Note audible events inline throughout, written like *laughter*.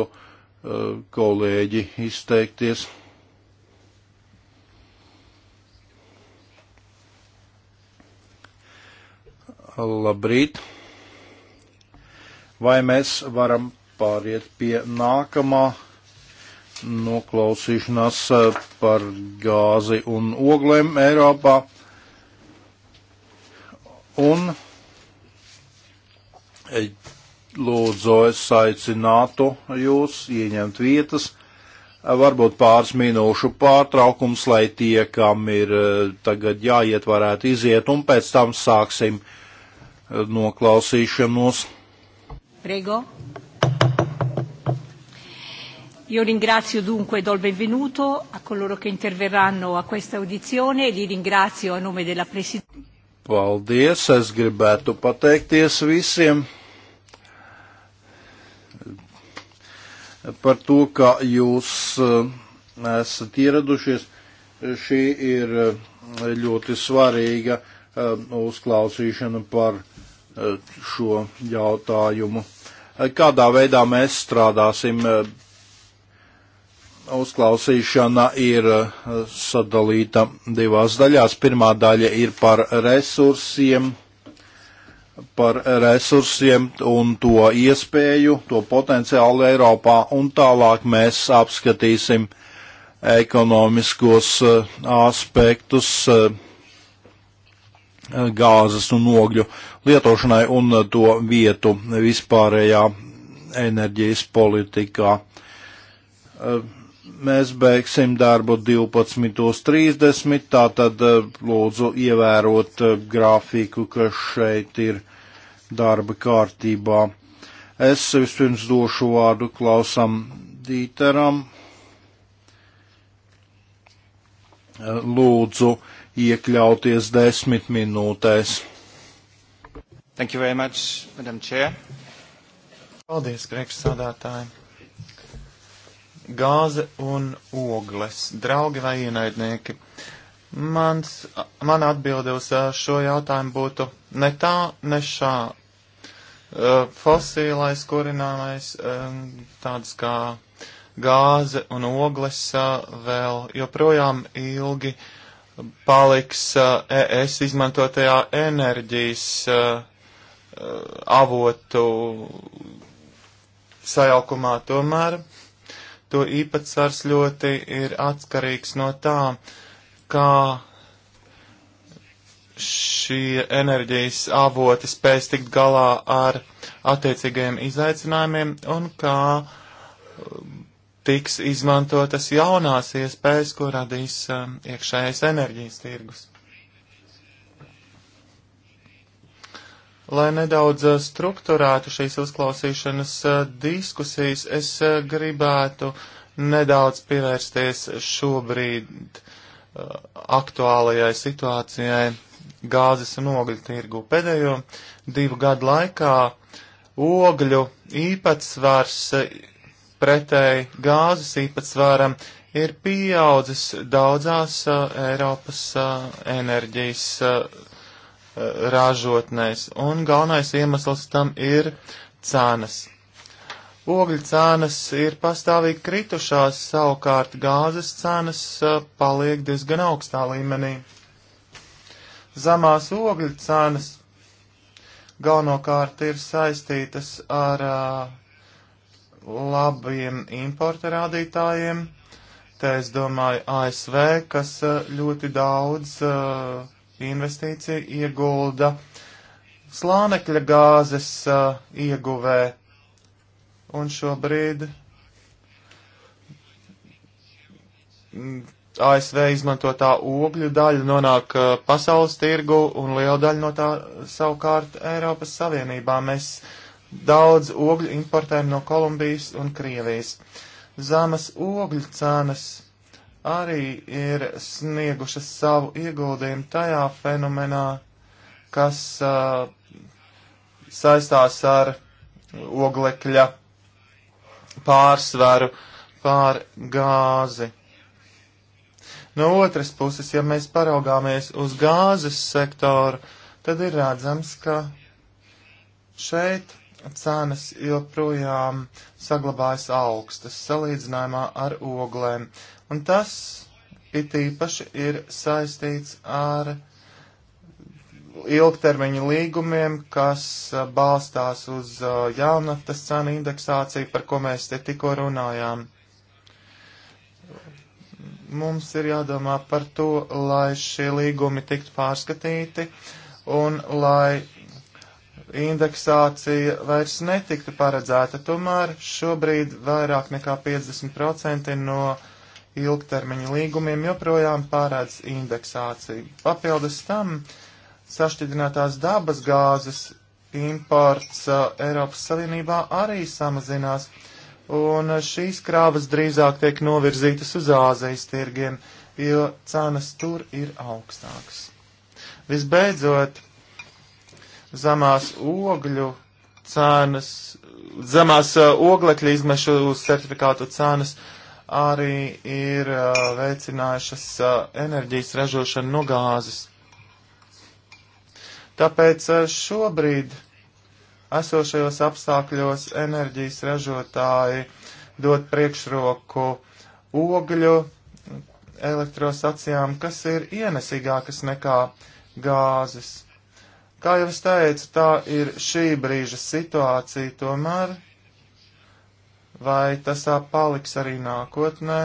Eh, kolēģi izteikties. Labrīt! Vai mēs varam pāriet pie nākamā noklausīšanās eh, par gāzi un oglēm Eiropā? Un lūdzu, es aicinātu jūs ieņemt vietas. Varbūt pāris minūšu pārtraukums, lai tie, kam ir eh, tagad jāiet, varētu iziet, un pēc tam sāksim eh, noklausīšanos. Prego. Io ringrazio dunque e do il benvenuto a coloro che interverranno a questa audizione e li ringrazio a nome della Presidenza. Paldies, es gribētu pateikties visiem. par to, ka jūs eh, esat ieradušies. Šī ir eh, ļoti svarīga eh, uzklausīšana par šo jautājumu. Kādā veidā mēs strādāsim? Uzklausīšana ir sadalīta divās daļās. Pirmā daļa ir par resursiem par resursiem un to iespēju, to potenciālu Eiropā, un tālāk mēs apskatīsim ekonomiskos eh, aspektus eh, gāzes un ogļu lietošanai un eh, to vietu vispārējā enerģijas politikā mēs beigsim darbu 12.30, tātad eh, lūdzu ievērot eh, grafiku, kas šeit ir darba kārtībā. Es vispirms došu vārdu klausam Dīteram. Eh, lūdzu, iekļauties desmit minūtēs. Thank you very much, Madam Chair. Paldies, priekšsādātāji gāze un ogles, draugi vai ienaidnieki. Mans, man atbilde uz šo jautājumu būtu ne tā, ne šā. Fosīlais kurināmais, tāds kā gāze un ogles vēl joprojām ilgi paliks ES izmantotajā enerģijas avotu sajaukumā tomēr to īpatsvars ļoti ir atkarīgs no tā, kā šie enerģijas avoti spēs tikt galā ar attiecīgajiem izaicinājumiem un kā um, tiks izmantotas jaunās iespējas, ko radīs um, iekšējais enerģijas tirgus. Lai nedaudz eh, strukturētu šīs uzklausīšanas eh, diskusijas, es eh, gribētu nedaudz pievērsties šobrīd aktuālajai situācijai gāzes un ogļu tirgu. Pēdējo divu gadu laikā ogļu īpatsvars pretēji gāzes īpatsvaram ir pieaudzis daudzās uh, Eiropas uh, enerģijas uh, Eh, ražotnēs, un galvenais iemesls tam ir cenas. Ogļu cenas ir pastāvīgi kritušās, savukārt gāzes cenas eh, paliek diezgan augstā līmenī. Zemās ogļu cenas galvenokārt ir saistītas ar uh, labiem importa rādītājiem. Te es domāju ASV, kas ļoti daudz uh, investīcija iegulda slānekļa gāzes uh, ieguvē. Un šobrīd mm, ASV izmantotā ogļu daļa nonāk uh, pasaules tirgu un liela daļa no tā savukārt Eiropas Savienībā. Mēs daudz ogļu importējam no Kolumbijas un Krievijas. Zemes ogļu cenas arī ir sniegušas savu ieguldījumu tajā fenomenā, kas uh, saistās ar oglekļa pārsvaru pār gāzi. No otras puses, ja mēs paraugāmies uz gāzes sektoru, tad ir redzams, ka šeit cenas joprojām saglabājas augstas salīdzinājumā ar oglēm, Un tas it īpaši ir saistīts ar ilgtermiņa līgumiem, kas balstās uz jaunatnes cenu indeksāciju, par ko mēs te tikko runājām. Mums ir jādomā par to, lai šie līgumi tiktu pārskatīti un lai indeksācija vairs netiktu paredzēta. Tomēr šobrīd vairāk nekā 50% no uh, ilgtermiņa līgumiem joprojām pārēdz indeksāciju. Papildus tam sašķidrinātās dabas gāzes imports uh, Eiropas Savienībā arī samazinās, un šīs krāvas drīzāk tiek novirzītas uz Āzijas tirgiem, jo cenas tur ir augstākas. Visbeidzot, zemās ogļu cenas, zemās uh, oglekļa izmešu certifikātu cenas uh, arī ir veicinājušas enerģijas ražošanu no gāzes. Tāpēc šobrīd esošajos apstākļos enerģijas ražotāji dod priekšroku ogļu elektrostacijām, kas ir ienesīgākas nekā gāzes. Kā jau es teicu, tā ir šī brīža situācija, tomēr Vai tas tā paliks arī nākotnē,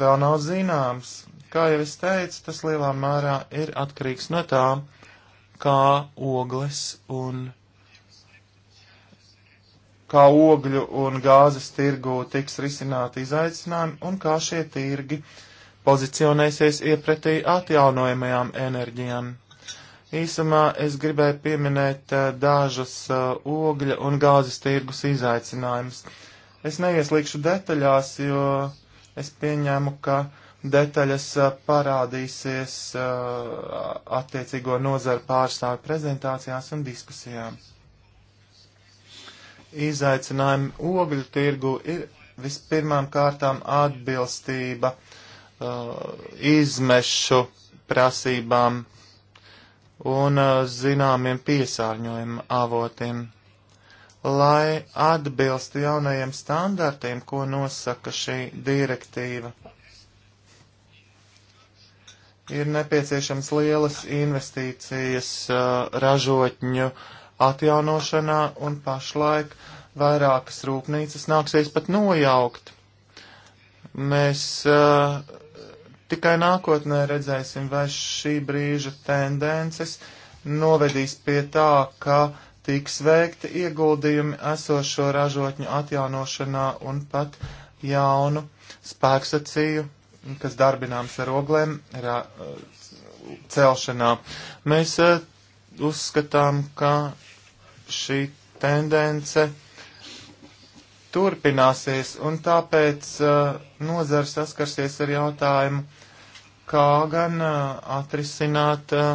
vēl nav zināms. Kā jau es teicu, tas lielā mērā ir atkarīgs no tā, kā ogles un kā ogļu un gāzes tirgu tiks risināti izaicinājumi un kā šie tirgi pozicionēsies iepretī atjaunojamajām enerģijām. Īsumā es gribēju pieminēt eh, dažas eh, ogļa un gāzes tirgus izaicinājumus. Es neieslīgšu detaļās, jo es pieņēmu, ka detaļas parādīsies attiecīgo nozaru pārstāvju prezentācijās un diskusijām. Izaicinājumi ogļu tirgu ir vispirmām kārtām atbilstība izmešu prasībām un zināmiem piesārņojuma avotiem lai atbilstu jaunajiem standartiem, ko nosaka šī direktīva. Ir nepieciešams lielas investīcijas uh, ražotņu atjaunošanā, un pašlaik vairākas rūpnīcas nāksies pat nojaukt. Mēs uh, tikai nākotnē redzēsim, vai šī brīža tendences novedīs pie tā, ka uh, tiks veikti ieguldījumi esošo ražotņu atjaunošanā un pat jaunu spēksacīju, kas darbināms ar oglēm, ra, celšanā. Mēs eh, uzskatām, ka šī tendence turpināsies, un tāpēc uh, nozars saskarsies ar jautājumu, kā gan uh, atrisināt uh,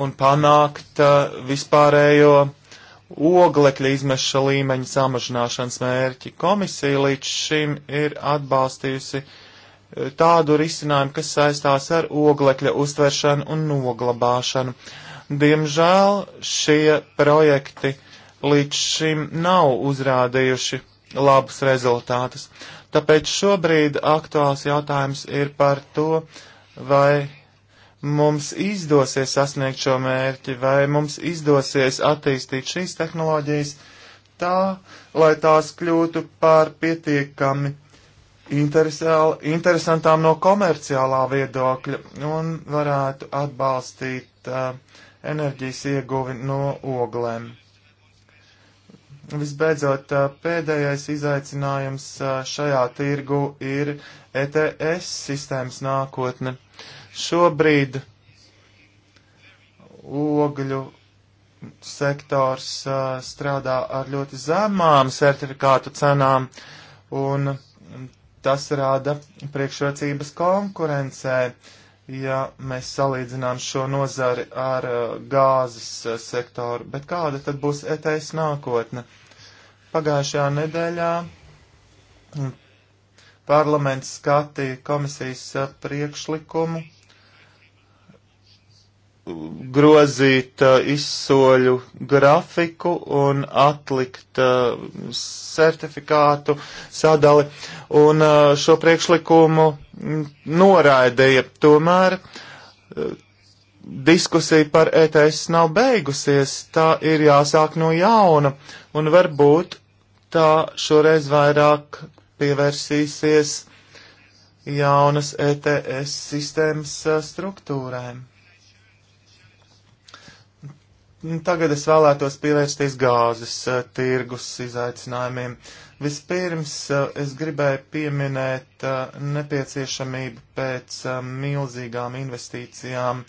un panākt uh, vispārējo oglekļa izmeša līmeņa samazināšanas mērķi. Komisija līdz šim ir atbalstījusi uh, tādu risinājumu, kas saistās ar oglekļa uztveršanu un noglabāšanu. Diemžēl šie projekti līdz šim nav uzrādījuši labus rezultātus. Tāpēc šobrīd aktuāls jautājums ir par to, vai mums izdosies sasniegt šo mērķi, vai mums izdosies attīstīt šīs tehnoloģijas tā, lai tās kļūtu par pietiekami interesantām no komerciālā viedokļa un varētu atbalstīt uh, enerģijas ieguvi no oglēm. Visbeidzot, uh, pēdējais izaicinājums uh, šajā tirgu ir ETS sistēmas nākotne. Uh, Šobrīd ogļu sektors uh, strādā ar ļoti zemām certifikātu cenām, un tas rada priekšrocības konkurencē, ja mēs salīdzinām šo nozari ar uh, gāzes uh, sektoru. Bet kāda tad būs ETS nākotne? Pagājušajā nedēļā parlaments skatīja komisijas priekšlikumu grozīt uh, izsoļu grafiku un atlikt uh, certifikātu sadali, un uh, šo priekšlikumu noraidīja. Tomēr diskusija par ETS nav beigusies, tā ir jāsāk no jauna, un varbūt tā šoreiz vairāk pievērsīsies jaunas ETS sistēmas struktūrēm. Nu, tagad es vēlētos pievērsties gāzes eh, tirgus izaicinājumiem. Vispirms eh, es gribēju pieminēt eh, nepieciešamību pēc milzīgām investīcijām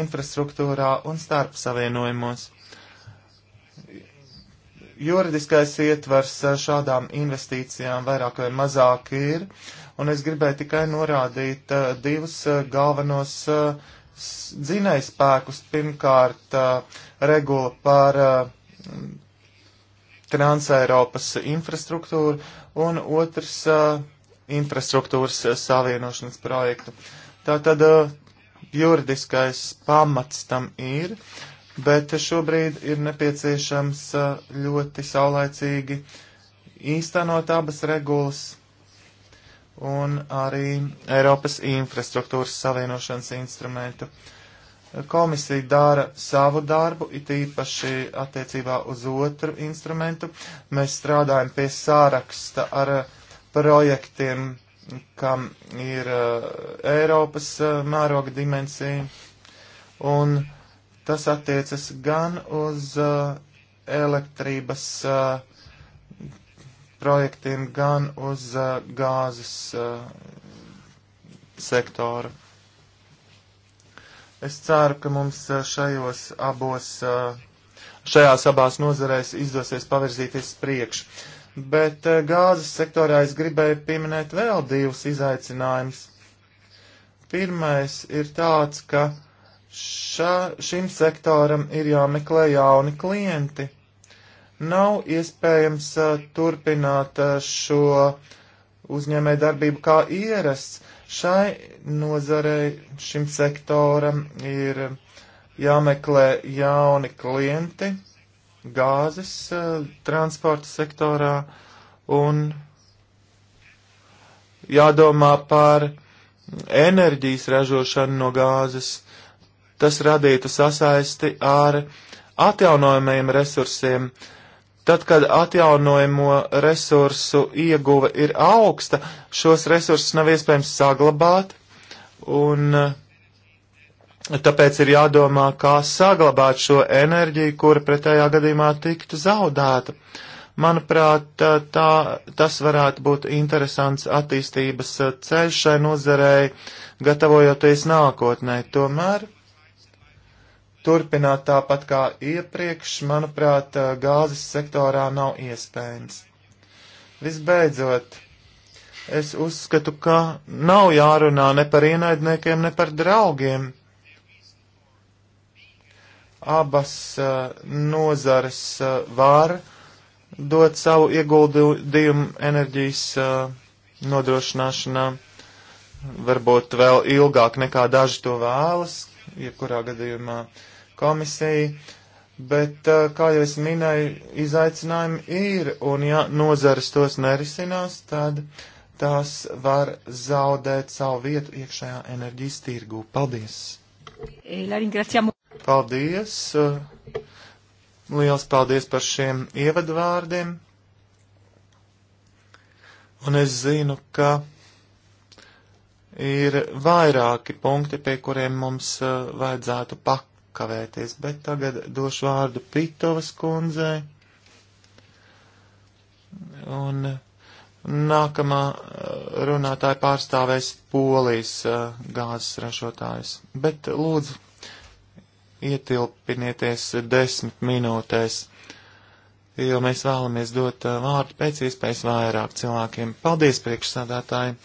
infrastruktūrā un starp savienojumos. Juridiskais ietvars šādām investīcijām vairāk vai mazāk ir, un es gribēju tikai norādīt divus galvenos uh, dzinējspēkus. Pirmkārt, regula par Transeiropas infrastruktūru un otrs infrastruktūras savienošanas projektu. Tātad juridiskais pamats tam ir, bet šobrīd ir nepieciešams ļoti saulaicīgi īstenot abas regulas un arī Eiropas infrastruktūras savienošanas instrumentu. Komisija dara savu darbu, it īpaši attiecībā uz otru instrumentu. Mēs strādājam pie sāraksta ar projektiem, kam ir uh, Eiropas uh, mēroga dimensija, un tas attiecas gan uz uh, elektrības uh, projektiem, gan uz uh, gāzes uh, sektoru. Es ceru, ka mums eh, šajos abos, šajās abās nozarēs izdosies pavirzīties priekš. Bet gāzes sektorā es gribēju pieminēt vēl divus izaicinājumus. Pirmais ir tāds, ka ša, šim sektoram ir jāmeklē jauni klienti. Nav iespējams uh, turpināt uh, šo uzņēmēju darbību kā ierasts. Šai nozarei, šim sektoram ir jāmeklē jauni klienti gāzes uh, transporta sektorā un jādomā par enerģijas ražošanu no gāzes. Tas radītu sasaisti ar atjaunojumiem resursiem. Uh, Tad, kad atjaunojamo resursu ieguve ir augsta, šos resursus nav iespējams saglabāt, un eh, tāpēc ir jādomā, kā saglabāt šo enerģiju, kura pretējā gadījumā tiktu zaudēta. Manuprāt, tā, tā, tas varētu būt interesants attīstības eh, ceļš šai nozarei, gatavojoties nākotnē. Tomēr turpināt tāpat kā iepriekš, manuprāt, gāzes sektorā nav iespējams. Visbeidzot, es uzskatu, ka nav jārunā ne par ienaidniekiem, ne par draugiem. Abas uh, nozares uh, var dot savu ieguldījumu enerģijas uh, nodrošināšanā, varbūt vēl ilgāk nekā daži to vēlas, jebkurā gadījumā. Uh, komisiju, bet, uh, kā jau es minēju, izaicinājumi ir, un ja nozares tos nerisinās, tad tās var zaudēt savu vietu iekšējā enerģijas tirgū. Paldies! Eh, paldies! Uh, liels paldies par šiem ievadvārdiem! Un es zinu, ka ir vairāki punkti, pie kuriem mums uh, vajadzētu pak kavēties, bet tagad došu vārdu Pitovas kundzei. Un nākamā eh, runātāja pārstāvēs polijas eh, gāzes ražotājs. Bet lūdzu, ietilpinieties desmit minūtēs, jo mēs vēlamies dot eh, vārdu pēc iespējas vairāk cilvēkiem. Paldies priekšsādātāji!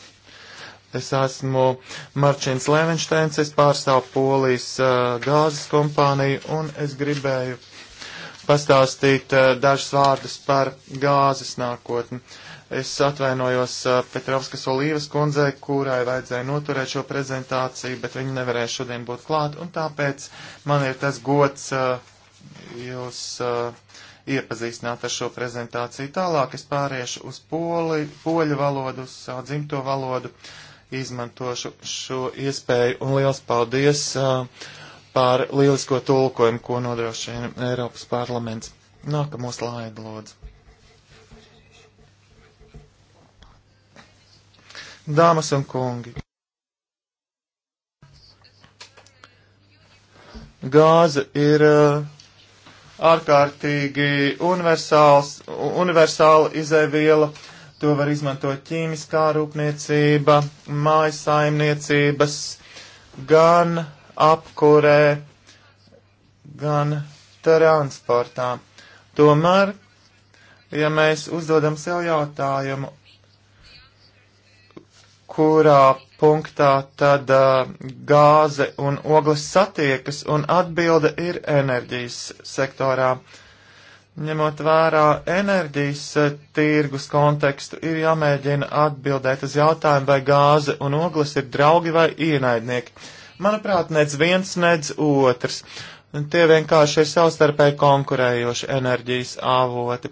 Es esmu Marčins Levenšteins, es pārstāvu Polijas uh, gāzes kompāniju un es gribēju pastāstīt uh, dažus vārdus par gāzes nākotni. Es atvainojos uh, Petrovskas Olīvas kundzei, kurai vajadzēja noturēt šo prezentāciju, bet viņa nevarēja šodien būt klāt, un tāpēc man ir tas gods uh, jūs uh, iepazīstināt ar šo prezentāciju. Tālāk es pāriešu uz poli, poļu valodu, uz savu dzimto valodu. Uh, izmantošu šo iespēju un liels paldies uh, par lielisko tulkojumu, ko nodrošina Eiropas parlaments. Nākamo slaidu lūdzu. Dāmas un kungi. Gāze ir uh, ārkārtīgi universāla izēviela. Uh, To var izmantot ķīmiskā rūpniecība, mājasaimniecības, gan apkurē, gan transportā. Tomēr, ja mēs uzdodam sev jautājumu, kurā punktā tad uh, gāze un ogles satiekas, un atbilde ir enerģijas sektorā. Uh, ņemot vērā enerģijas eh, tirgus kontekstu, ir jāmēģina atbildēt uz jautājumu, vai gāze un ogles ir draugi vai ienaidnieki. Manuprāt, nedz viens, nedz otrs. Tie vienkārši ir savstarpēji konkurējoši enerģijas avoti.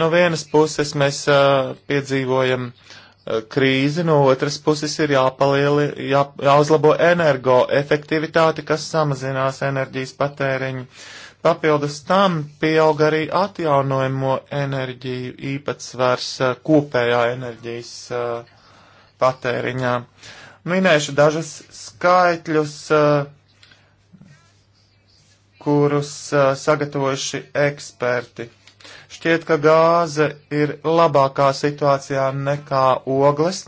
No vienas puses mēs uh, piedzīvojam uh, krīzi, no otras puses ir jāpalieli, jā, jāuzlabo energoefektivitāte, kas samazinās enerģijas patēriņu. Papildus tam pieauga arī atjaunojamo enerģiju īpatsvars eh, kopējā enerģijas eh, patēriņā. Minēšu dažas skaitļus, eh, kurus sagatavojuši eksperti. Šķiet, ka gāze ir labākā situācijā nekā ogles,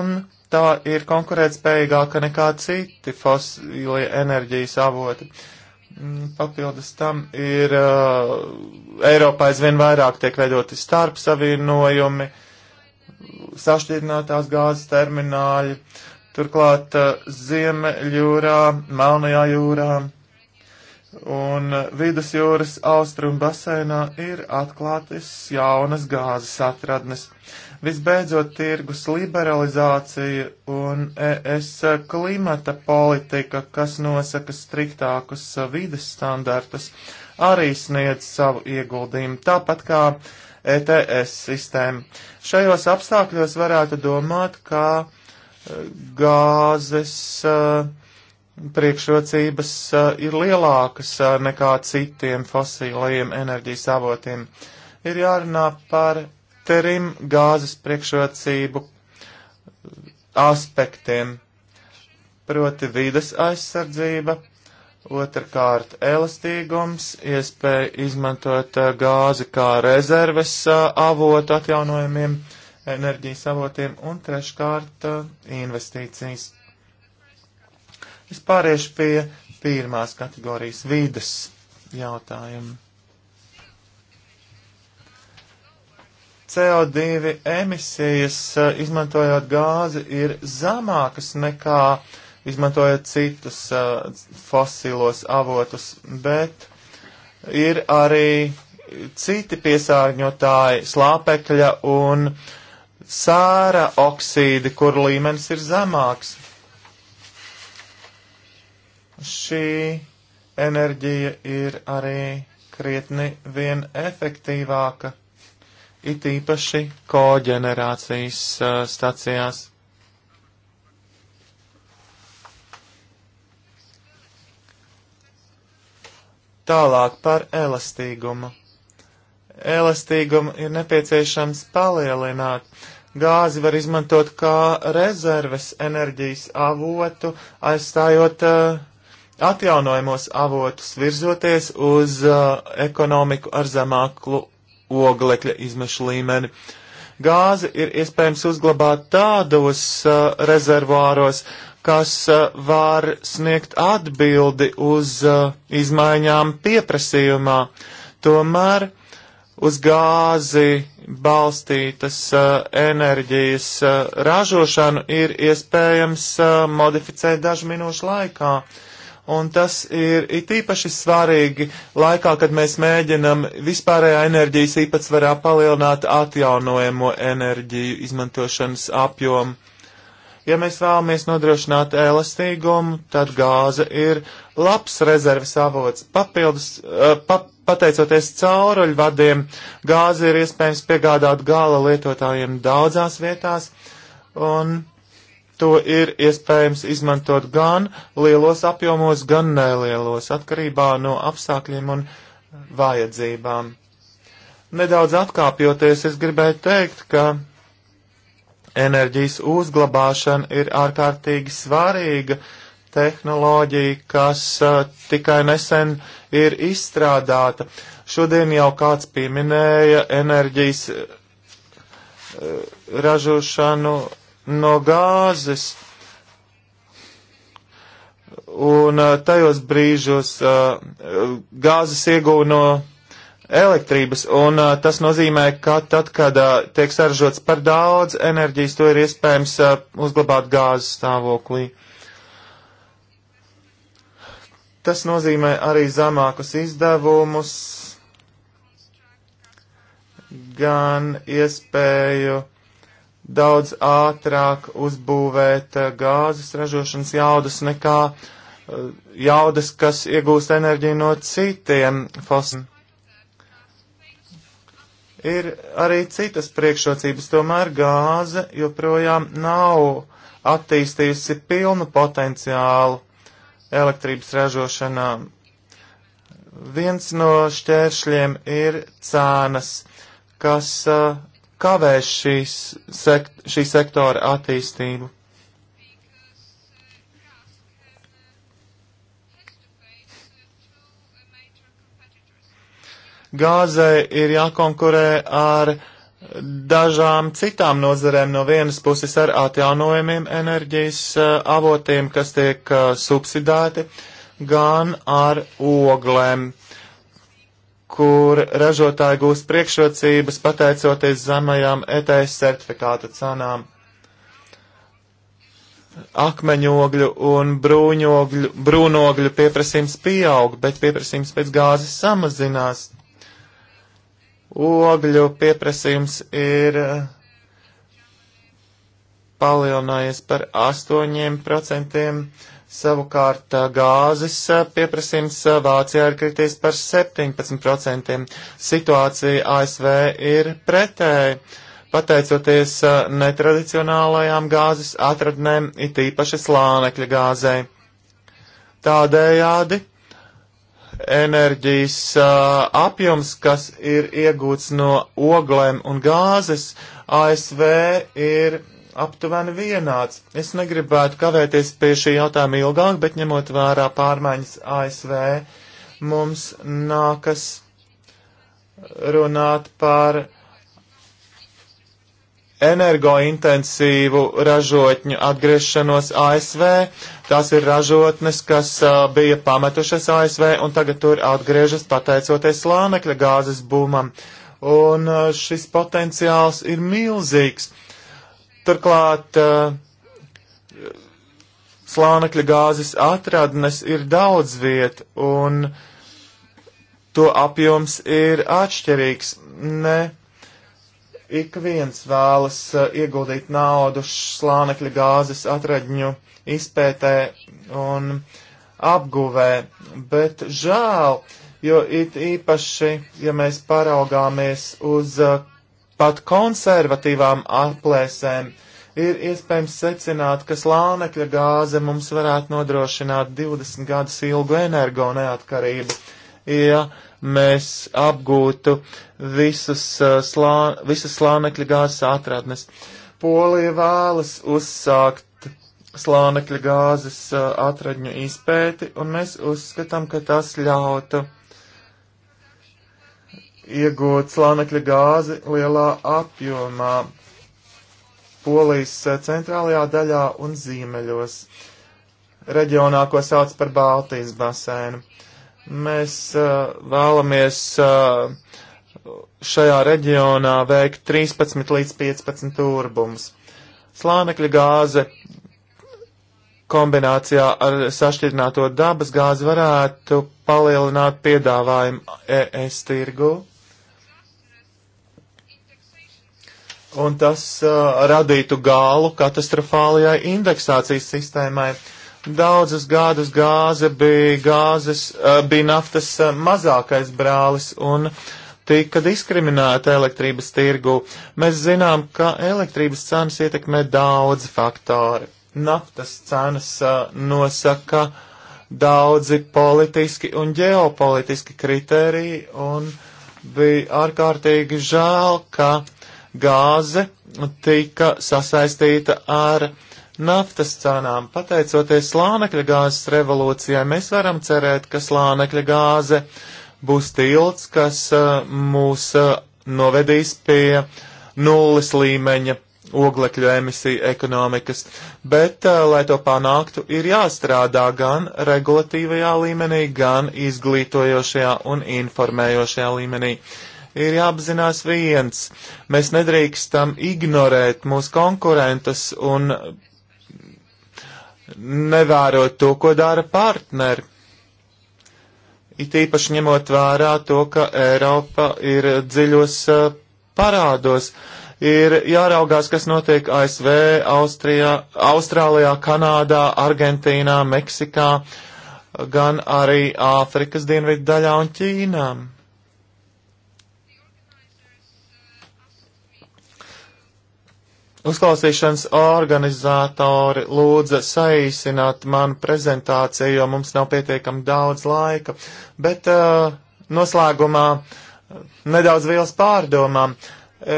un tā ir konkurētspējīgāka nekā citi fosilie enerģijas avoti. Uh, Mm, papildus tam ir uh, Eiropā aizvien vairāk tiek veidoti starp savienojumi, sašķidrinātās gāzes termināļi, turklāt uh, Ziemeļjūrā, Melnajā jūrā un Vidusjūras austrumu basēnā ir atklātas jaunas gāzes atradnes. Uh, Visbeidzot, tirgus liberalizācija un ES klimata politika, kas nosaka striktākus vides standartus, arī sniedz savu ieguldījumu, tāpat kā ETS sistēma. Šajos apstākļos varētu domāt, ka e, gāzes e, priekšrocības e, ir lielākas nekā citiem fosīlajiem enerģijas avotiem. Ir jārunā par ēterim gāzes priekšrocību aspektiem, proti vides aizsardzība, otrkārt elastīgums, iespēja izmantot uh, gāzi kā rezerves uh, avotu atjaunojumiem, enerģijas avotiem un treškārt uh, investīcijas. Es pāriešu pie pirmās kategorijas vides jautājumu. CO2 emisijas, eh, izmantojot gāzi, ir zemākas nekā izmantojot citus uh, fosilos avotus, bet ir arī citi piesārņotāji, slāpekļa un sāra oksīdi, kur līmenis ir zemāks. Šī enerģija ir arī krietni vien efektīvāka it īpaši koģenerācijas uh, stacijās. Tālāk par elastīgumu. Elastīgumu ir nepieciešams palielināt. Gāzi var izmantot kā rezerves enerģijas avotu, aizstājot uh, atjaunojamos avotus, virzoties uz uh, ekonomiku ar zemāku oglekļa izmešu līmeni. Gāzi ir iespējams uzglabāt tādos uh, rezervāros, kas uh, var sniegt atbildi uz uh, izmaiņām pieprasījumā. Tomēr uz gāzi balstītas uh, enerģijas uh, ražošanu ir iespējams uh, modificēt dažu minūšu laikā. Uh, un tas ir it īpaši svarīgi laikā, kad mēs mēģinam vispārējā enerģijas īpatsvarā palielināt atjaunojamo enerģiju izmantošanas apjomu. Ja mēs vēlamies nodrošināt elastīgumu, tad gāze ir labs rezerves avots. Papildus, eh, pa, pateicoties cauruļvadiem, gāzi ir iespējams piegādāt gala lietotājiem daudzās vietās, un to ir iespējams izmantot gan lielos apjomos, gan nelielos, atkarībā no apstākļiem un vajadzībām. Nedaudz atkāpjoties, es gribēju teikt, ka enerģijas uzglabāšana ir ārkārtīgi svarīga tehnoloģija, kas uh, tikai nesen ir izstrādāta. Šodien jau kāds pieminēja enerģijas uh, ražošanu no gāzes. Un uh, tajos brīžos uh, uh, gāzes ieguva no elektrības, un tas nozīmē, ka tad, kad tiek saražots par daudz enerģijas, to ir iespējams uzglabāt gāzes stāvoklī. Tas nozīmē arī zemākus izdevumus, gan iespēju daudz ātrāk uzbūvēt eh, gāzes ražošanas jaudas nekā eh, jaudas, kas iegūst enerģiju no citiem fosiliem. Ir arī citas priekšrocības, tomēr gāze joprojām nav attīstījusi pilnu potenciālu elektrības ražošanā. Viens no šķēršļiem ir cēnas, kas uh, kavē šīs sekt šī sektora attīstību. Gāzei ir jākonkurē ar dažām citām nozarēm, no vienas puses ar atjaunojumiem enerģijas eh, avotiem, kas tiek eh, subsidēti, gan ar oglēm kur ražotāji gūst priekšrocības pateicoties zemajām ETS certifikāta cenām. Akmeņogļu un brūņogļu, brūnogļu pieprasījums pieaug, bet pieprasījums pēc gāzes samazinās. Ogļu pieprasījums ir eh, palielinājies par 8%, Savukārt gāzes pieprasījums Vācijā ir krities par 17%. Situācija ASV ir pretēji. Pateicoties netradicionālajām gāzes atradnēm, it īpaši slānekļa gāzei. Tādējādi enerģijas apjoms, kas ir iegūts no oglēm un gāzes, ASV ir aptuveni vienāds. Es negribētu kavēties pie šī jautājuma ilgāk, bet ņemot vērā pārmaiņas ASV, mums nākas runāt par energointensīvu ražotņu atgriešanos ASV. Tās ir ražotnes, kas uh, bija pametušas ASV un tagad tur atgriežas pateicoties lānekļa gāzes būmam. Un uh, šis potenciāls ir milzīgs. Uh, Turklāt uh, slānekļa gāzes atradnes ir daudz viet, un to apjoms ir atšķirīgs. Ne ik viens vēlas uh, ieguldīt naudu slānekļa gāzes atradņu izpētē un apguvē, bet žēl, jo it īpaši, ja mēs paraugāmies uz uh, pat konservatīvām aplēsēm ir iespējams secināt, ka slānekļa gāze mums varētu nodrošināt 20 gadus ilgu energo neatkarību, ja mēs apgūtu visus, uh, slā, visas slānekļa gāzes atradnes. Polija vēlas uzsākt slānekļa gāzes uh, atradņu izpēti, un mēs uzskatām, ka tas ļautu iegūt slānekļa gāzi lielā apjomā Polijas eh, centrālajā daļā un ziemeļos, reģionā, ko sauc par Baltijas basēnu. Mēs uh, vēlamies uh, šajā reģionā veikt 13 līdz 15 turbumus. Slānekļa gāze kombinācijā ar sašķirināto dabas gāzi varētu palielināt piedāvājumu ES tirgu un tas uh, radītu gālu katastrofālajai indeksācijas sistēmai. Daudzus gadus gāze bija, gāzes, uh, bija naftas uh, mazākais brālis un tika diskriminēta elektrības tirgu. Mēs zinām, ka elektrības cenas ietekmē daudzi faktori. Naftas cenas uh, nosaka daudzi politiski un ģeopolitiski kritēriji un bija ārkārtīgi žēl, ka uh, gāze tika sasaistīta ar naftas cenām. Pateicoties slānekļa gāzes revolūcijai, mēs varam cerēt, ka slānekļa gāze būs tilts, kas uh, mūs uh, novedīs pie nulles līmeņa oglekļu emisiju ekonomikas, bet, uh, lai to panāktu, ir jāstrādā gan regulatīvajā līmenī, gan izglītojošajā un informējošajā līmenī. Uh, ir jāapzinās viens. Mēs nedrīkstam ignorēt mūsu konkurentus un nevērot to, ko dara partneri. It īpaši ņemot vērā to, ka Eiropa ir dziļos parādos. Ir jāraugās, kas notiek ASV, Austrijā, Austrālijā, Kanādā, Argentīnā, Meksikā, gan arī Āfrikas dienvidu daļā un Ķīnām. Uzklausīšanas organizātori lūdza saīsināt manu prezentāciju, jo mums nav pietiekami daudz laika, bet uh, noslēgumā uh, nedaudz vielas pārdomām.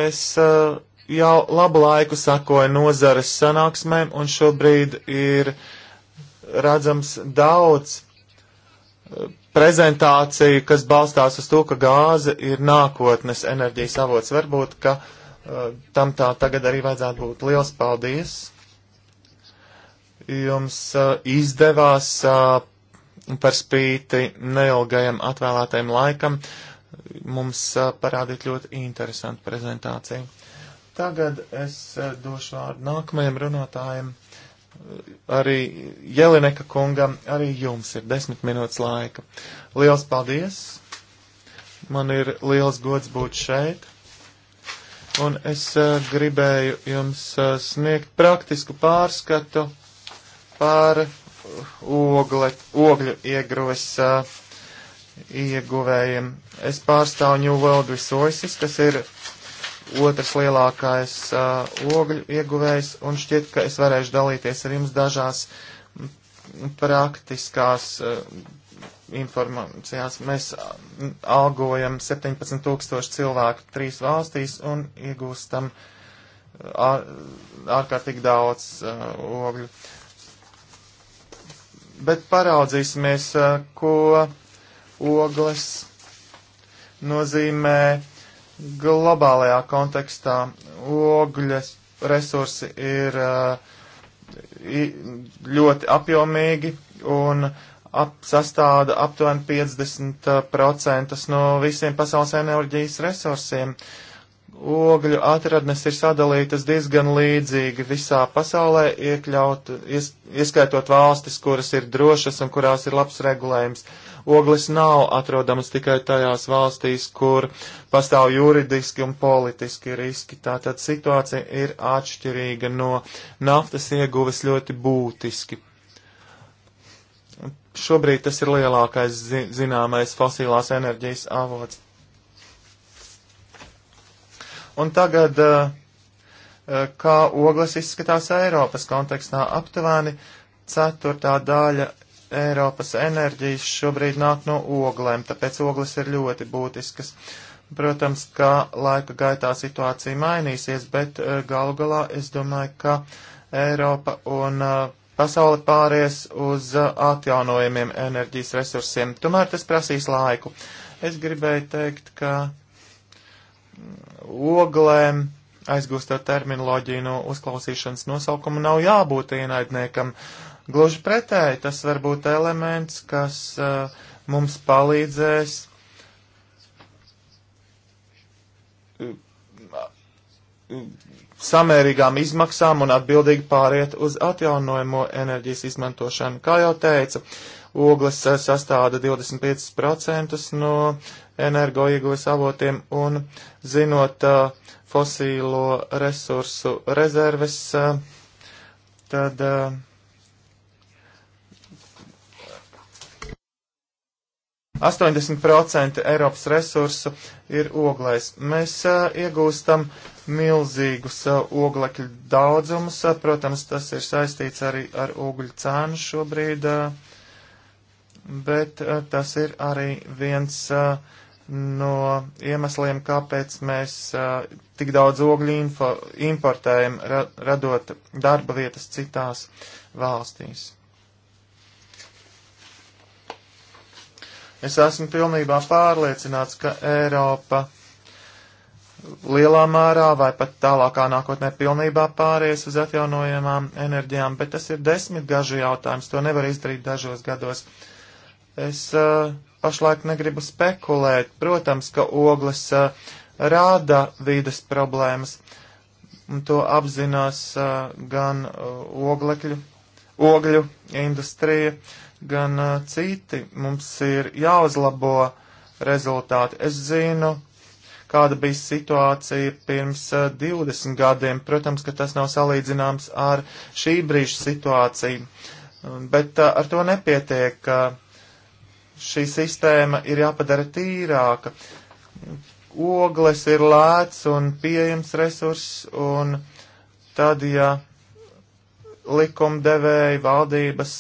Es uh, jau labu laiku sakoju nozares sanāksmēm, un šobrīd ir redzams daudz uh, prezentāciju, kas balstās uz to, ka gāze ir nākotnes enerģijas avots. Varbūt, ka uh, tam tā tagad arī vajadzētu būt. Liels paldies! Jums izdevās par spīti neilgajam atvēlētajam laikam mums parādīt ļoti interesantu prezentāciju. Tagad es došu vārdu nākamajam runātājam, arī Jelineka kungam, arī jums ir desmit minūtes laika. Liels paldies! Man ir liels gods būt šeit un es eh, gribēju jums eh, sniegt praktisku pārskatu par eh, ogle, ogļu ieguves ieguvējiem. Es pārstāvu New World Resources, kas ir otrs lielākais uh, ogļu ieguvējs, un šķiet, ka es varēšu dalīties ar jums dažās praktiskās, uh, informācijās. Mēs algojam 17 tūkstoši cilvēku trīs valstīs un iegūstam ār, ārkārtīgi daudz uh, ogļu. Bet paraudzīsimies, uh, ko ogles nozīmē globālajā kontekstā. Ogļas resursi ir uh, ļoti apjomīgi un uh, ap, sastāda aptuveni 50% no visiem pasaules enerģijas resursiem. Ogļu atradnes ir sadalītas diezgan līdzīgi visā pasaulē, iekļaut, ies, ieskaitot valstis, kuras ir drošas un kurās ir labs regulējums. Oglis nav atrodams tikai tajās valstīs, kur pastāv juridiski un politiski riski. Tātad situācija ir atšķirīga no naftas ieguves ļoti būtiski Šobrīd tas ir lielākais zi zināmais fosilās enerģijas avots. Un tagad, eh, eh, kā ogles izskatās Eiropas kontekstā, aptuveni ceturtā daļa Eiropas enerģijas šobrīd nāk no oglēm, tāpēc ogles ir ļoti būtiskas. Protams, ka laika gaitā situācija mainīsies, bet eh, galu galā es domāju, ka Eiropa un uh, pasauli pāries uz uh, atjaunojumiem enerģijas resursiem. Tomēr tas prasīs laiku. Es gribēju teikt, ka mm, oglēm, aizgūstot terminoloģiju no uzklausīšanas nosaukuma, nav jābūt ienaidniekam. Gluži pretēji, tas var būt elements, kas uh, mums palīdzēs uh, uh, samērīgām izmaksām un atbildīgi pāriet uz atjaunojamo enerģijas izmantošanu. Kā jau teicu, ogles eh, sastāda 25% no energoieguves avotiem un zinot uh, fosīlo resursu rezerves, uh, tad uh, 80% Eiropas resursu ir oglais. Mēs uh, iegūstam milzīgus uh, oglekļu daudzumus. Uh, protams, tas ir saistīts arī ar ogļu cēnu šobrīd, bet tas ir arī viens no iemesliem, kāpēc mēs tik daudz ogļu info, importējam, ra radot darba vietas citās valstīs. Es esmu pilnībā pārliecināts, ka Eiropa lielā mērā vai pat tālākā nākotnē pilnībā pāries uz atjaunojamām enerģijām, bet tas ir desmitgažu jautājums, to nevar izdarīt dažos gados. Es uh, pašlaik negribu spekulēt, protams, ka ogles uh, rāda vīdes problēmas, un to apzinās uh, gan uh, oglekļu, ogļu industrija, uh, gan citi. Mums ir jāuzlabo rezultāti. Es zinu, kāda bija situācija pirms 20 gadiem. Protams, ka tas nav salīdzināms ar šī brīža situāciju, bet ar to nepietiek. Šī sistēma ir jāpadara tīrāka. Ogles ir lēts un pieejams resurss, un tad, ja likumdevēji valdības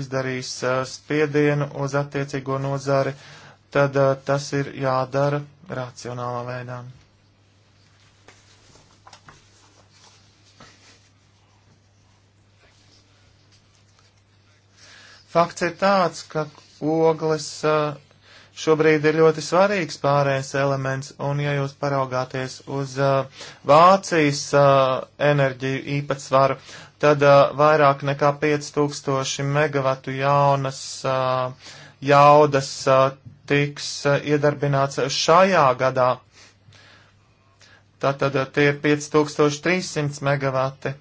izdarīs spiedienu uz attiecīgo nozari, tad tas ir jādara racionālā veidā. Fakts ir tāds, ka ogles šobrīd ir ļoti svarīgs pārējais elements, un ja jūs paraugāties uz Vācijas enerģiju īpatsvaru, tad uh, vairāk nekā 5000 megavatu jaunas uh, jaudas uh, tiks uh, iedarbināts šajā gadā. Tātad uh, tie ir 5300 megavati.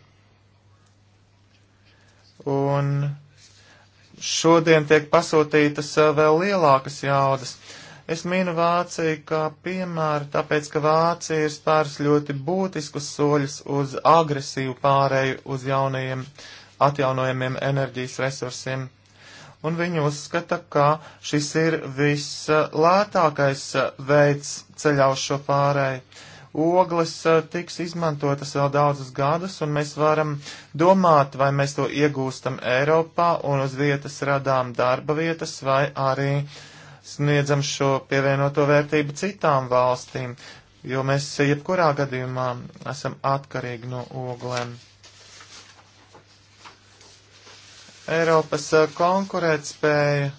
Un šodien tiek pasūtītas vēl lielākas jaudas. Uh, Es minu Vāciju kā piemēru, tāpēc, ka Vācija ir spērs ļoti būtiskus soļus uz agresīvu pārēju uz jaunajiem atjaunojamiem enerģijas resursiem. Un viņi uzskata, ka šis ir vislētākais veids ceļā uz šo pārēju. Ogles tiks izmantotas vēl daudzus gadus, un mēs varam domāt, vai mēs to iegūstam Eiropā un uz vietas radām darba vietas, vai arī uh, sniedzam šo pievienoto vērtību citām valstīm, jo mēs jebkurā gadījumā esam atkarīgi no oglēm. Eiropas eh, konkurētspēja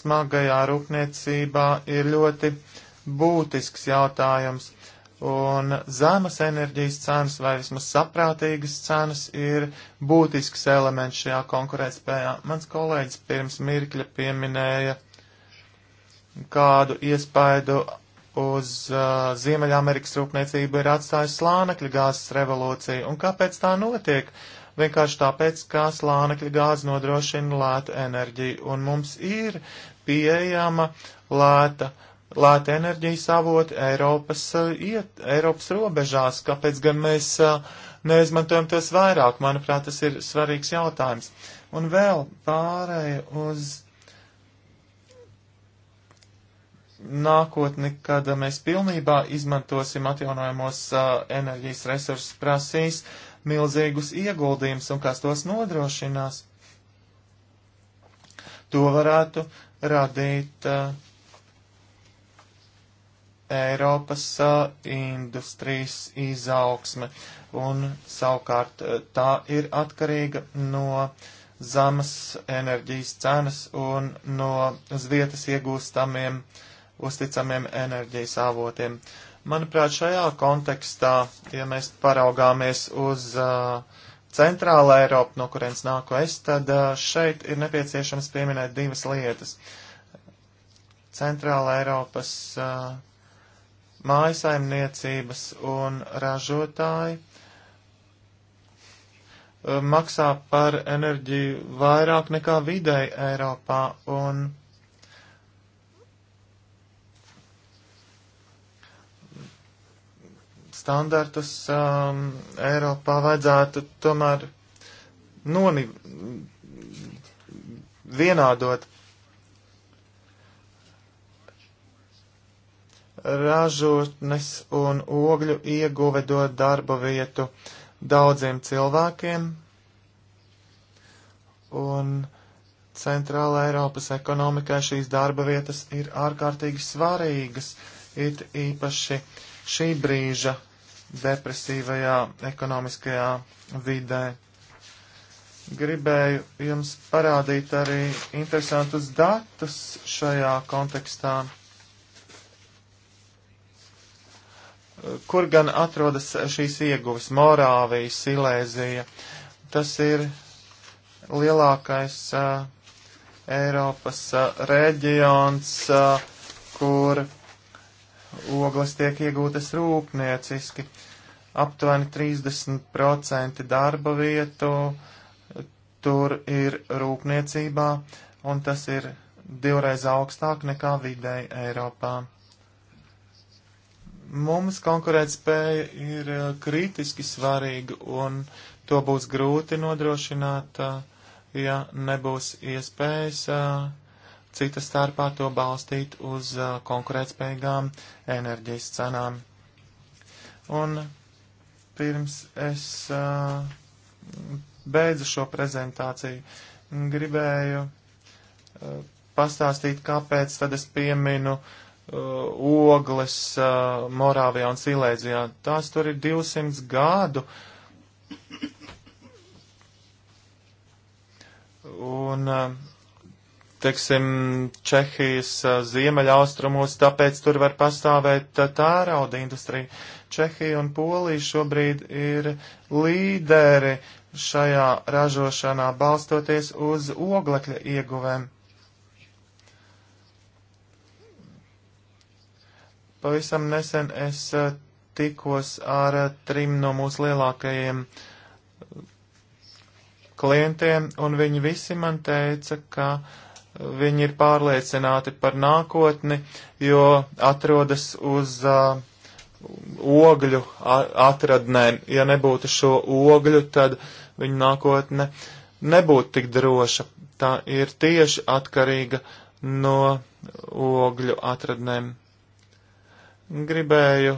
smagajā rūpniecībā ir ļoti būtisks jautājums. Un zemes enerģijas cenas vai vismaz saprātīgas cenas ir būtisks elements šajā konkurētspējā. Mans kolēģis pirms mirkļa pieminēja kādu iespaidu uz uh, Ziemeļamerikas rūpniecību ir atstājusi slānekļa gāzes revolūcija. Un kāpēc tā notiek? Vienkārši tāpēc, ka slānekļa gāze nodrošina lētu enerģiju, un mums ir pieejama lēta lēta enerģijas avoti Eiropas, eh, iet, Eiropas robežās, kāpēc gan mēs eh, neizmantojam tos vairāk, manuprāt, tas ir svarīgs jautājums. Un vēl pārēja uz nākotni, kad mēs pilnībā izmantosim atjaunojamos eh, enerģijas resursus, prasīs milzīgus ieguldījumus un kas tos nodrošinās. To varētu radīt uh, Eiropas uh, industrijas izaugsme, un savukārt uh, tā ir atkarīga no zemes enerģijas cenas un no uz vietas iegūstamiem uzticamiem enerģijas avotiem. Manuprāt, šajā kontekstā, ja mēs paraugāmies uz uh, centrāla Eiropa, no kurienes nāku es, tad uh, šeit ir nepieciešams pieminēt divas lietas. Centrāla Eiropas uh, mājasaimniecības un ražotāji eh, maksā par enerģiju vairāk nekā vidēji Eiropā un standartus um, Eiropā vajadzētu tomēr noni vienādot. ražotnes un ogļu ieguve dod darba vietu daudziem cilvēkiem, un Centrāla Eiropas ekonomikai šīs darba vietas ir ārkārtīgi svarīgas, it īpaši šī brīža depresīvajā ekonomiskajā vidē. Gribēju jums parādīt arī interesantus datus šajā kontekstā. kur gan atrodas šīs ieguves - Morāvija, Silēzija. Tas ir lielākais uh, Eiropas uh, reģions, uh, kur ogles tiek iegūtas rūpnieciski. Aptuveni 30% darba vietu tur ir rūpniecībā, un tas ir divreiz augstāk nekā vidēji Eiropā. Mums konkurētspēja ir eh, kritiski svarīga, un to būs grūti nodrošināt, eh, ja nebūs iespējas eh, cita starpā to balstīt uz konkurētspējīgām enerģijas cenām. Un pirms es beidzu šo prezentāciju, gribēju pastāstīt, kāpēc tad es pieminu uh, Uh, ogles uh, Morāvijā un Silēzijā. Tās tur ir 200 gadu. Un, uh, teiksim, Čehijas ziemeļaustrumos, tāpēc tur var pastāvēt tērauda industrija. Čehija un Polija šobrīd ir līderi šajā ražošanā, balstoties uz oglekļa ieguvēm. Pavisam nesen es eh, tikos ar eh, trim no mūsu lielākajiem eh, klientiem, un viņi visi man teica, ka viņi ir pārliecināti par nākotni, jo atrodas uz uh, ogļu atradnēm. Ja nebūtu šo ogļu, tad viņa nākotne nebūtu tik droša. Tā ir tieši atkarīga no ogļu atradnēm gribēju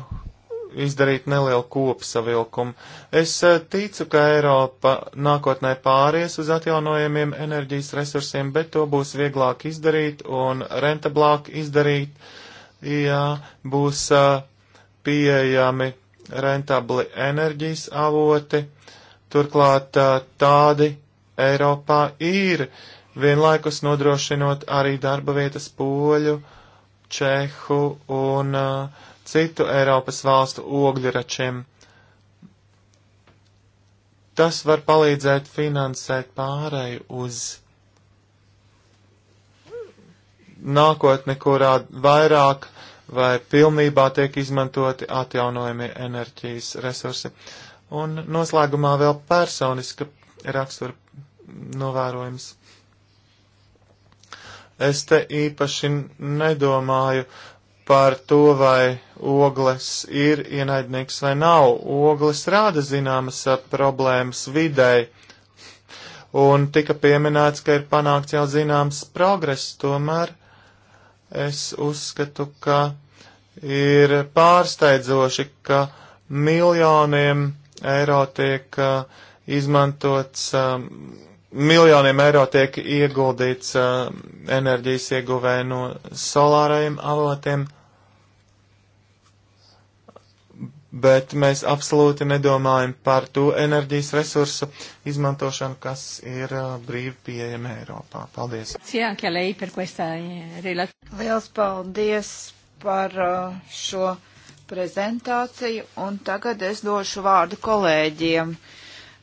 izdarīt nelielu kopsavilkumu. Es eh, ticu, ka Eiropa nākotnē pāries uz atjaunojamiem enerģijas resursiem, bet to būs vieglāk izdarīt un rentablāk izdarīt, ja būs eh, pieejami rentabli enerģijas avoti. Turklāt eh, tādi Eiropā ir, vienlaikus nodrošinot arī darba vietas poļu Čehu un uh, citu Eiropas valstu ogļračiem. Tas var palīdzēt finansēt pārēju uz nākotni, kurā vairāk vai pilnībā tiek izmantoti atjaunojami enerģijas resursi. Un noslēgumā vēl personiska rakstura novērojums. Es te īpaši nedomāju par to, vai ogles ir ienaidnieks vai nav. Ogles rāda zināmas eh, problēmas videi, un tika pieminēts, ka ir panākts jau zināms progress, tomēr es uzskatu, ka ir pārsteidzoši, ka miljoniem eiro tiek uh, izmantots um, miljoniem eiro tiek ieguldīts uh, enerģijas ieguvē no solārajiem avotiem, bet mēs absolūti nedomājam par to enerģijas resursu izmantošanu, kas ir uh, brīvi pieejama Eiropā. Paldies! Eh, Liels paldies par uh, šo prezentāciju, un tagad es došu vārdu kolēģiem.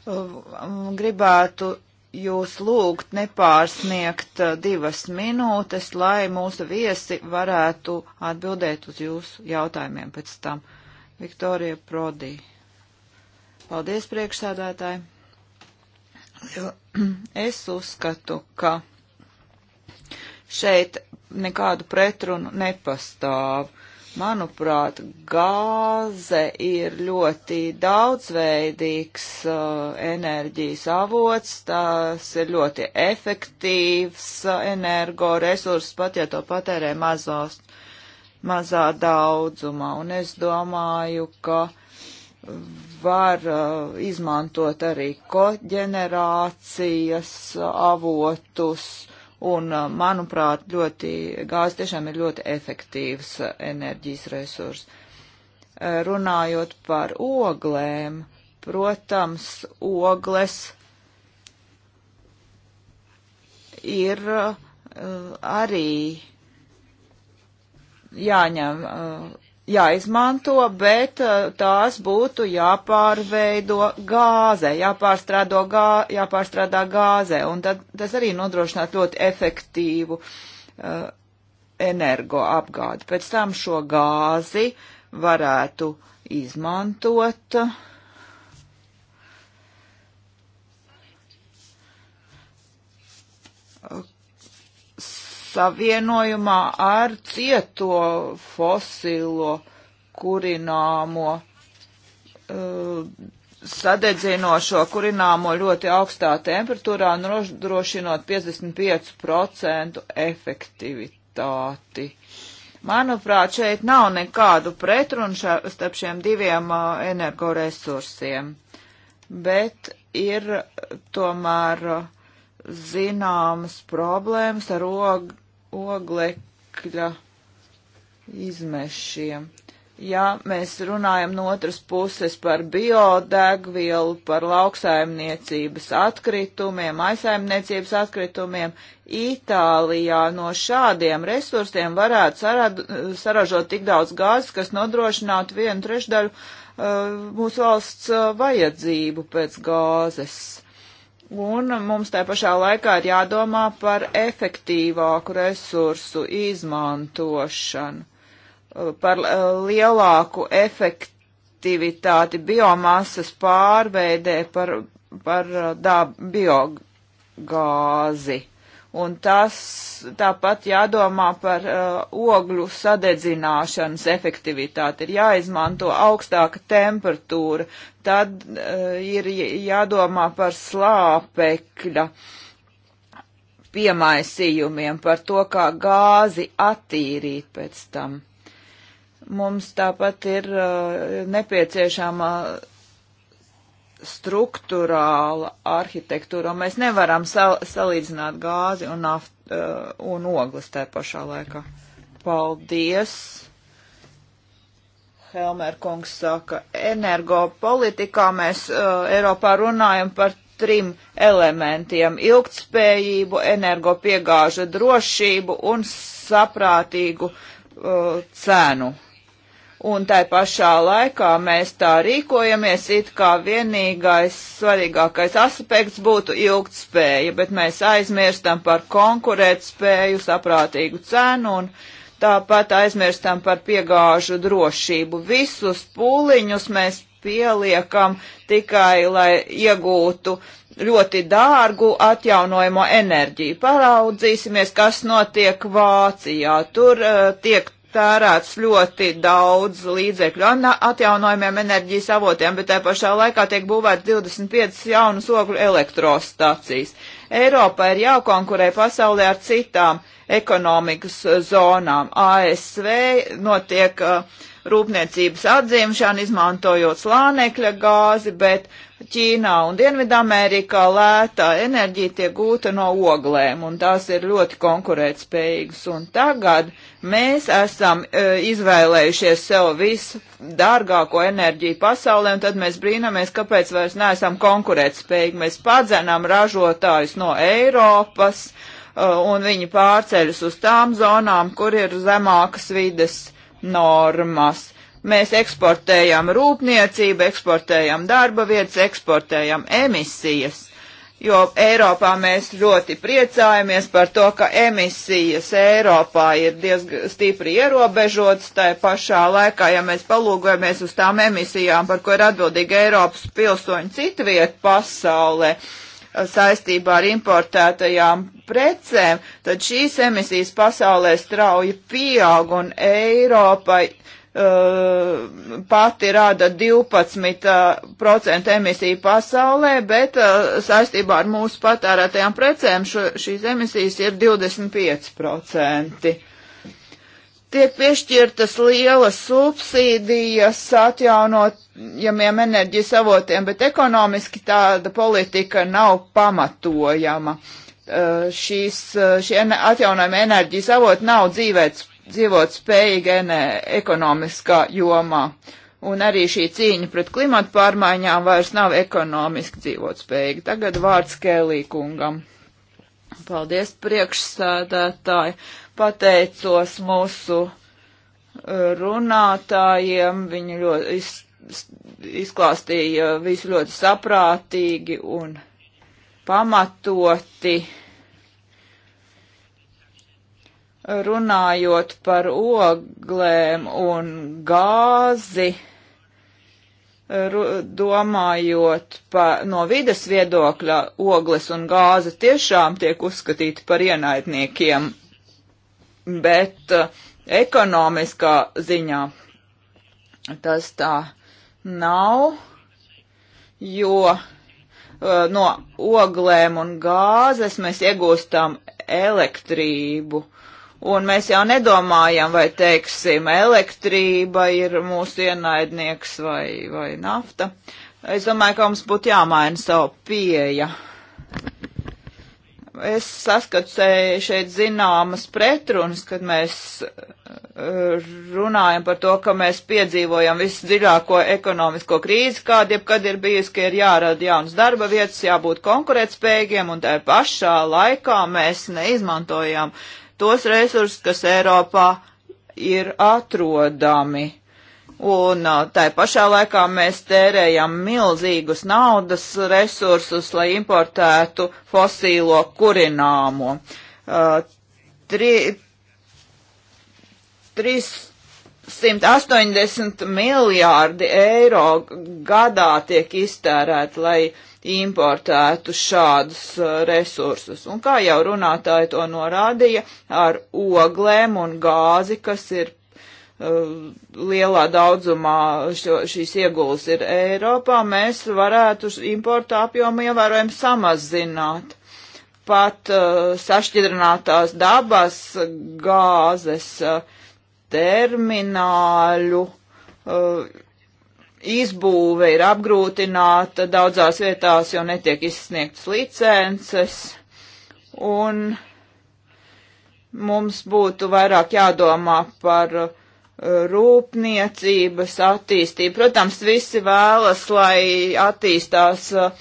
Uh, gribētu jūs lūgt nepārsniegt uh, divas minūtes, lai mūsu viesi varētu atbildēt uz jūsu jautājumiem pēc tam. Viktorija Prodī. Paldies, priekšsēdētāji. *clears throat* Es uzskatu, ka šeit nekādu pretrunu nepastāv. Manuprāt, gāze ir ļoti daudzveidīgs uh, enerģijas avots, tas ir ļoti efektīvs uh, energoresurss, pat ja to patērē mazos, mazā daudzumā. Un es domāju, ka var uh, izmantot arī koģenerācijas uh, avotus un, uh, manuprāt, ļoti, gāze tiešām ir ļoti efektīvs uh, enerģijas resurs. Uh, runājot par oglēm, protams, ogles ir arī jāņem jāizmanto, bet uh, tās būtu jāpārveido gāzē, jāpārstrādā, gā, jāpārstrādā gāzē, un tad, tas arī nodrošinātu ļoti efektīvu uh, energoapgādi. Pēc tam šo gāzi varētu izmantot uh, savienojumā ar cieto fosilo kurināmo uh, sadedzinošo kurināmo ļoti augstā temperatūrā, nodrošinot 55% efektivitāti. Manuprāt, šeit nav nekādu pretrunu starp šiem diviem uh, energoresursiem, bet ir tomēr uh, zināmas problēmas ar og oglekļa izmešiem. Ja mēs runājam no otras puses par biodegvielu, par lauksaimniecības atkritumiem, aizsaimniecības atkritumiem, Itālijā no šādiem resursiem varētu sarad, saražot tik daudz gāzes, kas nodrošinātu vienu trešdaļu uh, mūsu valsts uh, vajadzību pēc gāzes. Un mums tā pašā laikā ir jādomā par efektīvāku resursu izmantošanu, par eh, lielāku efektivitāti biomasas pārveidē par, par eh, dab, biogāzi. Un tas tāpat jādomā par uh, ogļu sadedzināšanas efektivitāti. Ir jāizmanto augstāka temperatūra, tad uh, ir jādomā par slāpekļa piemaisījumiem, par to, kā gāzi attīrīt pēc tam. Mums tāpat ir uh, nepieciešama uh, struktūrāla arhitektūra, un mēs nevaram sal salīdzināt gāzi un, naft, uh, un ogles tajā pašā laikā. Paldies! Helmer kungs saka, energopolitikā mēs uh, Eiropā runājam par trim elementiem - ilgtspējību, energopiegāžu drošību un saprātīgu uh, cenu un tai pašā laikā mēs tā rīkojamies, it kā vienīgais svarīgākais aspekts būtu ilgtspēja, bet mēs aizmirstam par konkurētspēju, saprātīgu cenu un tāpat aizmirstam par piegāžu drošību. Visus pūliņus mēs pieliekam tikai, lai iegūtu ļoti dārgu atjaunojamo enerģiju. Paraudzīsimies, kas notiek Vācijā. Tur uh, tiek tērēts ļoti daudz līdzekļu atjaunojumiem enerģijas avotiem, bet tajā pašā laikā tiek būvēts 25 jaunas ogļu elektrostacijas. Eiropa ir jākonkurē pasaulē ar citām ekonomikas zonām. ASV notiek uh, rūpniecības atdzimšana, izmantojot slānekļa gāzi, bet Ķīnā un Dienvidamerikā lētā enerģija tiek gūta no oglēm, un tās ir ļoti konkurētspējīgas. Un tagad mēs esam e, izvēlējušies sev visdārgāko enerģiju pasaulē, un tad mēs brīnamies, kāpēc vairs neesam konkurētspējīgi. Mēs padzenām ražotājus no Eiropas, e, un viņi pārceļas uz tām zonām, kur ir zemākas vides normas. Mēs eksportējam rūpniecību, eksportējam darba vietas, eksportējam emisijas jo Eiropā mēs ļoti priecājamies par to, ka emisijas Eiropā ir diezgan stipri ierobežotas, tai pašā laikā, ja mēs palūgojamies uz tām emisijām, par ko ir atbildīgi Eiropas pilsoņi citviet pasaulē saistībā ar importētajām precēm, tad šīs emisijas pasaulē strauji pieaug un Eiropai Uh, pati rada 12% uh, emisiju pasaulē, bet uh, saistībā ar mūsu patērētajām precēm šo, šīs emisijas ir 25%. Tiek piešķirtas lielas subsīdijas atjaunojamiem enerģijas avotiem, bet ekonomiski tāda politika nav pamatojama. Šīs, šie atjaunojami enerģijas avoti nav dzīvēts dzīvot spējīga ekonomiskā jomā. Un arī šī cīņa pret klimatu pārmaiņām vairs nav ekonomiski dzīvot spējīga. Tagad vārds Kēlī kungam. Paldies priekšsēdētāji. Pateicos mūsu uh, runātājiem. Viņi ļoti iz, izklāstīja visu ļoti saprātīgi un pamatoti runājot par oglēm un gāzi, domājot par no vides viedokļa, ogles un gāze tiešām tiek uzskatīti par ienaidniekiem, bet eh, ekonomiskā ziņā tas tā nav, jo eh, no oglēm un gāzes mēs iegūstam elektrību Un mēs jau nedomājam, vai, teiksim, elektrība ir mūsu ienaidnieks vai, vai nafta. Es domāju, ka mums būtu jāmaina savu pieeja. Es saskatu šeit zināmas pretrunas, kad mēs eh, runājam par to, ka mēs piedzīvojam visdziļāko ekonomisko krīzi, kāda jebkad ir bijusi, ka ir jārada jaunas darba vietas, jābūt konkurētspējīgiem, un tā pašā laikā mēs neizmantojam tos resursus, kas Eiropā ir atrodami. Un tai pašā laikā mēs tērējam milzīgus naudas resursus, lai importētu fosīlo kurināmo. Uh, tri, tris, 180 miljārdi eiro gadā tiek iztērēti, lai importētu šādus uh, resursus. Un kā jau runātāji to norādīja, ar oglēm un gāzi, kas ir uh, lielā daudzumā šo, šīs iegulas ir Eiropā, mēs varētu importa apjomu ievērojami samazināt. Pat uh, sašķidrinātās dabas gāzes uh, termināļu uh, izbūve ir apgrūtināta daudzās vietās, jo netiek izsniegtas licences, un mums būtu vairāk jādomā par uh, rūpniecības attīstību. Protams, visi vēlas, lai attīstās uh,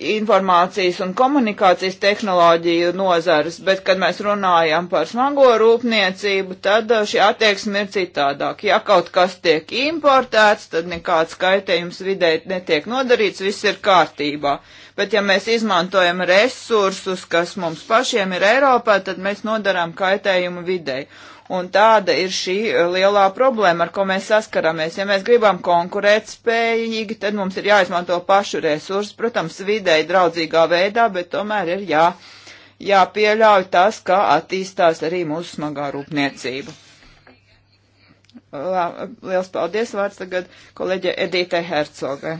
informācijas un komunikācijas tehnoloģiju nozares, bet, kad mēs runājam par smago rūpniecību, tad uh, šī attieksme ir citādāk. Ja kaut kas tiek importēts, tad nekāds kaitējums vidē netiek nodarīts, viss ir kārtībā. Bet, ja mēs izmantojam resursus, kas mums pašiem ir Eiropā, tad mēs nodarām kaitējumu videi. Un tāda ir šī eh, lielā problēma, ar ko mēs saskaramies. Ja mēs gribam konkurēt spējīgi, tad mums ir jāizmanto pašu resursus, protams, videi draudzīgā veidā, bet tomēr ir jā, jāpieļauj tas, kā attīstās arī mūsu smagā rūpniecība. Liels paldies vārds tagad kolēģe Edītei Hercogai.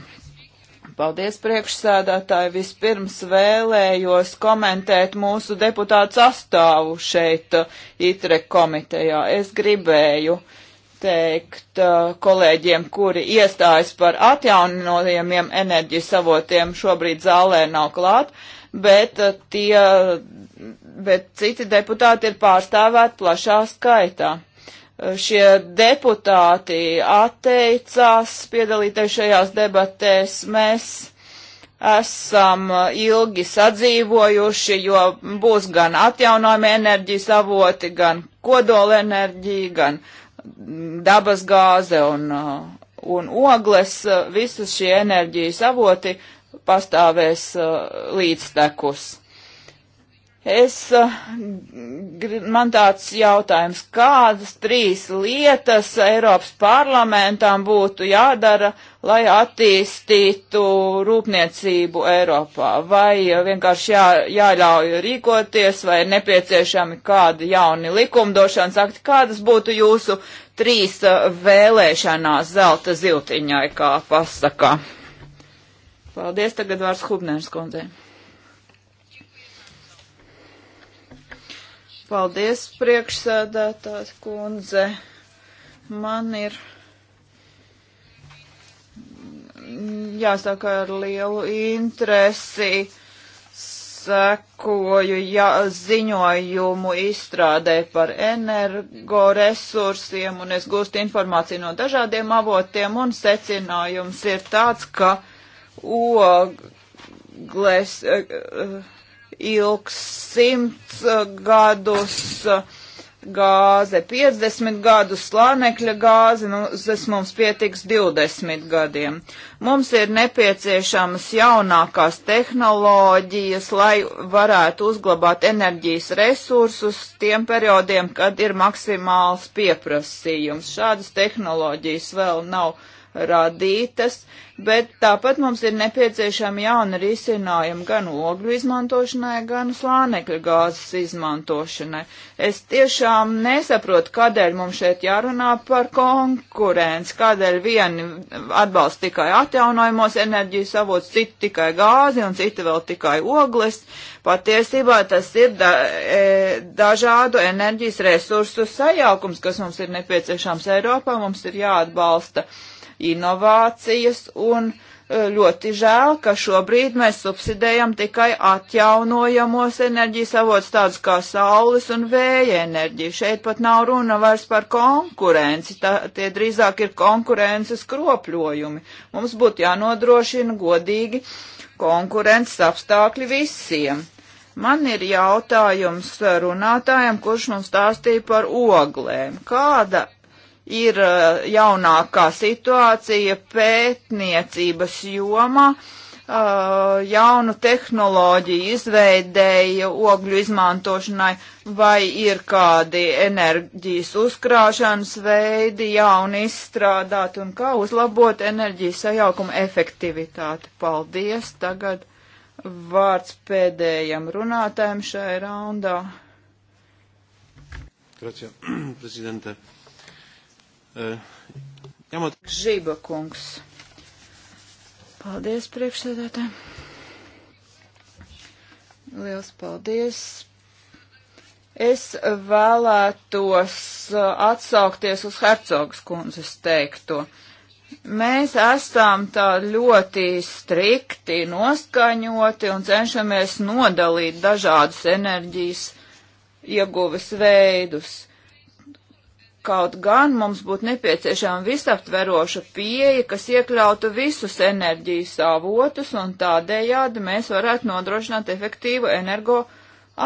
Paldies, priekšsēdētāji. Vispirms vēlējos komentēt mūsu deputātu sastāvu šeit uh, ITRE komitejā. Es gribēju teikt uh, kolēģiem, kuri iestājas par atjaunojamiem enerģijas avotiem, šobrīd zālē nav klāt, bet, uh, tie, bet citi deputāti ir pārstāvēti plašā skaitā šie deputāti atteicās piedalīties šajās debatēs. Mēs esam ilgi sadzīvojuši, jo būs gan atjaunojami enerģijas avoti, gan kodolenerģija, gan dabas gāze un, un ogles. Visas šie enerģijas avoti pastāvēs uh, līdztekus. Es, eh, man tāds jautājums, kādas trīs lietas Eiropas parlamentam būtu jādara, lai attīstītu rūpniecību Eiropā? Vai vienkārši jā, jāļauj rīkoties, vai nepieciešami kādi jauni likumdošanas akti? Kādas būtu jūsu trīs eh, vēlēšanās zelta ziltiņai, kā pasaka? Paldies, tagad vārds Hubnērs kundzei. Paldies, priekšsēdētājs kundze. Man ir jāsaka ar lielu interesi sekoju ja, ziņojumu izstrādē par energoresursiem, un es gūstu informāciju no dažādiem avotiem, un secinājums ir tāds, ka ogles. Uh, ilgs simts eh, gadus eh, gāze, 50 gadu slānekļa gāze, nu, tas mums pietiks 20 gadiem. Mums ir nepieciešamas jaunākās tehnoloģijas, lai varētu uzglabāt enerģijas resursus tiem periodiem, kad ir maksimāls pieprasījums. Šādas tehnoloģijas vēl nav radītas, bet tāpat mums ir nepieciešama jauna risinājuma gan ogļu izmantošanai, gan slānekļa gāzes izmantošanai. Es tiešām nesaprotu, kādēļ mums šeit jārunā par konkurenci, kādēļ vieni atbalsta tikai atjaunojumos enerģijas avots, citi tikai gāzi un citi vēl tikai ogles. Patiesībā tas ir da, e, dažādu enerģijas resursu sajaukums, kas mums ir nepieciešams Eiropā, mums ir jāatbalsta. Uh, inovācijas un e, ļoti žēl, ka šobrīd mēs subsidējam tikai atjaunojamos enerģijas avots tādus kā saules un vēja enerģija. Šeit pat nav runa vairs par konkurenci, tā, tie drīzāk ir konkurences kropļojumi. Mums būtu jānodrošina godīgi konkurences apstākļi visiem. Man ir jautājums runātājiem, kurš mums stāstīja par oglēm. Kāda ir eh, jaunākā situācija pētniecības jomā. Eh, jaunu tehnoloģiju izveidēja ogļu izmantošanai, vai ir kādi enerģijas uzkrāšanas veidi, jauni izstrādāt un kā uzlabot enerģijas sajaukuma efektivitāti. Paldies! Tagad vārds pēdējam runātājam šai raundā. Grazie, *clears throat* prezidente. Uh, ņemot. Žiba kungs. Paldies, priekšsēdētāji. Liels paldies. Es vēlētos uh, atsaukties uz Hercogs kundzes teikto. Mēs esam tā ļoti strikti noskaņoti un cenšamies nodalīt dažādus enerģijas ieguves veidus. Kaut gan mums būtu nepieciešama visaptveroša pieeja, kas iekļautu visus enerģijas avotus, un tādējādi mēs varētu nodrošināt efektīvu energo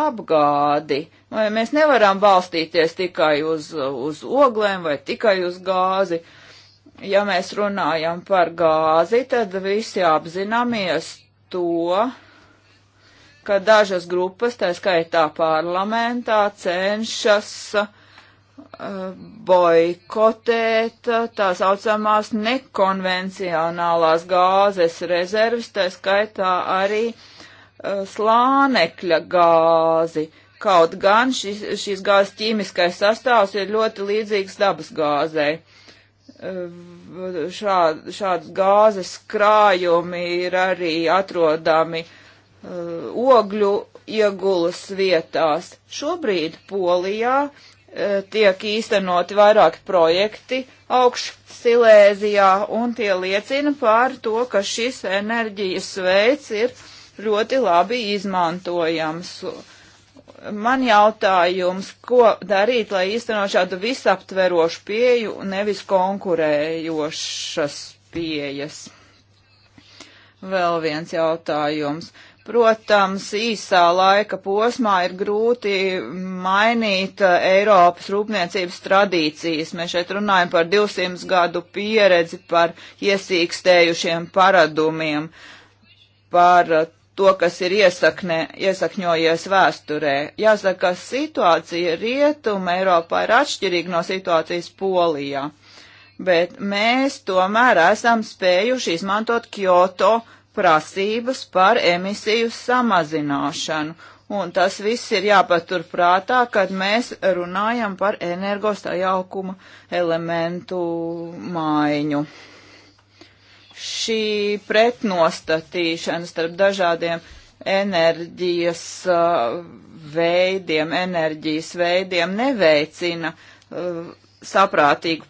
apgādi. Vai mēs nevaram balstīties tikai uz, uz oglēm vai tikai uz gāzi. Ja mēs runājam par gāzi, tad visi apzināmies to, ka dažas grupas, tā skaitā parlamentā, cenšas uh, boikotēt tā saucamās nekonvencionālās gāzes rezerves, tā skaitā arī slānekļa gāzi. Kaut gan šis, šis gāzes ķīmiskais sastāvs ir ļoti līdzīgs dabas gāzei. Šā, šādas gāzes krājumi ir arī atrodami uh, ogļu iegulas vietās. Šobrīd Polijā uh, tiek īstenoti vairāki projekti augšsilēzijā, un tie liecina par to, ka šis enerģijas veids ir ļoti labi izmantojams. Man jautājums, ko darīt, lai īstenot šādu visaptverošu pieju, nevis konkurējošas pieejas? Vēl viens jautājums. Uh, Protams, īsā laika posmā ir grūti mainīt eh, Eiropas rūpniecības tradīcijas. Mēs šeit runājam par 200 gadu pieredzi, par iesīkstējušiem paradumiem, par eh, to, kas ir iesakne, iesakņojies vēsturē. Jāsaka, situācija rietuma Eiropā ir atšķirīga no situācijas Polijā, bet mēs tomēr esam spējuši izmantot Kyoto prasības par emisiju samazināšanu. Un tas viss ir jāpatur prātā, kad mēs runājam par energostajaukuma elementu maiņu. Šī pretnostatīšana starp dažādiem enerģijas uh, veidiem, enerģijas veidiem neveicina uh, saprātīgu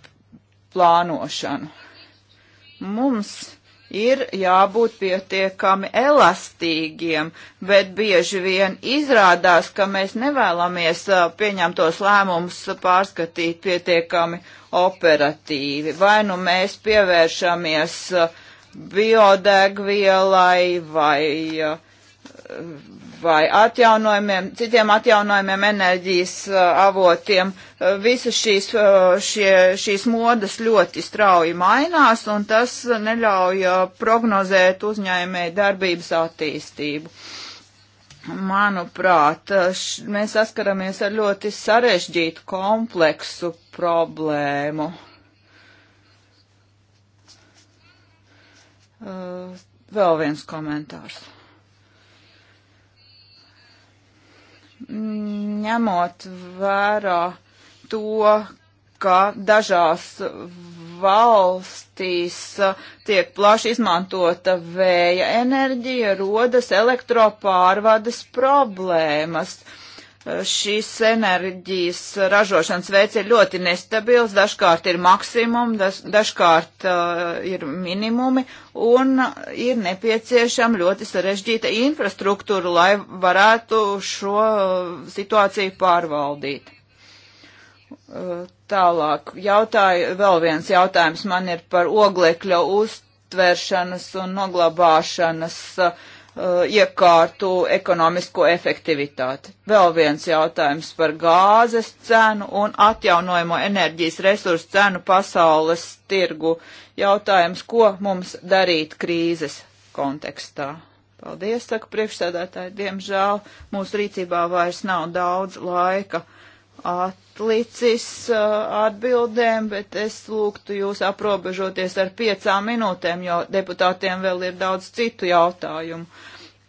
plānošanu. Mums ir jābūt pietiekami elastīgiem, bet bieži vien izrādās, ka mēs nevēlamies pieņemtos lēmumus pārskatīt pietiekami operatīvi. Vai nu mēs pievēršamies biodegvielai vai vai atjaunojumiem, citiem atjaunojumiem enerģijas uh, avotiem. Uh, visas šīs, uh, šie, šīs modas ļoti strauji mainās, un tas neļauj prognozēt uzņēmēju darbības attīstību. Manuprāt, š, mēs saskaramies ar ļoti sarežģītu kompleksu problēmu. Uh, vēl viens komentārs. ņemot vērā to, ka dažās valstīs uh, tiek plaši izmantota vēja enerģija, rodas elektropārvades problēmas. Uh, Eh, šīs enerģijas ražošanas veids ir ļoti nestabils, dažkārt ir maksimumi, dažkārt uh, ir minimumi, un ir nepieciešama ļoti sarežģīta infrastruktūra, lai varētu šo eh, situāciju pārvaldīt. Uh, tālāk, jautāju, vēl viens jautājums man ir par oglekļa uztvēršanas un noglabāšanas uh, Uh, iekārtu ekonomisko efektivitāti. Vēl viens jautājums par gāzes cenu un atjaunojamo enerģijas resursu cenu pasaules tirgu. Jautājums, ko mums darīt krīzes kontekstā? Paldies, saka priekšsēdētāji. Diemžēl mūsu rīcībā vairs nav daudz laika atlicis uh, atbildēm, bet es lūgtu jūs aprobežoties ar piecām minūtēm, jo deputātiem vēl ir daudz citu jautājumu.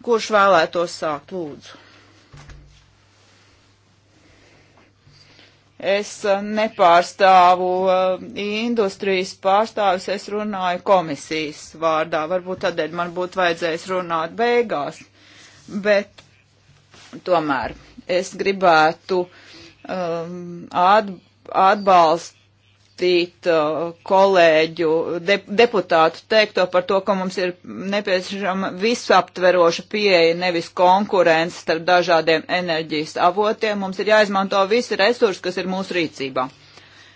Kurš vēlētos sākt, lūdzu? Es uh, nepārstāvu uh, industrijas pārstāvis, es runāju komisijas vārdā. Varbūt tādēļ man būtu vajadzējis runāt beigās, bet tomēr es gribētu uh, um, atbalstīt uh, kolēģu de, deputātu teikto par to, ka mums ir nepieciešama visaptveroša pieeja, nevis konkurence starp dažādiem enerģijas avotiem. Mums ir jāizmanto visi resursi, kas ir mūsu rīcībā.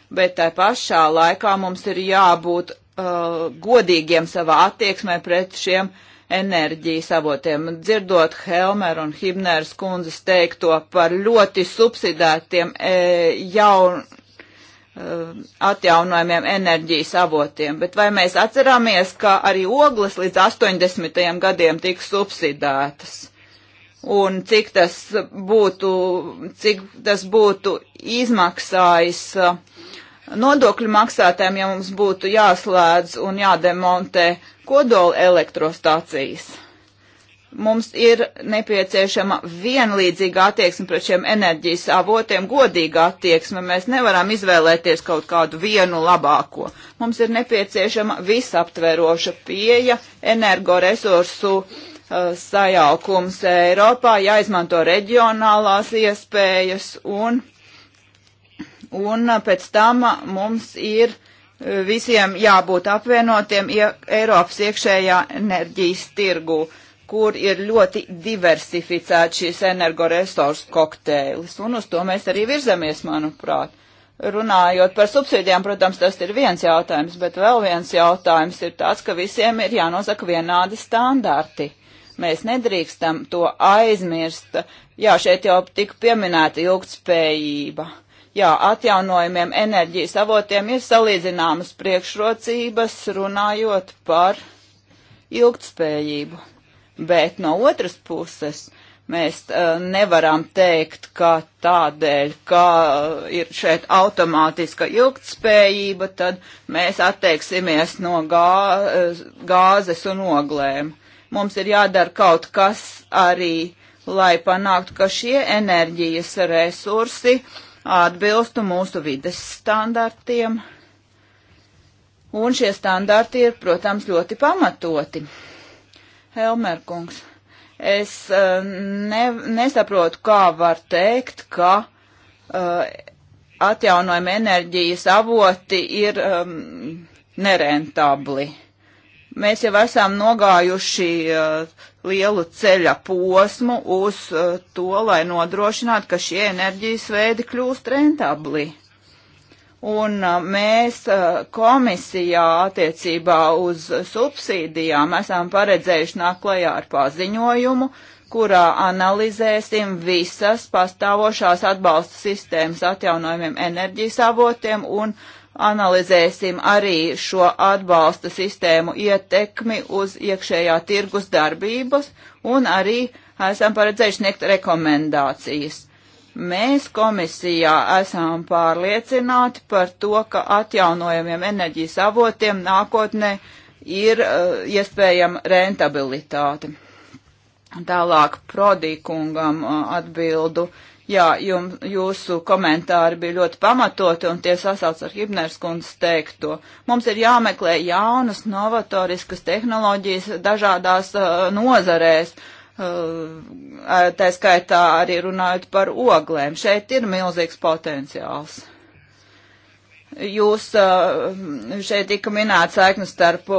Bet tā pašā laikā mums ir jābūt uh, godīgiem savā attieksmē pret šiem uh, enerģijas avotiem. Dzirdot Helmer un Himners kundzes teikto par ļoti subsidētiem e, jaun, e, atjaunojumiem enerģijas avotiem, bet vai mēs atceramies, ka arī ogles līdz 80. gadiem tika subsidētas? Un cik tas būtu, cik tas būtu izmaksājis uh, nodokļu maksātēm, ja mums būtu jāslēdz un jādemontē kodola elektrostācijas. Mums ir nepieciešama vienlīdzīga attieksme pret šiem enerģijas avotiem, godīga attieksme. Mēs nevaram izvēlēties kaut kādu vienu labāko. Mums ir nepieciešama visaptveroša pieeja, energoresursu uh, sajaukums Eiropā, jāizmanto reģionālās iespējas un uh, un uh, pēc tam uh, mums ir uh, visiem jābūt apvienotiem Eiropas iekšējā enerģijas tirgū, kur ir ļoti diversificēts šīs energoresursu kokteilis, un uz to mēs arī virzamies, manuprāt. Runājot par subsīdijām, protams, tas ir viens jautājums, bet vēl viens jautājums ir tāds, ka visiem ir jānosaka vienādi standarti. Mēs nedrīkstam to aizmirst. Jā, šeit jau tika pieminēta ilgtspējība. Uh, jā, atjaunojumiem enerģijas avotiem ir salīdzināmas priekšrocības runājot par ilgtspējību. Bet no otras puses mēs uh, nevaram teikt, ka tādēļ, ka ir šeit automātiska ilgtspējība, tad mēs atteiksimies no gā, gāzes un oglēm. Mums ir jādara kaut kas arī, lai panāktu, ka šie enerģijas resursi uh, atbilstu mūsu vides standartiem. Un šie standarti ir, protams, ļoti pamatoti. Helmer kungs, es eh, ne, nesaprotu, kā var teikt, ka uh, eh, atjaunojama enerģijas avoti ir um, ehm, nerentabli. Uh, Mēs jau esam nogājuši eh, lielu ceļa posmu uz eh, to, lai nodrošinātu, ka šie enerģijas veidi kļūst rentabli. Un eh, mēs komisijā attiecībā uz subsīdijām esam paredzējuši nāk klajā ar paziņojumu, kurā analizēsim visas pastāvošās atbalsta sistēmas atjaunojumiem enerģijas avotiem un uh, analizēsim arī šo atbalsta sistēmu ietekmi uz iekšējā tirgus darbības un arī esam paredzējuši sniegt rekomendācijas. Mēs komisijā esam pārliecināti par to, ka atjaunojamiem enerģijas avotiem nākotnē ir uh, iespējama rentabilitāte. Tālāk prodīkungam uh, eh, atbildu uh, Jā, jum, jūsu komentāri bija ļoti pamatoti un tie sasauc ar Hibners kundzes teikto. Mums ir jāmeklē jaunas, novatoriskas tehnoloģijas dažādās uh, nozarēs, uh, tā skaitā arī runājot par oglēm. Šeit ir milzīgs potenciāls. Jūs uh, šeit tika minēta saikne starp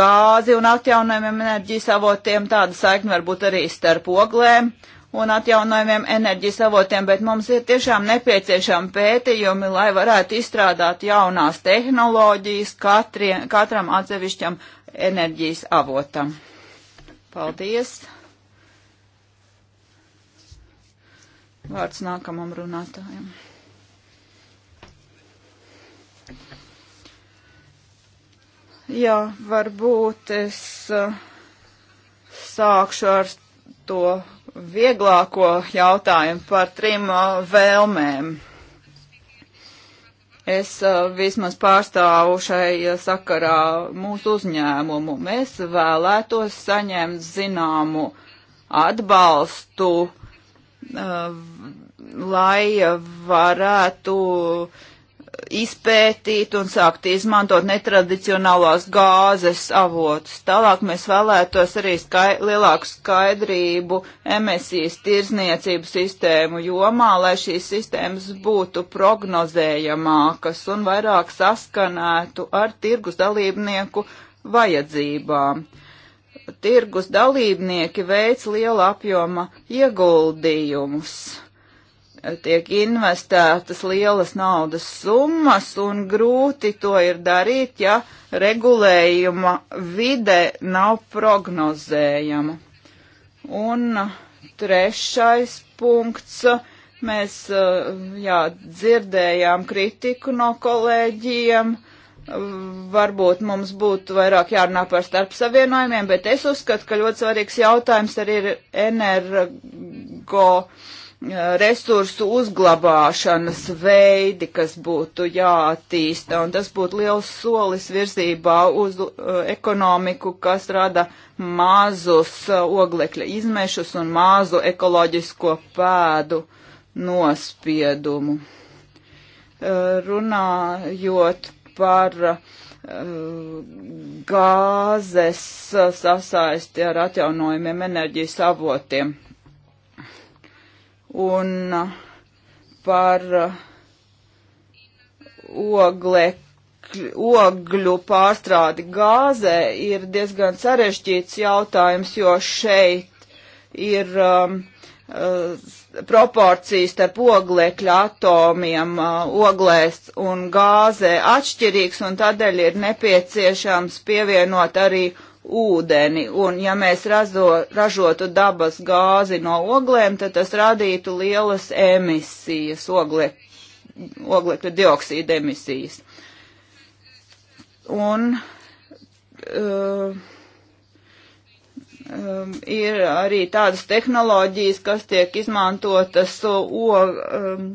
gāzi un atjaunojumiem enerģijas avotiem, tāda saikne varbūt arī starp oglēm un atjaunojumiem enerģijas avotiem, bet mums ir tiešām nepieciešami pētījumi, lai varētu izstrādāt jaunās tehnoloģijas katriem, katram atsevišķam enerģijas avotam. Paldies! Vārds nākamam runātājam. Jā, varbūt es uh, sākšu ar to vieglāko jautājumu par trim uh, vēlmēm. Es uh, vismaz pārstāvu šai uh, sakarā mūsu uzņēmumu. Mēs vēlētos saņemt zināmu atbalstu, lai varētu uh, izpētīt un sākt izmantot netradicionālās gāzes avotus. Tālāk mēs vēlētos arī skai, lielāku skaidrību emisijas tirzniecību sistēmu jomā, lai šīs sistēmas būtu prognozējamākas un vairāk saskanētu ar tirgus dalībnieku vajadzībām. Tirgus dalībnieki veic liela apjoma ieguldījumus tiek investētas lielas naudas summas un grūti to ir darīt, ja regulējuma vide nav prognozējama. Un uh, trešais punkts. Mēs uh, jā, dzirdējām kritiku no kolēģiem. Varbūt mums būtu vairāk jārunā par starpsavienojumiem, bet es uzskatu, ka ļoti svarīgs jautājums arī ir energo uh, resursu uzglabāšanas veidi, kas būtu jāattīsta, un tas būtu liels solis virzībā uz uh, ekonomiku, kas rada mazus uh, oglekļa izmešus un mazu ekoloģisko pēdu nospiedumu. Uh, runājot par uh, gāzes uh, sasaisti ar atjaunojumiem enerģijas avotiem un par oglekli ogļu pārstrādi gāzē ir diezgan sarežģīts jautājums, jo šeit ir um, uh, proporcijas starp oglekļa atomiem uh, oglēs un gāzē atšķirīgs, un tādēļ ir nepieciešams pievienot arī ūdeni, un ja mēs razo, ražotu dabas gāzi no oglēm, tad tas radītu lielas emisijas, ogle, oglekļa dioksīda emisijas. Un uh, um, ir arī tādas tehnoloģijas, kas tiek izmantotas o, um,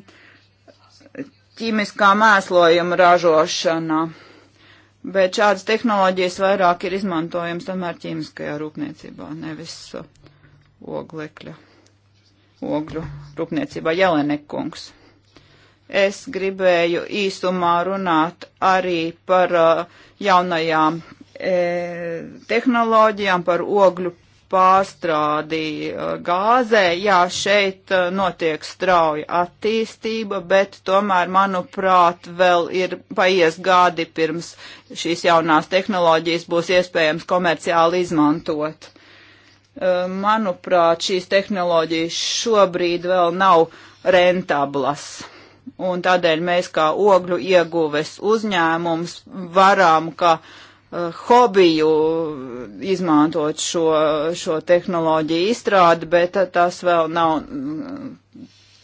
ķīmiskā mēslojuma ražošanā bet šādas tehnoloģijas vairāk ir izmantojams tomēr ķīmiskajā rūpniecībā, nevis uh, oglekļa, ogļu rūpniecībā. Jelenekungs. Es gribēju īsumā runāt arī par uh, jaunajām e, tehnoloģijām, par ogļu pārstrādi uh, gāzē. Jā, šeit uh, notiek strauja attīstība, bet tomēr, manuprāt, vēl ir paies gadi pirms šīs jaunās tehnoloģijas būs iespējams komerciāli izmantot. Uh, manuprāt, šīs tehnoloģijas šobrīd vēl nav rentablas un tādēļ mēs kā ogļu ieguves uzņēmums varam, ka uh, Eh, hobiju izmantot šo, šo tehnoloģiju izstrādi, bet tas vēl nav mm,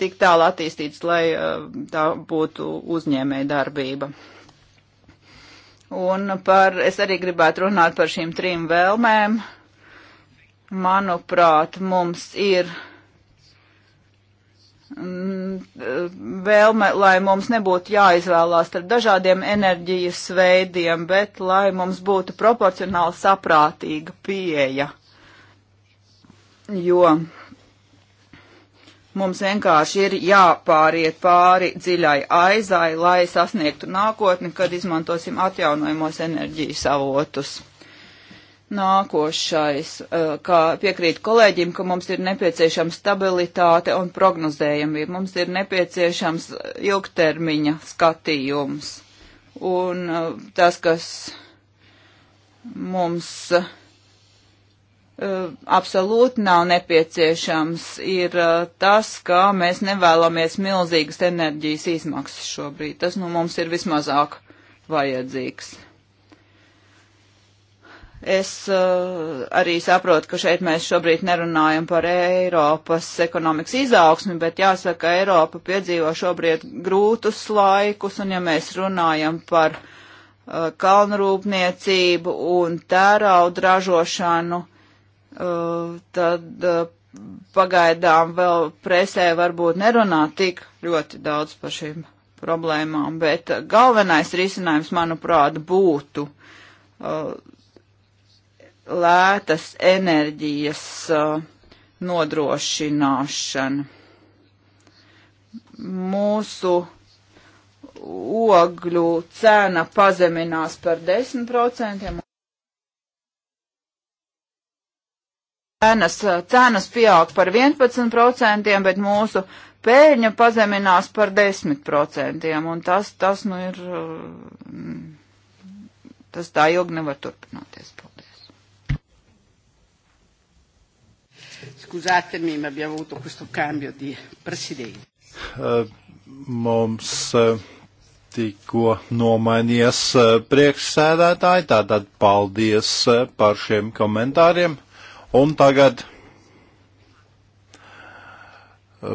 tik tālu attīstīts, lai eh, tā būtu uzņēmēja darbība. Un par, es arī gribētu runāt par šīm trim vēlmēm. Manuprāt, mums ir Mm, eh, vēlme, lai mums nebūtu jāizvēlās ar dažādiem enerģijas veidiem, bet lai mums būtu proporcionāli saprātīga pieeja. Jo mums vienkārši ir jāpāriet pāri dziļai aizai, lai sasniegtu nākotni, kad izmantosim atjaunojamos enerģijas avotus. Nākošais, eh, kā piekrīt kolēģim, ka mums ir nepieciešama stabilitāte un prognozējumība, mums ir nepieciešams ilgtermiņa skatījums. Un eh, tas, kas mums eh, absolūti nav nepieciešams, ir tas, ka mēs nevēlamies milzīgas enerģijas izmaksas šobrīd. Tas nu mums ir vismazāk vajadzīgs. Es uh, arī saprotu, ka šeit mēs šobrīd nerunājam par Eiropas ekonomikas izaugsmi, bet jāsaka, Eiropa piedzīvo šobrīd grūtus laikus, un ja mēs runājam par uh, eh, kalnrūpniecību un tērauda ražošanu, uh, tad uh, pagaidām vēl presē varbūt nerunā tik ļoti daudz par šīm problēmām, bet galvenais risinājums, manuprāt, būtu. Uh, lētas enerģijas uh, nodrošināšana. Mūsu ogļu cena pazeminās par 10%. Cenas, uh, cenas pieaug par 11%, bet mūsu pēļņa pazeminās par 10%, un tas, tas nu ir, uh, tas tā ilgi nevar turpināties. Paldies. Scusatemi, ma abbiamo avuto questo cambio di presidente. Uh, mums uh, tikko nomainījies uh, eh, priekšsēdētāji, tātad paldies uh, par šiem komentāriem. Un tagad uh,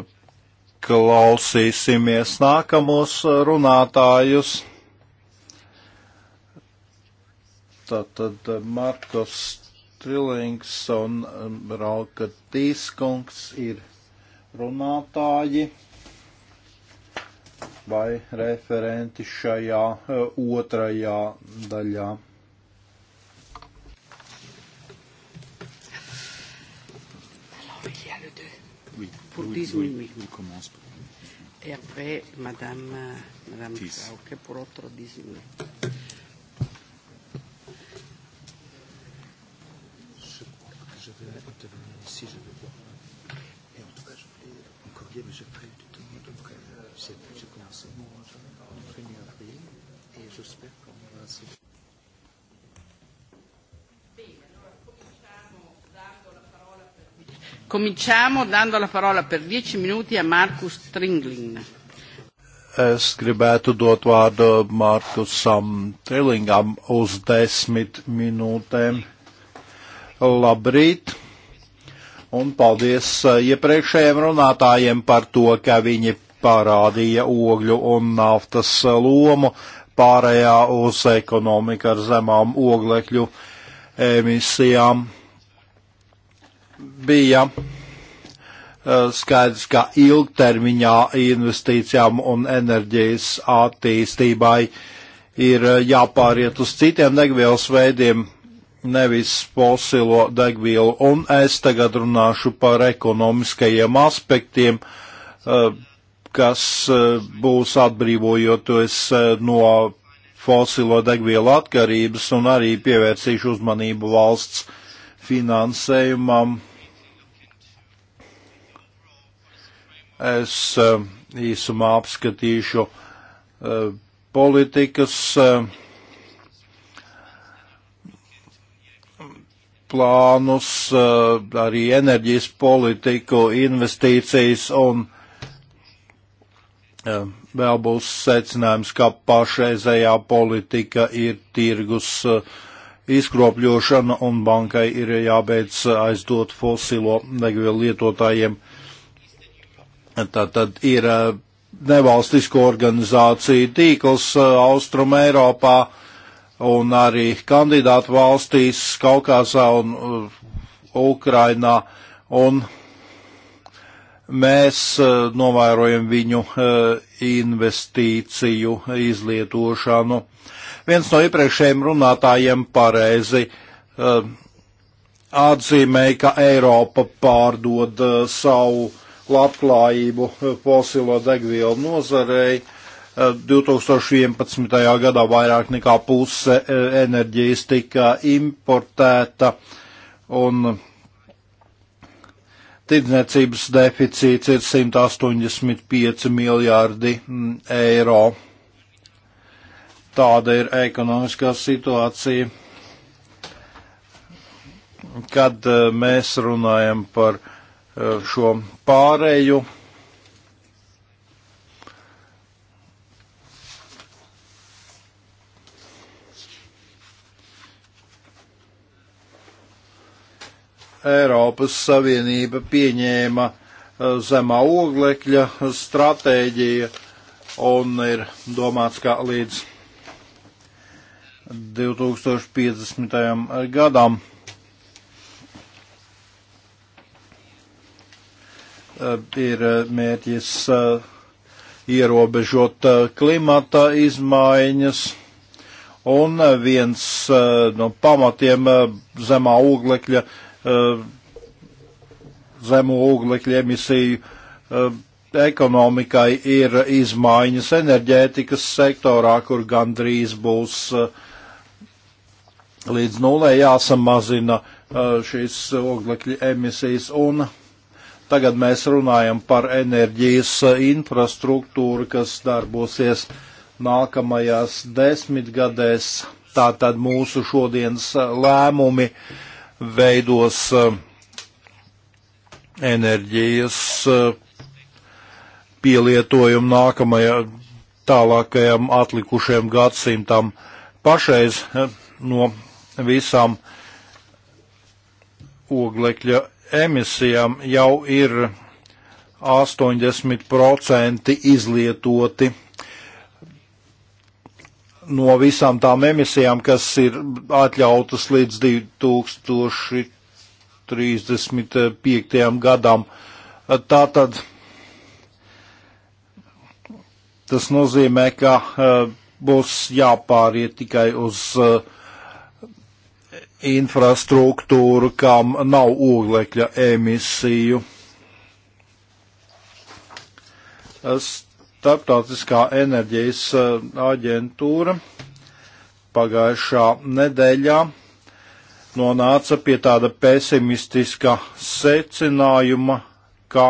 klausīsimies nākamos runātājus. Tātad Markus Trilings un um, Rauka Tīskungs ir runātāji vai referenti šajā uh, otrajā daļā. pour 10 oui, minutes. Oui, commence. Et après, Madame, euh, Madame Trauque pour autre 10 minutes. Cominciamo dando la parola per 10 minuti a Markus Tringlin. Es gribētu dot vārdu Markusam Trillingam uz desmit minūtēm. Labrīt! Un paldies eh, iepriekšējiem runātājiem par to, ka viņi parādīja ogļu un naftas lomu pārējā uz ekonomiku ar zemām oglekļu emisijām bija eh, skaidrs, ka ilgtermiņā investīcijām un enerģijas attīstībai ir eh, jāpāriet uz citiem degvielas veidiem, nevis fosilo degvielu. Un es tagad runāšu par ekonomiskajiem aspektiem, eh, kas būs atbrīvojoties no fosilo degvielu atkarības un arī pievērsīšu uzmanību valsts finansējumam Es eh, īsumā apskatīšu eh, politikas eh, plānus, arī enerģijas politiku, investīcijas un vēl būs secinājums, ka pašreizējā politika ir tirgus izkropļošana un bankai ir jābeidz aizdot fosilo degvielu lietotājiem. Tā tad ir nevalstisko organizāciju tīkls Austrum Eiropā un arī kandidātu valstīs Kaukāzā un Ukrainā. Un mēs novērojam viņu investīciju izlietošanu. Viens no iepriekšējiem runātājiem pareizi atzīmēja, ka Eiropa pārdod savu labklājību fosilo degvielu nozarei. 2011. Eh, gadā vairāk nekā puse eh, enerģijas tika importēta un tirdzniecības deficīts ir 185 miljārdi mm, eiro. Tāda ir ekonomiskā situācija. Kad eh, mēs runājam par uh, Eh, šo pārēju. Eiropas Savienība pieņēma eh, zemā oglekļa stratēģiju un ir domāts, ka līdz 2050. gadam ir eh, mērķis eh, ierobežot eh, klimata izmaiņas, un viens no pamatiem zemā oglekļa, zemu oglekļa emisiju ekonomikai ir izmaiņas enerģētikas sektorā, kur gandrīz būs līdz nulē jāsamazina šīs oglekļa emisijas un Tagad mēs runājam par enerģijas eh, infrastruktūru, kas darbosies nākamajās desmitgadēs. Tātad mūsu šodienas eh, lēmumi veidos eh, enerģijas pielietojumu nākamajā tālākajam atlikušajam gadsimtam. Pašreiz no visām oglekļa emisijām jau ir 80% izlietoti no visām tām emisijām, kas ir atļautas līdz 2035. gadam. Tātad tas nozīmē, ka eh, būs jāpāriet tikai uz uh, infrastruktūru, kam nav oglekļa emisiju. Starptautiskā enerģijas eh, aģentūra pagājušā nedēļā nonāca pie tāda pesimistiska secinājuma, ka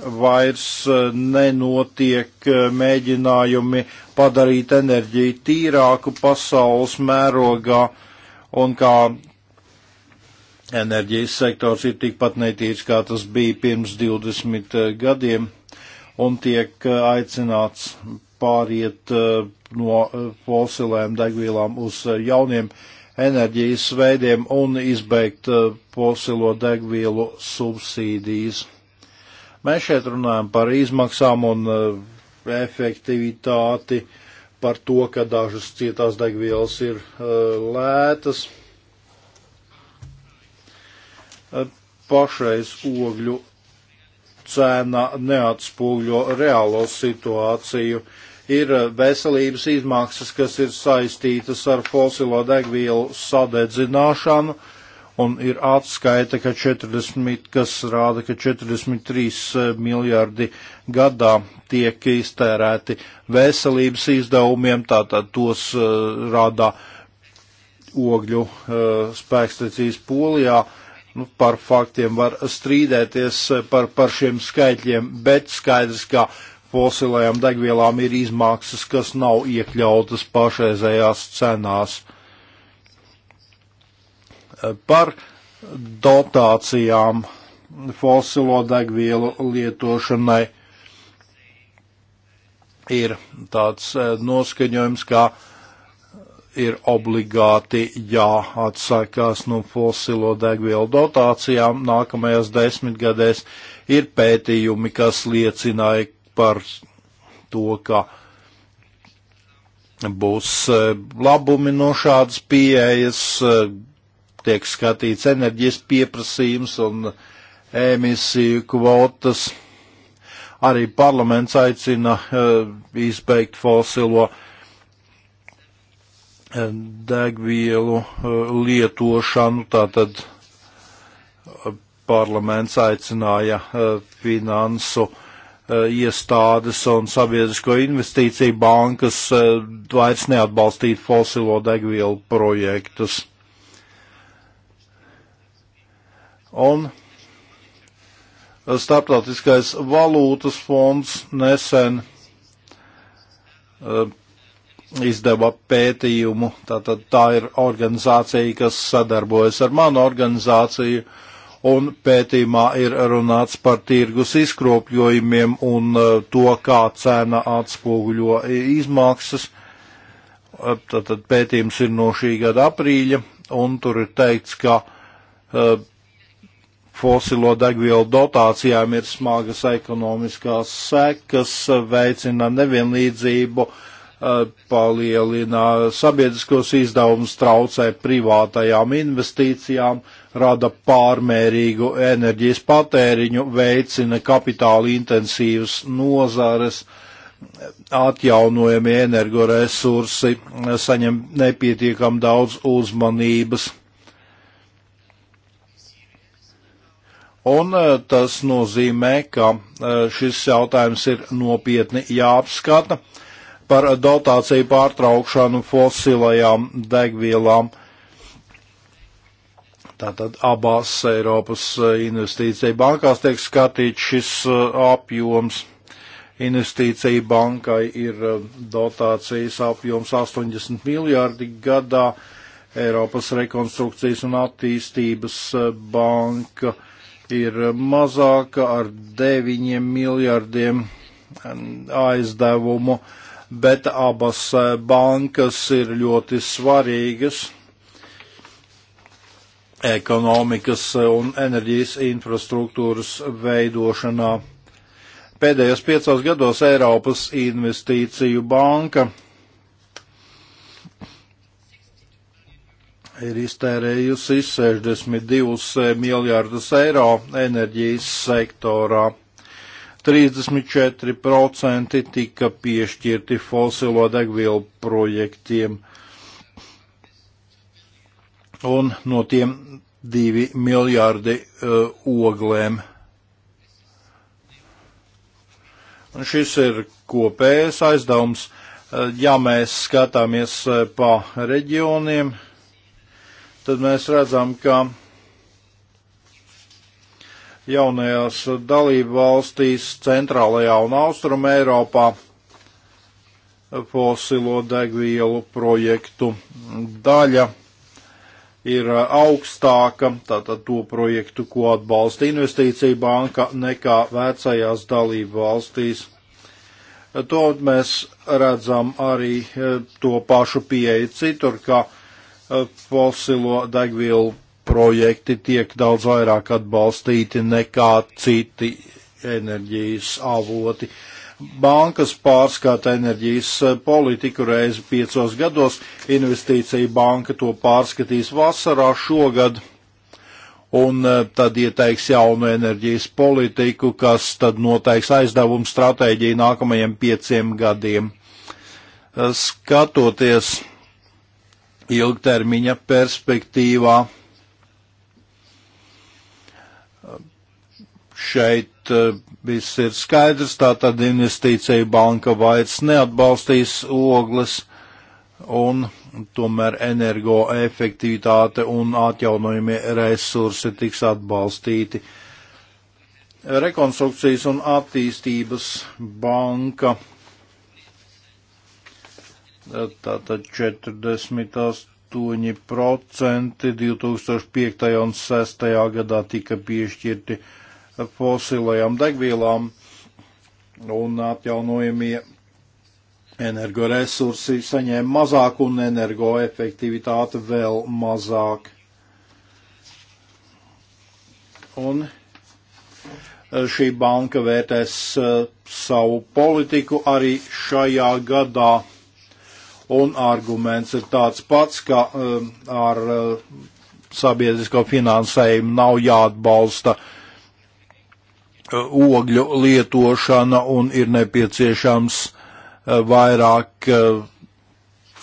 vairs eh, nenotiek eh, mēģinājumi padarīt enerģiju tīrāku pasaules mērogā. Uh, un kā enerģijas sektors ir tikpat netīrs, kā tas bija pirms 20 eh, gadiem, un tiek eh, aicināts pāriet eh, no fosilēm degvielām uz jauniem enerģijas veidiem un izbeigt fosilo degvielu subsīdijas. Mēs šeit runājam par izmaksām un efektivitāti. Uh, par to, ka dažas cietās degvielas ir eh, lētas. Eh, pašreiz ogļu cena neatspūļo reālo situāciju. Ir eh, veselības izmaksas, kas ir saistītas ar fosilo degvielu sadedzināšanu, uh, un ir atskaita, ka 40, kas rāda, ka 43 eh, miljardi gadā tiek iztērēti veselības izdevumiem, tātad tos uh, rāda ogļu uh, spēkstacijas polijā. Nu, par faktiem var strīdēties par, par šiem skaitļiem, bet skaidrs, ka fosilējām degvielām ir izmaksas, kas nav iekļautas pašreizējās cenās par dotācijām fosilo degvielu lietošanai. Ir tāds e, noskaņojums, ka ir obligāti jāatsakās no fosilo degvielu dotācijām nākamajās desmitgadēs. Ir pētījumi, kas liecināja par to, ka būs e, labumi no šādas pieejas, e, tiek skatīts enerģijas pieprasījums un emisiju kvotas. Arī parlaments aicina eh, izbeigt fosilo eh, degvielu eh, lietošanu, tātad parlaments aicināja finansu iestādes un sabiedrisko investīciju bankas vairs neatbalstīt fosilo degvielu projektus. Un Startautiskais valūtas fonds nesen uh, izdeva pētījumu. Tātad tā ir organizācija, kas sadarbojas ar manu organizāciju, un pētījumā ir runāts par tirgus izkropļojumiem un uh, to, kā cena atspoguļo izmaksas. Eh, tātad pētījums ir no šī gada aprīļa, un tur ir teikts, ka uh, fosilo degvielu dotācijām ir smagas ekonomiskās sekas, veicina nevienlīdzību, eh, palielina sabiedriskos izdevumus, traucē privātajām investīcijām, rada pārmērīgu enerģijas patēriņu, veicina kapitāla intensīvas nozares, atjaunojamie energoresursi eh, saņem nepietiekam daudz uzmanības Un e, tas nozīmē, ka e, šis jautājums ir nopietni jāapskata par dotāciju pārtraukšanu fosilajām degvielām. Tātad abās Eiropas e, investīcija bankās tiek skatīts šis apjoms. Investīcija bankai ir dotācijas apjoms 80 miljārdi gadā. Eiropas rekonstrukcijas un attīstības banka ir mazāka ar 9 miljardiem aizdevumu, bet abas bankas ir ļoti svarīgas ekonomikas un enerģijas infrastruktūras veidošanā. Pēdējos piecos gados Eiropas investīciju banka ir iztērējusi 62 eh, miljārdus eiro enerģijas sektorā. 34% tika piešķirti fosilo degvielu projektiem, un no tiem 2 miljārdi uh, eh, oglēm. Un šis ir kopējais aizdevums. Eh, ja mēs skatāmies pa reģioniem, tad mēs redzam, ka jaunajās dalību valstīs centrālajā un austrum Eiropā fosilo degvielu projektu daļa ir augstāka, tātad to projektu, ko atbalsta investīcija banka, nekā vecajās dalību valstīs. To mēs redzam arī to pašu pieeju citur, ka fosilo degvielu projekti tiek daudz vairāk atbalstīti nekā citi enerģijas avoti. Bankas pārskata enerģijas politiku reizi piecos gados, investīcija banka to pārskatīs vasarā šogad un e, tad ieteiks jaunu enerģijas politiku, kas tad noteiks aizdevumu stratēģiju nākamajiem pieciem gadiem. E, skatoties ilgtermiņa perspektīvā. Šeit eh, viss ir skaidrs, tātad investīcija banka vairs neatbalstīs ogles un tomēr energoefektivitāte un atjaunojumie resursi tiks atbalstīti. Rekonstrukcijas un attīstības banka tātad 48% 2005. un 2006. gadā tika piešķirti fosilajām degvielām un atjaunojamie energoresursi saņēma mazāk un energoefektivitāte vēl mazāk. Un šī banka vērtēs eh, savu politiku arī šajā gadā un arguments ir tāds pats, ka um, ar uh, sabiedrisko finansējumu nav jāatbalsta uh, ogļu lietošana un ir nepieciešams uh, vairāk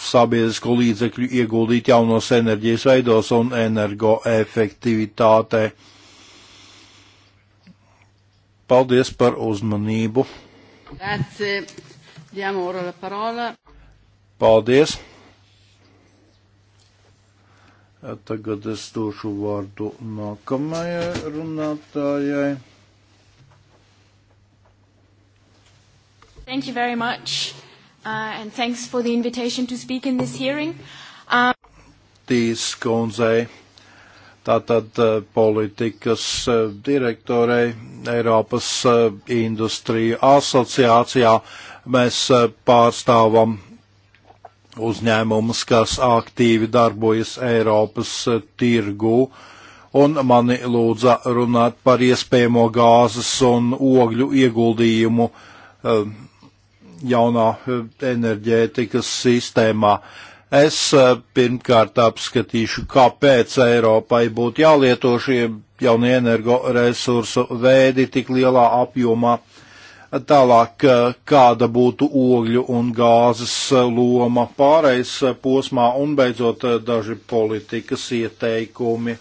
sabiedrisko līdzekļu ieguldīt jaunos enerģijas veidos un energoefektivitātē. Paldies par uzmanību. Grazie. Diamo ora la parola. Paldies! Tagad es došu vārdu nākamajai runātājai. Thank you very much, uh, and thanks for the invitation to speak in this hearing. Um... Tīs kundzei, tātad uh, politikas uh, direktorei Eiropas uh, industrija asociācijā, mēs pārstāvam uzņēmumus, kas aktīvi darbojas Eiropas eh, tirgu, un mani lūdza runāt par iespējamo gāzes un ogļu ieguldījumu eh, jaunā eh, enerģētikas sistēmā. Es pirmkārt apskatīšu, kāpēc Eiropai būtu jālieto šie jaunie energoresursu veidi tik lielā apjomā. Tālāk, eh, kāda būtu ogļu un gāzes eh, loma pārejas eh, posmā un beidzot daži politikas ieteikumi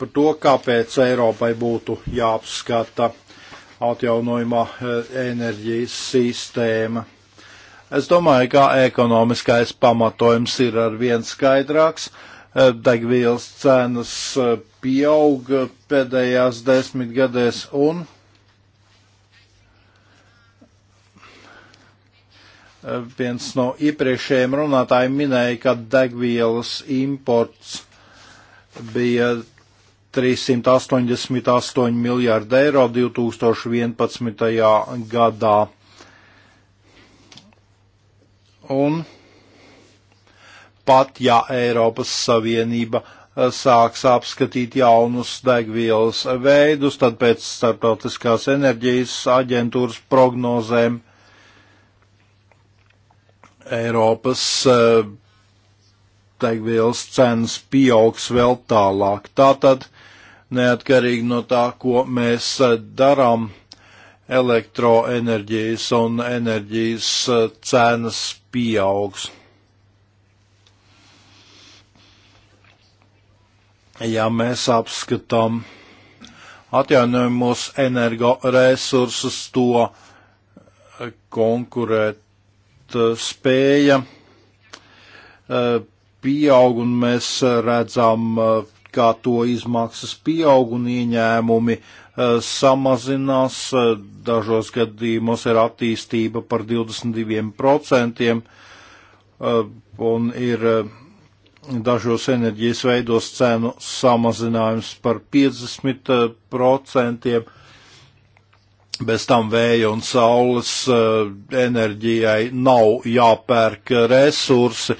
par to, kāpēc Eiropai būtu jāapskata atjaunojumā enerģijas sistēma. Es domāju, ka ekonomiskais pamatojums ir ar vien skaidrāks. Degvielas cenas pieauga pēdējās desmitgadēs un e, viens no iepriekšējiem runātājiem minēja, ka degvielas imports bija 388 miljārdi eiro 2011. gadā. Un pat ja Eiropas Savienība uh, sāks apskatīt jaunus degvielas veidus, tad pēc starptautiskās enerģijas aģentūras prognozēm Eiropas e, degvielas cenas pieaugs vēl tālāk. Tātad, neatkarīgi no tā, ko mēs e, darām, elektroenerģijas un enerģijas e, cenas pieaugs. ja mēs apskatām atjaunojumos energoresursus, to eh, konkurēt eh, spēja eh, pieaug, un mēs redzam, kā to izmaksas pieaug un ieņēmumi samazinās. Dažos gadījumos ir attīstība par 22%, un ir dažos enerģijas veidos cenu samazinājums par 50%, eh, bez tam vēja un saules eh, enerģijai nav jāpērk resursi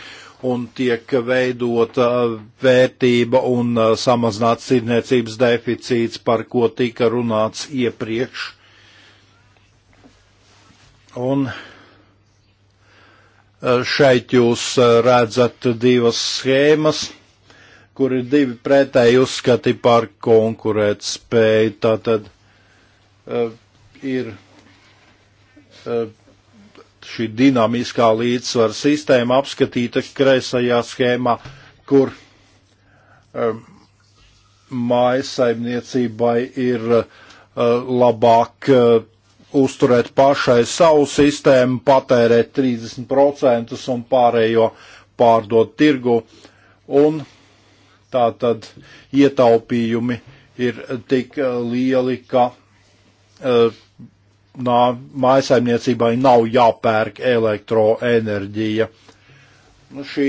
un tiek veidota eh, vērtība un samazināts tirniecības deficīts, par ko tika runāts iepriekš. Un Eh, šeit jūs eh, redzat divas schēmas, kur ir divi pretēji uzskati par konkurētspēju. Tātad uh, ir uh, šī dinamiskā līdzsvara sistēma apskatīta kreisajā schēmā, kur uh, mājasaimniecībai ir uh, labāk uh, uzturēt pašai savu sistēmu, patērēt 30% un pārējo pārdot tirgu. Un tā tad ietaupījumi ir tik eh, lieli, ka eh, nā, mājasaimniecībai nav jāpērk elektroenerģija. Nu, šī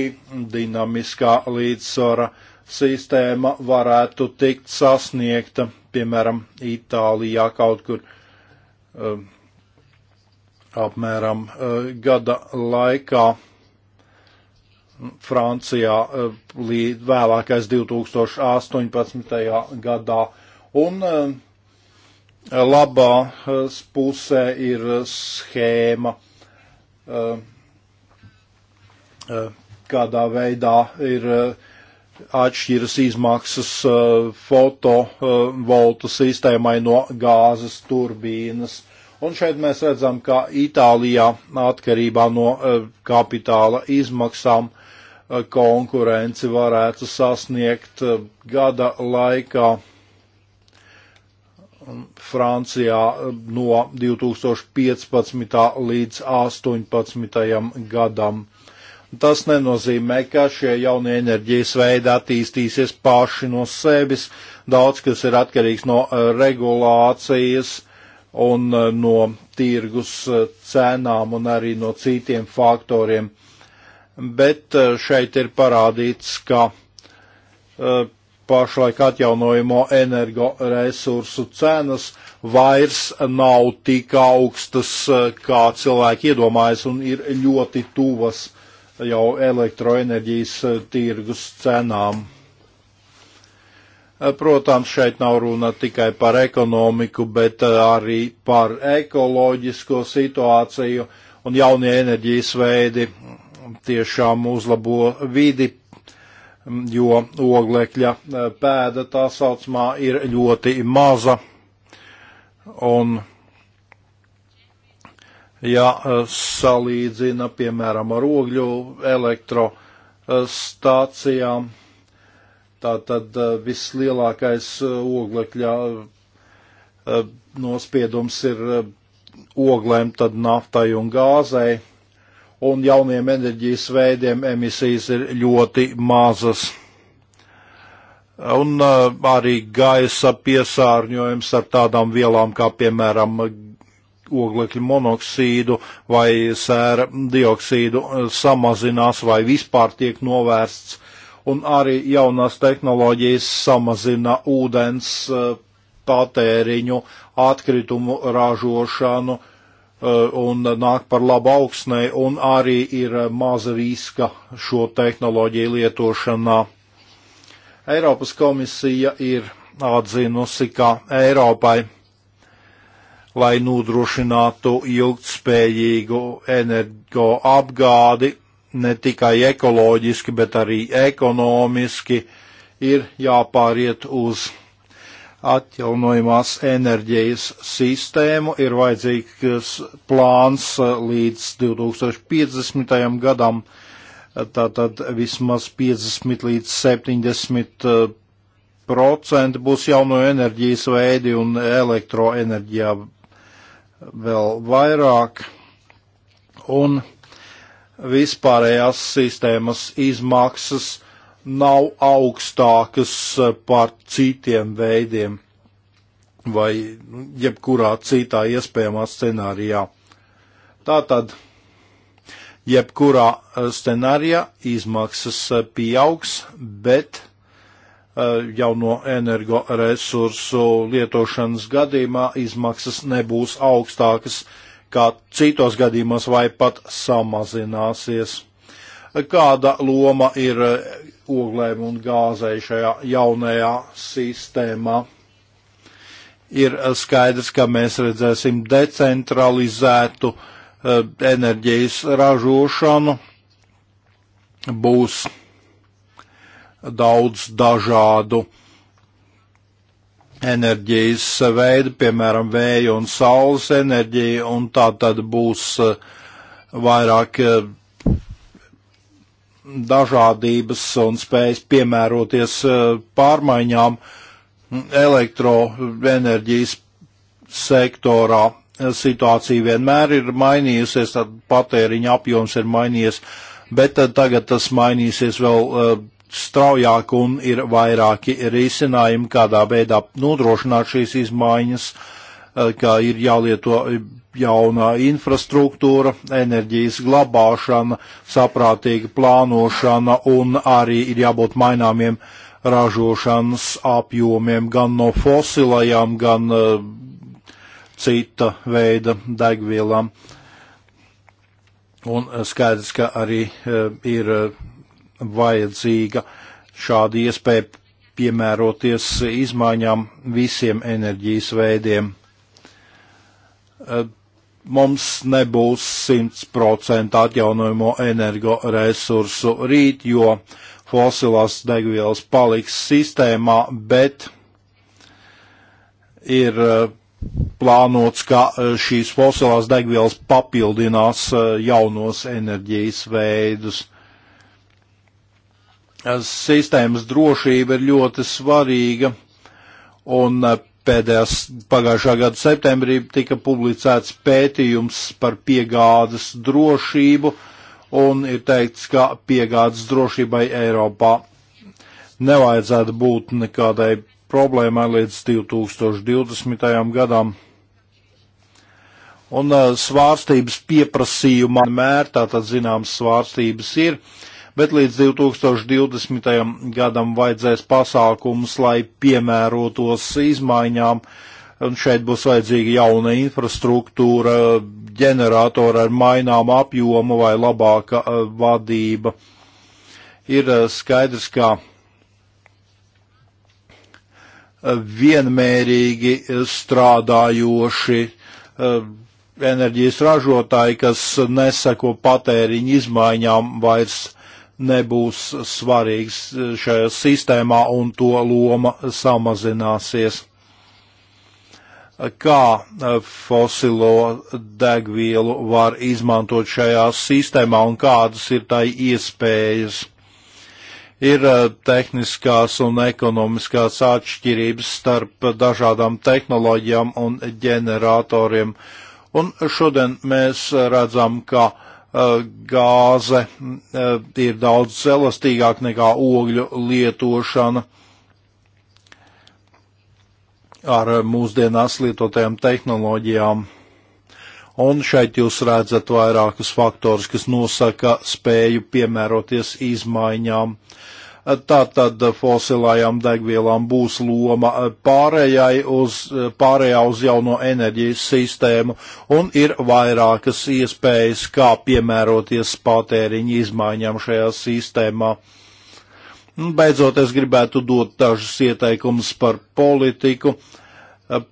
dinamiskā līdzsvara sistēma varētu tikt sasniegta, piemēram, Itālijā kaut kur Um, apmēram uh, gada laikā. Francijā uh, līdz vēlākais 2018. gadā. Un uh, labā pusē ir schēma, kādā veidā ir uh, atšķiras izmaksas uh, fotovoltu uh, sistēmai no gāzes turbīnas. Un šeit mēs redzam, ka Itālijā atkarībā no uh, kapitāla izmaksām konkurenci varētu sasniegt gada laikā. Um, Francijā no 2015. līdz 2018. gadam Tas nenozīmē, ka šie jaunie enerģijas veidi attīstīsies paši no sevis. Daudz kas ir atkarīgs no eh, regulācijas un eh, no tirgus eh, cenām un arī no citiem faktoriem. Bet šeit ir parādīts, ka pašlaik atjaunojamo energoresursu cenas vairs nav tik augstas, kā cilvēki iedomājas, un ir ļoti tuvas jau elektroenerģijas eh, tirgus cenām. Eh, protams, šeit nav runa tikai par ekonomiku, bet eh, arī par ekoloģisko situāciju un jaunie enerģijas veidi tiešām uzlabo vidi, mm, jo oglekļa pēda tā saucamā ir ļoti maza. Un ja e, salīdzina, piemēram, ar ogļu elektrostācijām. Tātad e, vislielākais e, oglekļa nospiedums ir oglēm, tad naftai un gāzei, un jauniem enerģijas veidiem emisijas ir ļoti mazas. Un arī gaisa piesārņojums ar tādām vielām kā, piemēram, oglekļa monoksīdu vai sēra dioksīdu eh, samazinās vai vispār tiek novērsts. Un arī jaunās tehnoloģijas samazina ūdens eh, patēriņu, atkritumu ražošanu eh, un nāk par labu augsnē, un arī ir maza riska šo tehnoloģiju lietošanā. Eiropas komisija ir atzinusi, ka Eiropai lai nodrošinātu ilgtspējīgu energo apgādi ne tikai ekoloģiski, bet arī ekonomiski, ir jāpāriet uz atjaunojumās enerģijas sistēmu, ir vajadzīgs plāns līdz 2050. gadam, tātad vismaz 50 līdz 70 procenti būs jauno enerģijas veidi un elektroenerģijā vēl vairāk, un vispārējās sistēmas izmaksas nav augstākas par citiem veidiem vai nu, jebkurā citā iespējamā scenārijā. Tātad, jebkurā eh, scenārijā izmaksas eh, pieaugs, bet Uh, jauno energoresursu lietošanas gadījumā izmaksas nebūs augstākas kā citos gadījumos vai pat samazināsies. Kāda loma ir uh, oglēm un gāzei šajā jaunajā sistēmā? Ir uh, skaidrs, ka mēs redzēsim decentralizētu enerģijas ražošanu, būs daudz dažādu enerģijas veidu, piemēram, vēja un saules enerģija, un tā tad būs eh, vairāk eh, dažādības un spējas piemēroties eh, pārmaiņām elektroenerģijas sektorā. Situācija vienmēr ir mainījusies, tad patēriņa apjoms ir mainījies, bet tagad tas mainīsies vēl straujāk un ir vairāki risinājumi, kādā veidā nodrošināt šīs izmaiņas, eh, kā ir jālieto jaunā infrastruktūra, enerģijas glabāšana, saprātīga plānošana un arī ir jābūt maināmiem ražošanas apjomiem gan no fosilajām, gan uh, cita veida degvielām. Un eh, skaidrs, ka arī uh, ir uh, vajadzīga šāda iespēja piemēroties izmaiņām visiem enerģijas veidiem. Mums nebūs 100% atjaunojamo energoresursu rīt, jo fosilās degvielas paliks sistēmā, bet ir eh, plānots, ka eh, šīs fosilās degvielas papildinās eh, jaunos enerģijas veidus sistēmas drošība ir ļoti svarīga, un uh, pēdējās pagājušā gada septembrī tika publicēts pētījums par piegādes drošību, un ir teikts, ka piegādes drošībai Eiropā nevajadzētu būt nekādai problēmai līdz 2020. gadam. Un uh, svārstības pieprasījumā mēr, tātad zināms svārstības ir, uh, bet līdz 2020. gadam vajadzēs pasākums, lai piemērotos izmaiņām. Un šeit būs vajadzīga jauna infrastruktūra, ģeneratori ar mainām apjomu vai labāka eh, vadība. Ir eh, skaidrs, ka eh, vienmērīgi strādājoši enerģijas ražotāji, kas neseko patēriņu izmaiņām, vairs nebūs svarīgs šajā sistēmā un to loma samazināsies. Kā fosilo degvielu var izmantot šajā sistēmā un kādas ir tai iespējas? Ir eh, tehniskās un ekonomiskās atšķirības starp dažādām tehnoloģijām un ģeneratoriem. Un šodien mēs redzam, ka uh, Eh, gāze eh, ir daudz elastīgāk nekā ogļu lietošana ar mūsdienās lietotajām tehnoloģijām. Un šeit jūs redzat vairākus faktorus, kas nosaka spēju piemēroties izmaiņām. Uh, Tātad fosilājām degvielām būs loma pārējai uz, pārējā uz jauno enerģijas sistēmu un ir vairākas iespējas, kā piemēroties patēriņa izmaiņām šajā sistēmā. Beidzot, es gribētu dot dažus ieteikumus par politiku.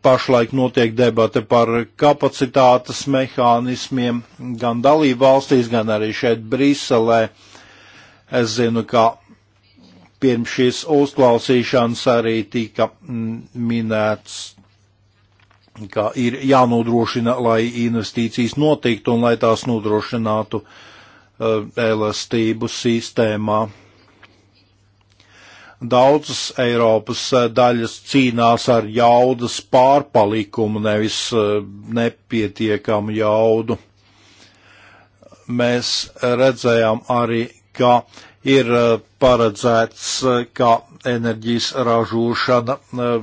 Pašlaik notiek debate par kapacitātes mehānismiem gan dalību valstīs, gan arī šeit Briselē. Es zinu, ka pirms šīs uzklausīšanas arī tika mm, minēts, ka ir jānodrošina, lai investīcijas notiktu un lai tās nodrošinātu uh, elastību sistēmā. Daudzas Eiropas eh, daļas cīnās ar jaudas pārpalikumu, nevis uh, nepietiekamu jaudu. Mēs redzējām arī, ka uh, ir uh, paredzēts, uh, ka enerģijas ražošana uh,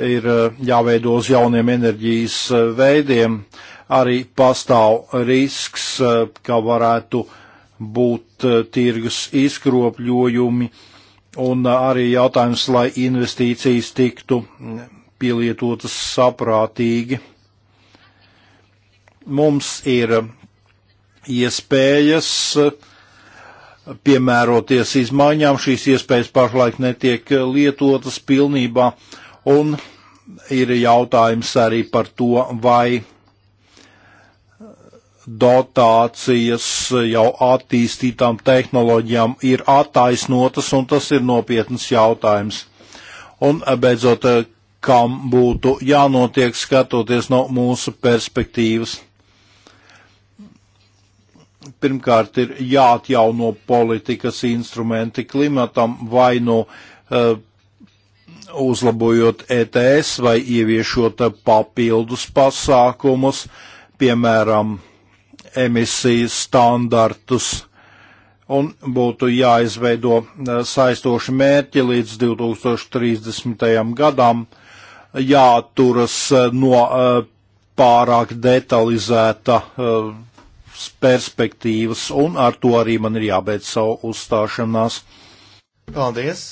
ir jāveido uz jauniem enerģijas veidiem. Arī pastāv risks, ka varētu būt tirgus izkropļojumi un arī jautājums, lai investīcijas tiktu mm, pielietotas saprātīgi. Mums ir iespējas uh, piemēroties izmaiņām. Šīs iespējas pašlaik netiek lietotas pilnībā, un ir jautājums arī par to, vai dotācijas jau attīstītām tehnoloģijām ir attaisnotas, un tas ir nopietns jautājums. Un beidzot, kam būtu jānotiek skatoties no mūsu perspektīvas. Pirmkārt, ir jāatjauno politikas instrumenti klimatam vai no nu, uh, eh, uzlabojot ETS vai ieviešot eh, papildus pasākumus, piemēram, emisijas standartus un būtu jāizveido eh, saistoši mērķi līdz 2030. gadam, jāturas no pārāk detalizēta perspektīvas, un ar to arī man ir jābeidz savu uzstāšanās. Paldies!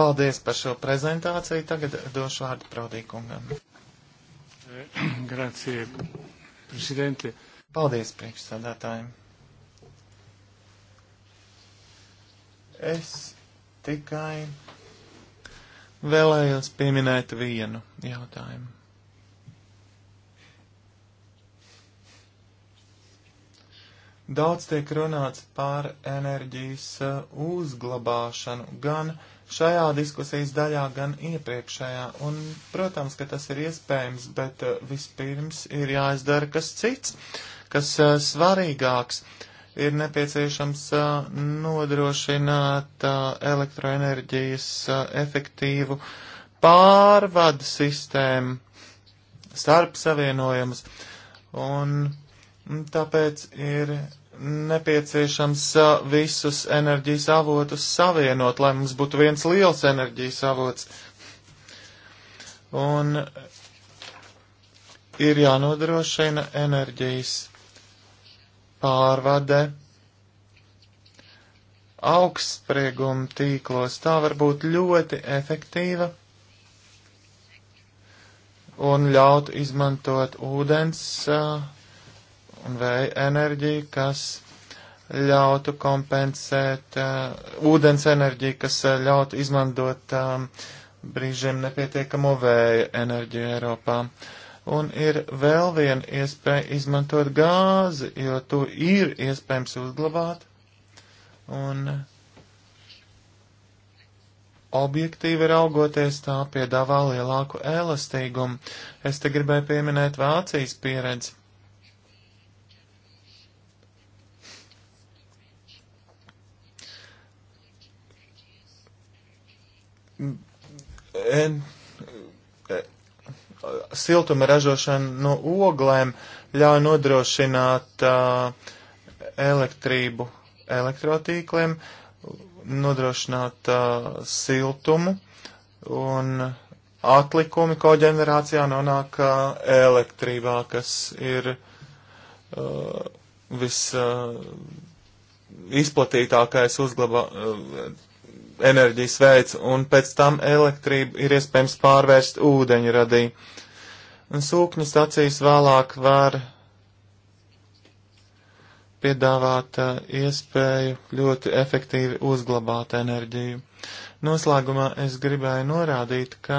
Paldies par šo prezentāciju. Tagad došu vārdu Praudīkungam. Grazie, prezidente. Paldies priekšsādātājiem. Es tikai Vēlējos pieminēt vienu jautājumu. Daudz tiek runāts par enerģijas uh, uzglabāšanu gan šajā diskusijas daļā, gan iepriekšējā, un, protams, ka tas ir iespējams, bet uh, vispirms ir jāizdara kas cits, kas uh, svarīgāks. Uh, ir nepieciešams nodrošināt elektroenerģijas efektīvu pārvadu sistēmu starp savienojumus. Un tāpēc ir nepieciešams visus enerģijas avotus savienot, lai mums būtu viens liels enerģijas avots. Un ir jānodrošina enerģijas pārvade augstsprieguma tīklos. Tā var būt ļoti efektīva un ļaut izmantot ūdens uh, un vēja enerģiju, kas ļautu kompensēt uh, ūdens enerģiju, kas uh, ļautu izmantot um, brīžiem nepietiekamo vēja enerģiju Eiropā. Uh, Un ir vēl viena iespēja izmantot gāzi, jo to ir iespējams uzglabāt. Un objektīvi raugoties, tā piedāvā lielāku elastīgumu. Es te gribēju pieminēt Vācijas pieredzi. En, siltuma ražošana no oglēm ļauj nodrošināt uh, elektrību elektrotīkliem, nodrošināt uh, siltumu un atlikumi koģenerācijā nonāk uh, elektrībā, kas ir uh, vis uh, izplatītākais uzglabā. Uh, enerģijas veids, un pēc tam elektrību ir iespējams pārvērst ūdeņradī. Uh, Sūkņu stacijas vēlāk var piedāvāt uh, iespēju ļoti efektīvi uzglabāt enerģiju. Noslēgumā es gribēju norādīt, ka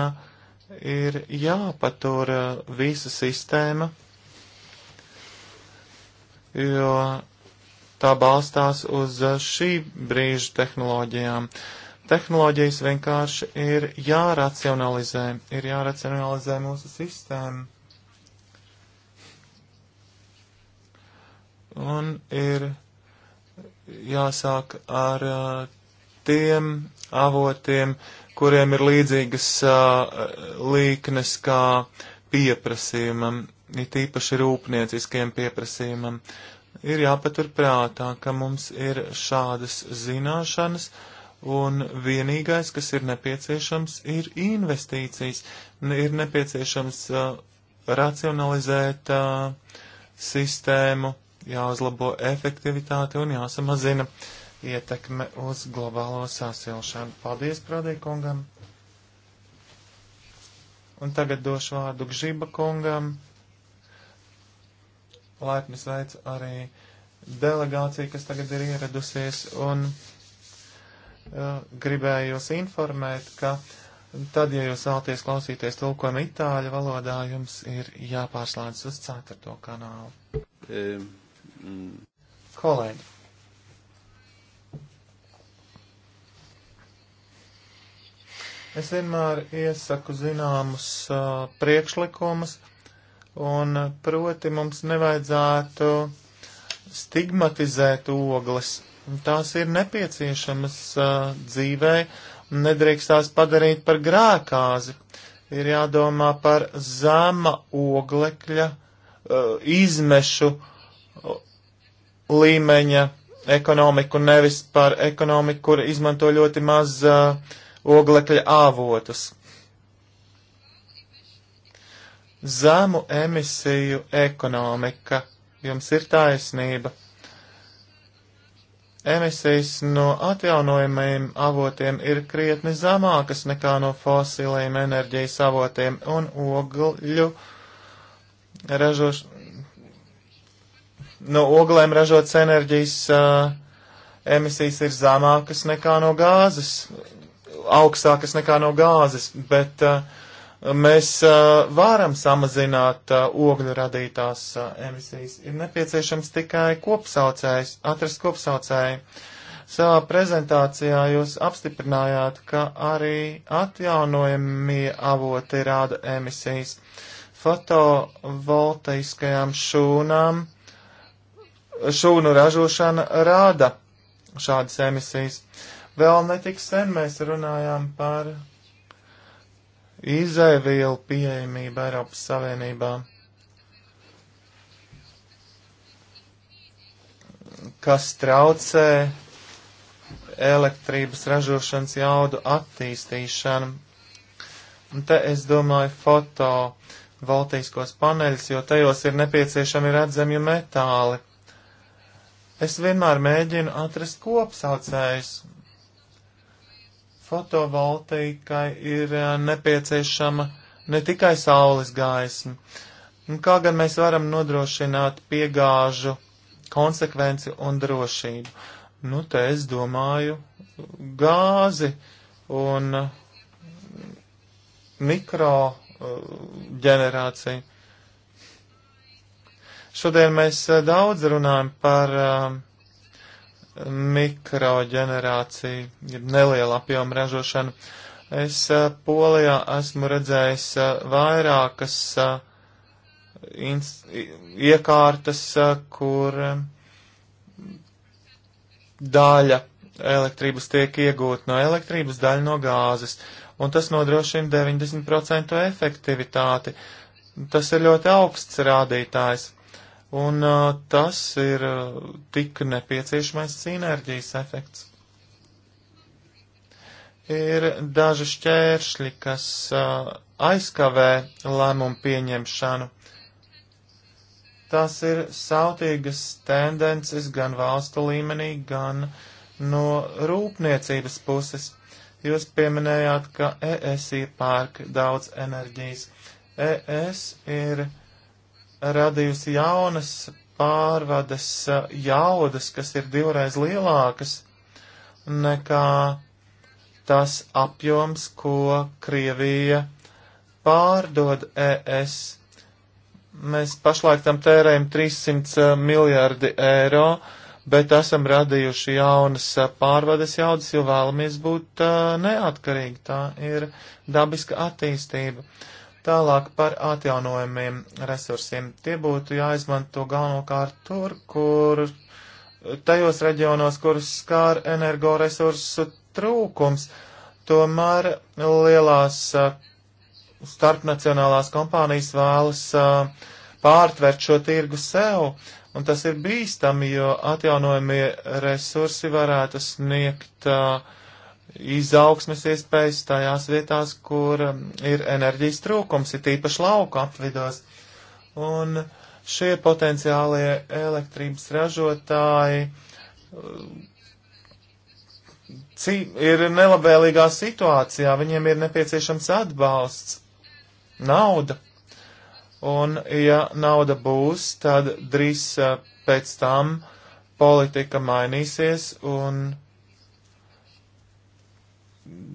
ir jāpatur uh, visa sistēma, jo tā balstās uz uh, šī brīža tehnoloģijām. Uh, Tehnoloģijas vienkārši ir jāracionalizē, ir jāracionalizē mūsu sistēma. Un ir jāsāk ar uh, tiem avotiem, kuriem ir līdzīgas uh, līknes kā pieprasījumam, it īpaši rūpnieciskiem pieprasījumam. Ir jāpatur prātā, ka mums ir šādas zināšanas, uh, un vienīgais, kas ir nepieciešams, ir investīcijas. Ir nepieciešams uh, racionalizēt uh, sistēmu, jāuzlabo efektivitāte un jāsamazina ietekme uz globālo sasilšanu. Paldies, Pradī kungam! Un tagad došu vārdu Gžiba kungam. Laipni sveic arī delegācija, kas tagad ir ieradusies. Un gribēju jūs informēt, ka tad, ja jūs vēlaties klausīties tulkojumu itāļu valodā, jums ir jāpārslēdz uz ceturto kanālu. E, mm. Kolēģi. Es vienmēr iesaku zināmus uh, priekšlikumus, un proti mums nevajadzētu stigmatizēt ogles Tās ir nepieciešamas uh, dzīvē, nedrīkst tās padarīt par grēkāzi. Ir jādomā par zema oglekļa uh, izmešu līmeņa ekonomiku, nevis par ekonomiku, kur izmanto ļoti maz uh, oglekļa avotus. Zemu emisiju ekonomika. Jums ir taisnība emisijas no atjaunojumiem avotiem ir krietni zamākas nekā no fosiliem enerģijas avotiem un ogļu ražoš... no oglēm ražotas enerģijas uh, emisijas ir zamākas nekā no gāzes, augstākas nekā no gāzes, bet uh, mēs uh, varam samazināt uh, ogļu radītās uh, emisijas. Ir nepieciešams tikai kopsaucējs, atrast kopsaucēju. Savā prezentācijā jūs apstiprinājāt, ka arī atjaunojamie avoti rāda emisijas. Fotovoltaiskajām šūnām šūnu ražošana rāda šādas emisijas. Vēl netik sen mēs runājām par izēvielu pieejamība Eiropas Savienībā, kas traucē elektrības ražošanas jaudu attīstīšanu. Un te es domāju fotovoltaiskos paneļus, jo tajos ir nepieciešami redzami metāli. Es vienmēr mēģinu atrast kopsaucējus, Fotovoltaikai ir eh, nepieciešama ne tikai saules gaisma. Un nu, kā gan mēs varam nodrošināt piegāžu konsekvenci un drošību? Nu, te es domāju gāzi un eh, mikro eh, ģenerāciju. Šodien mēs daudz runājam par uh, mikroģenerācija, neliela apjoma ražošana. Es a, eh, Polijā esmu redzējis a, eh, vairākas a, eh, ins, iekārtas, kur daļa elektrības tiek iegūta no elektrības, daļa no gāzes, un tas nodrošina 90% efektivitāti. Tas ir ļoti augsts rādītājs. Un uh, tas ir uh, tik nepieciešamais sinerģijas efekts. Ir daži šķēršļi, kas uh, aizkavē lēmumu pieņemšanu. Tas ir sautīgas tendences gan valstu līmenī, gan no rūpniecības puses. Jūs pieminējāt, ka ES iepērk daudz enerģijas. ES ir. Uh, radījusi jaunas pārvades jaudas, kas ir divreiz lielākas nekā tas apjoms, ko Krievija pārdod ES. Mēs pašlaik tam tērējam 300 miljardi eiro, bet esam radījuši jaunas pārvades jaudas, jo vēlamies būt uh, neatkarīgi. Tā ir dabiska attīstība. Uh, Tālāk par atjaunojumiem resursiem. Tie būtu jāizmanto galvenokārt tur, kur tajos reģionos, kurus skār energoresursu trūkums. Tomēr lielās starpnacionālās kompānijas vēlas pārtvert šo tirgu sev, un tas ir bīstami, jo atjaunojumie resursi varētu sniegt uh, izaugsmes iespējas tajās vietās, kur um, ir enerģijas trūkums, ir tīpaši lauku apvidos. Un šie potenciālie elektrības ražotāji uh, ir nelabvēlīgā situācijā, viņiem ir nepieciešams atbalsts, nauda. Un, ja nauda būs, tad drīz uh, pēc tam politika mainīsies un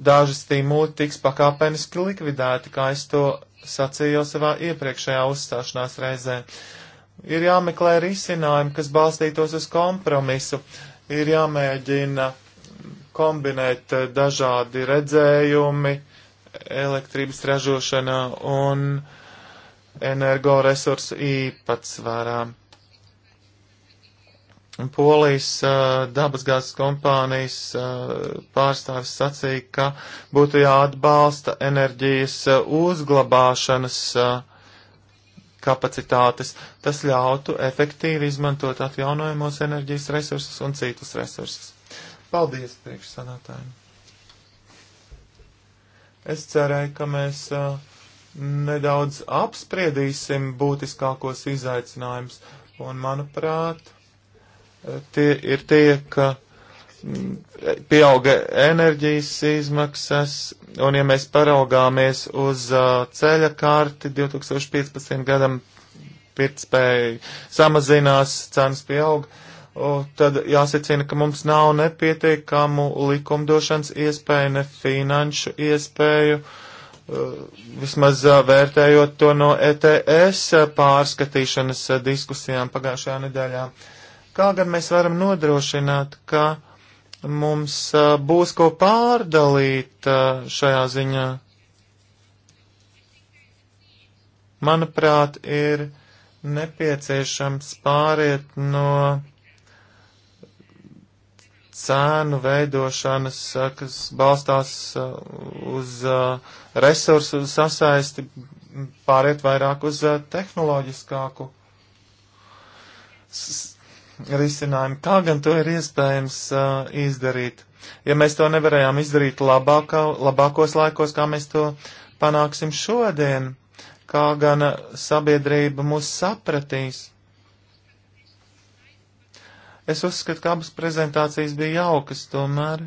daži stimuli tiks pakāpeniski likvidēti, kā es to sacīju jau savā iepriekšējā uzstāšanās reizē. Ir jāmeklē risinājumi, kas balstītos uz kompromisu, ir jāmēģina kombinēt eh, dažādi redzējumi elektrības ražošanā un energoresursu īpatsvarām Polijas uh, dabasgāzes kompānijas uh, pārstāvis sacīja, ka būtu jāatbalsta enerģijas uh, uzglabāšanas kapacitātes. Tas ļautu efektīvi izmantot atjaunojamos enerģijas resursus un citus resursus. Paldies priekšsanātājiem! Es cerēju, ka mēs nedaudz apspriedīsim būtiskākos izaicinājumus, un manuprāt, tie ir tie, ka mm, pieauga enerģijas izmaksas, un ja mēs paraugāmies uz uh, ceļa karti 2015. gadam, pirtspēja samazinās, cenas pieauga, uh, tad jāsacina, ka mums nav nepietiekamu likumdošanas iespēju, ne finanšu iespēju, uh, vismaz vērtējot to no ETS pārskatīšanas diskusijām pagājušajā nedēļā. Uh, Kā gan mēs varam nodrošināt, ka mums uh, būs ko pārdalīt uh, šajā ziņā? Manuprāt, ir nepieciešams pāriet no cēnu veidošanas, uh, kas balstās uh, uz uh, resursu sasaisti, pāriet vairāk uz tehnoloģiskāku risinājumi. Kā gan to ir iespējams uh, izdarīt? Ja mēs to nevarējām izdarīt labākā, labākos laikos, kā mēs to panāksim šodien, kā gan sabiedrība mūs sapratīs. Es uzskatu, ka abas prezentācijas bija jaukas tomēr.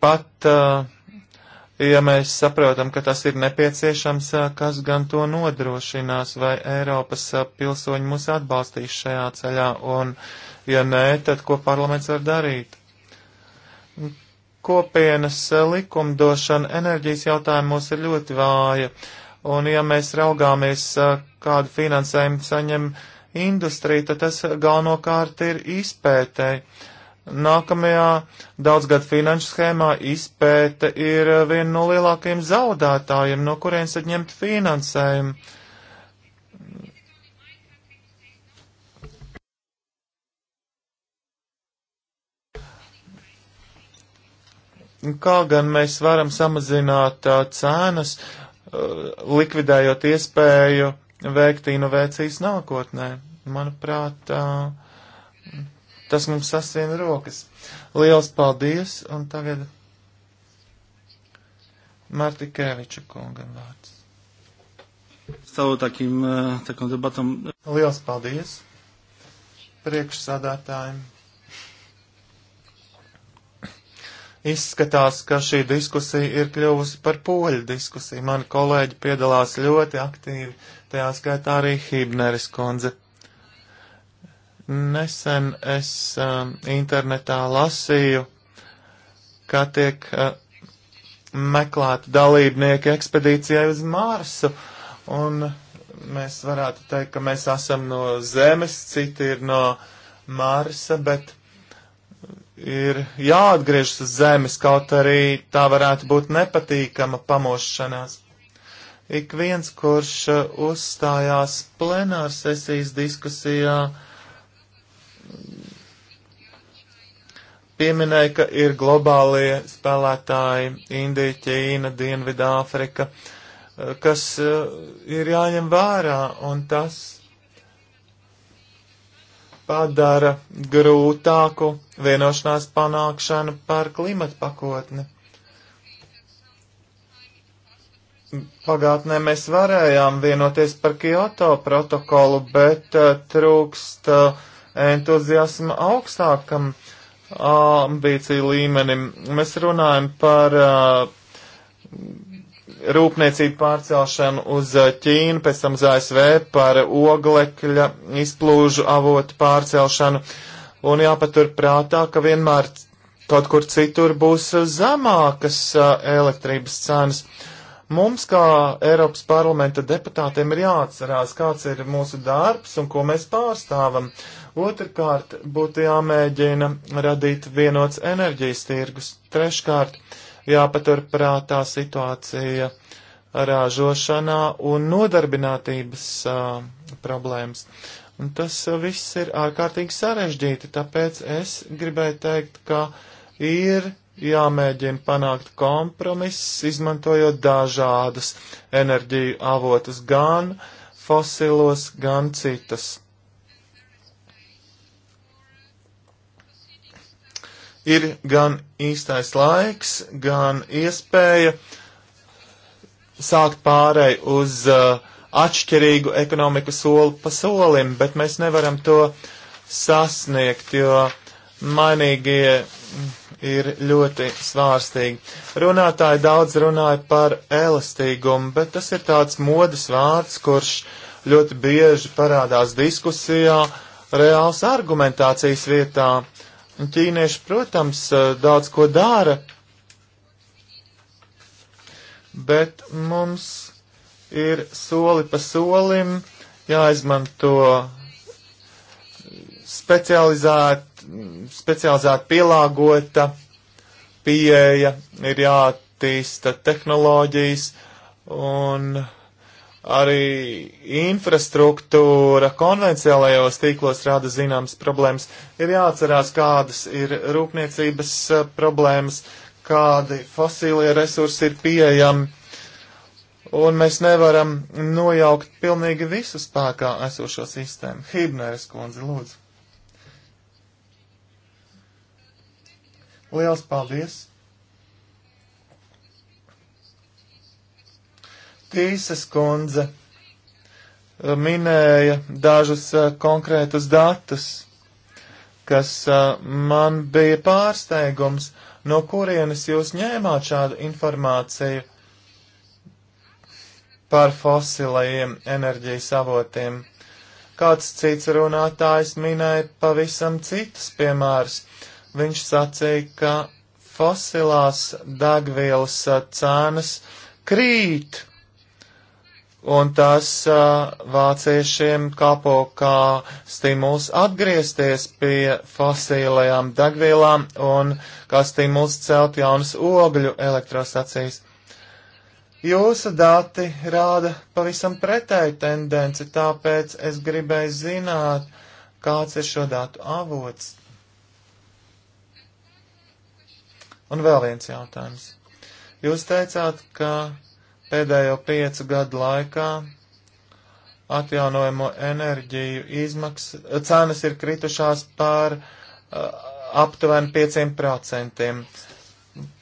Pat uh, ja mēs saprotam, ka tas ir nepieciešams, kas gan to nodrošinās, vai Eiropas pilsoņi mūs atbalstīs šajā ceļā, un ja nē, tad ko parlaments var darīt? Kopienas likumdošana enerģijas jautājumos ir ļoti vāja, un ja mēs raugāmies, kādu finansējumu saņem industrija, tad tas galvenokārt ir izpētēji nākamajā daudzgad finanšu schēmā izpēte ir viena no lielākajiem zaudētājiem, no kuriem saņemt finansējumu. Kā gan mēs varam samazināt uh, cenas, uh, likvidējot iespēju veikt inovācijas nākotnē? Manuprāt, uh, Tas mums sasien rokas. Liels paldies, un tagad Martikēviča kungam vārds. Stavu takim, eh, takom debatam. Liels paldies priekšsādātājiem. Izskatās, ka šī diskusija ir kļuvusi par poļu diskusiju. Mani kolēģi piedalās ļoti aktīvi, tajā skaitā arī Hībneris kundze. Nesen es um, internetā lasīju, kā tiek uh, meklēti dalībnieki ekspedīcijai uz Marsu, un mēs varētu teikt, ka mēs esam no Zemes, citi ir no Marsa, bet ir jāatgriežas uz Zemes, kaut arī tā varētu būt nepatīkama pamošanās. Ik viens, kurš uh, uzstājās plenārsesijas diskusijā, uh, pieminēja, ka ir globālie spēlētāji Indija, Ķīna, Dienvidāfrika, eh, kas eh, ir jāņem vērā, un tas padara grūtāku vienošanās panākšanu par klimatu pakotni. Pagātnē mēs varējām vienoties par Kyoto protokolu, bet uh, trūkst uh, entuziasma augstākam ambīciju līmenim. Mēs runājam par rūpniecību pārcelšanu uz Ķīnu, pēc tam uz ASV, par oglekļa izplūžu avotu pārcelšanu. Un jāpatur prātā, ka vienmēr kaut kur citur būs zemākas elektrības cenas. Mums, kā Eiropas parlamenta deputātiem, ir jāatcerās, kāds ir mūsu darbs un ko mēs pārstāvam. Uh, Otrkārt, būtu jāmēģina radīt vienots enerģijas tirgus. Treškārt, jāpatur prātā situācija ražošanā un nodarbinātības uh, problēmas. Un tas viss ir ārkārtīgi sarežģīti, tāpēc es gribēju teikt, ka ir jāmēģina panākt kompromiss, izmantojot dažādus enerģiju avotus, gan fosilos, gan citas. ir gan īstais laiks, gan iespēja sākt pārēj uz uh, atšķirīgu ekonomiku soli pa solim, bet mēs nevaram to sasniegt, jo mainīgie ir ļoti svārstīgi. Runātāji daudz runāja par elastīgumu, bet tas ir tāds modas vārds, kurš ļoti bieži parādās diskusijā reāls argumentācijas vietā. Ķīnieši, protams, eh, daudz ko dara, bet mums ir soli pa solim jāizmanto specializēt, specializēt pielāgota pieeja, ir jātīsta tehnoloģijas un Arī infrastruktūra konvencionālajos tīklos rada zināmas problēmas. Ir jāatcerās, kādas ir rūpniecības eh, problēmas, kādi fosīlie resursi ir pieejami. Un mēs nevaram nojaukt pilnīgi visu spēkā esošo sistēmu. Hibneres kundze, lūdzu. Liels paldies! Tīsas kundze eh, minēja dažus eh, konkrētus datus, kas eh, man bija pārsteigums, no kurienes jūs ņēmāt šādu informāciju par fosilajiem enerģijas avotiem. Kāds cits runātājs minēja pavisam citus piemērus. Viņš sacīja, ka fosilās degvielas cenas krīt, un tas uh, vāciešiem kāpo kā stimuls atgriezties pie fosīlajām degvielām un kā stimuls celt jaunas ogļu elektrostacijas. Jūsu dati rāda pavisam pretēju tendenci, tāpēc es gribēju zināt, kāds ir šo datu avots. Un vēl viens jautājums. Jūs teicāt, ka Pēdējo piecu gadu laikā atjaunojamo enerģiju izmaksas, cenas ir kritušās par uh, aptuveni 5%.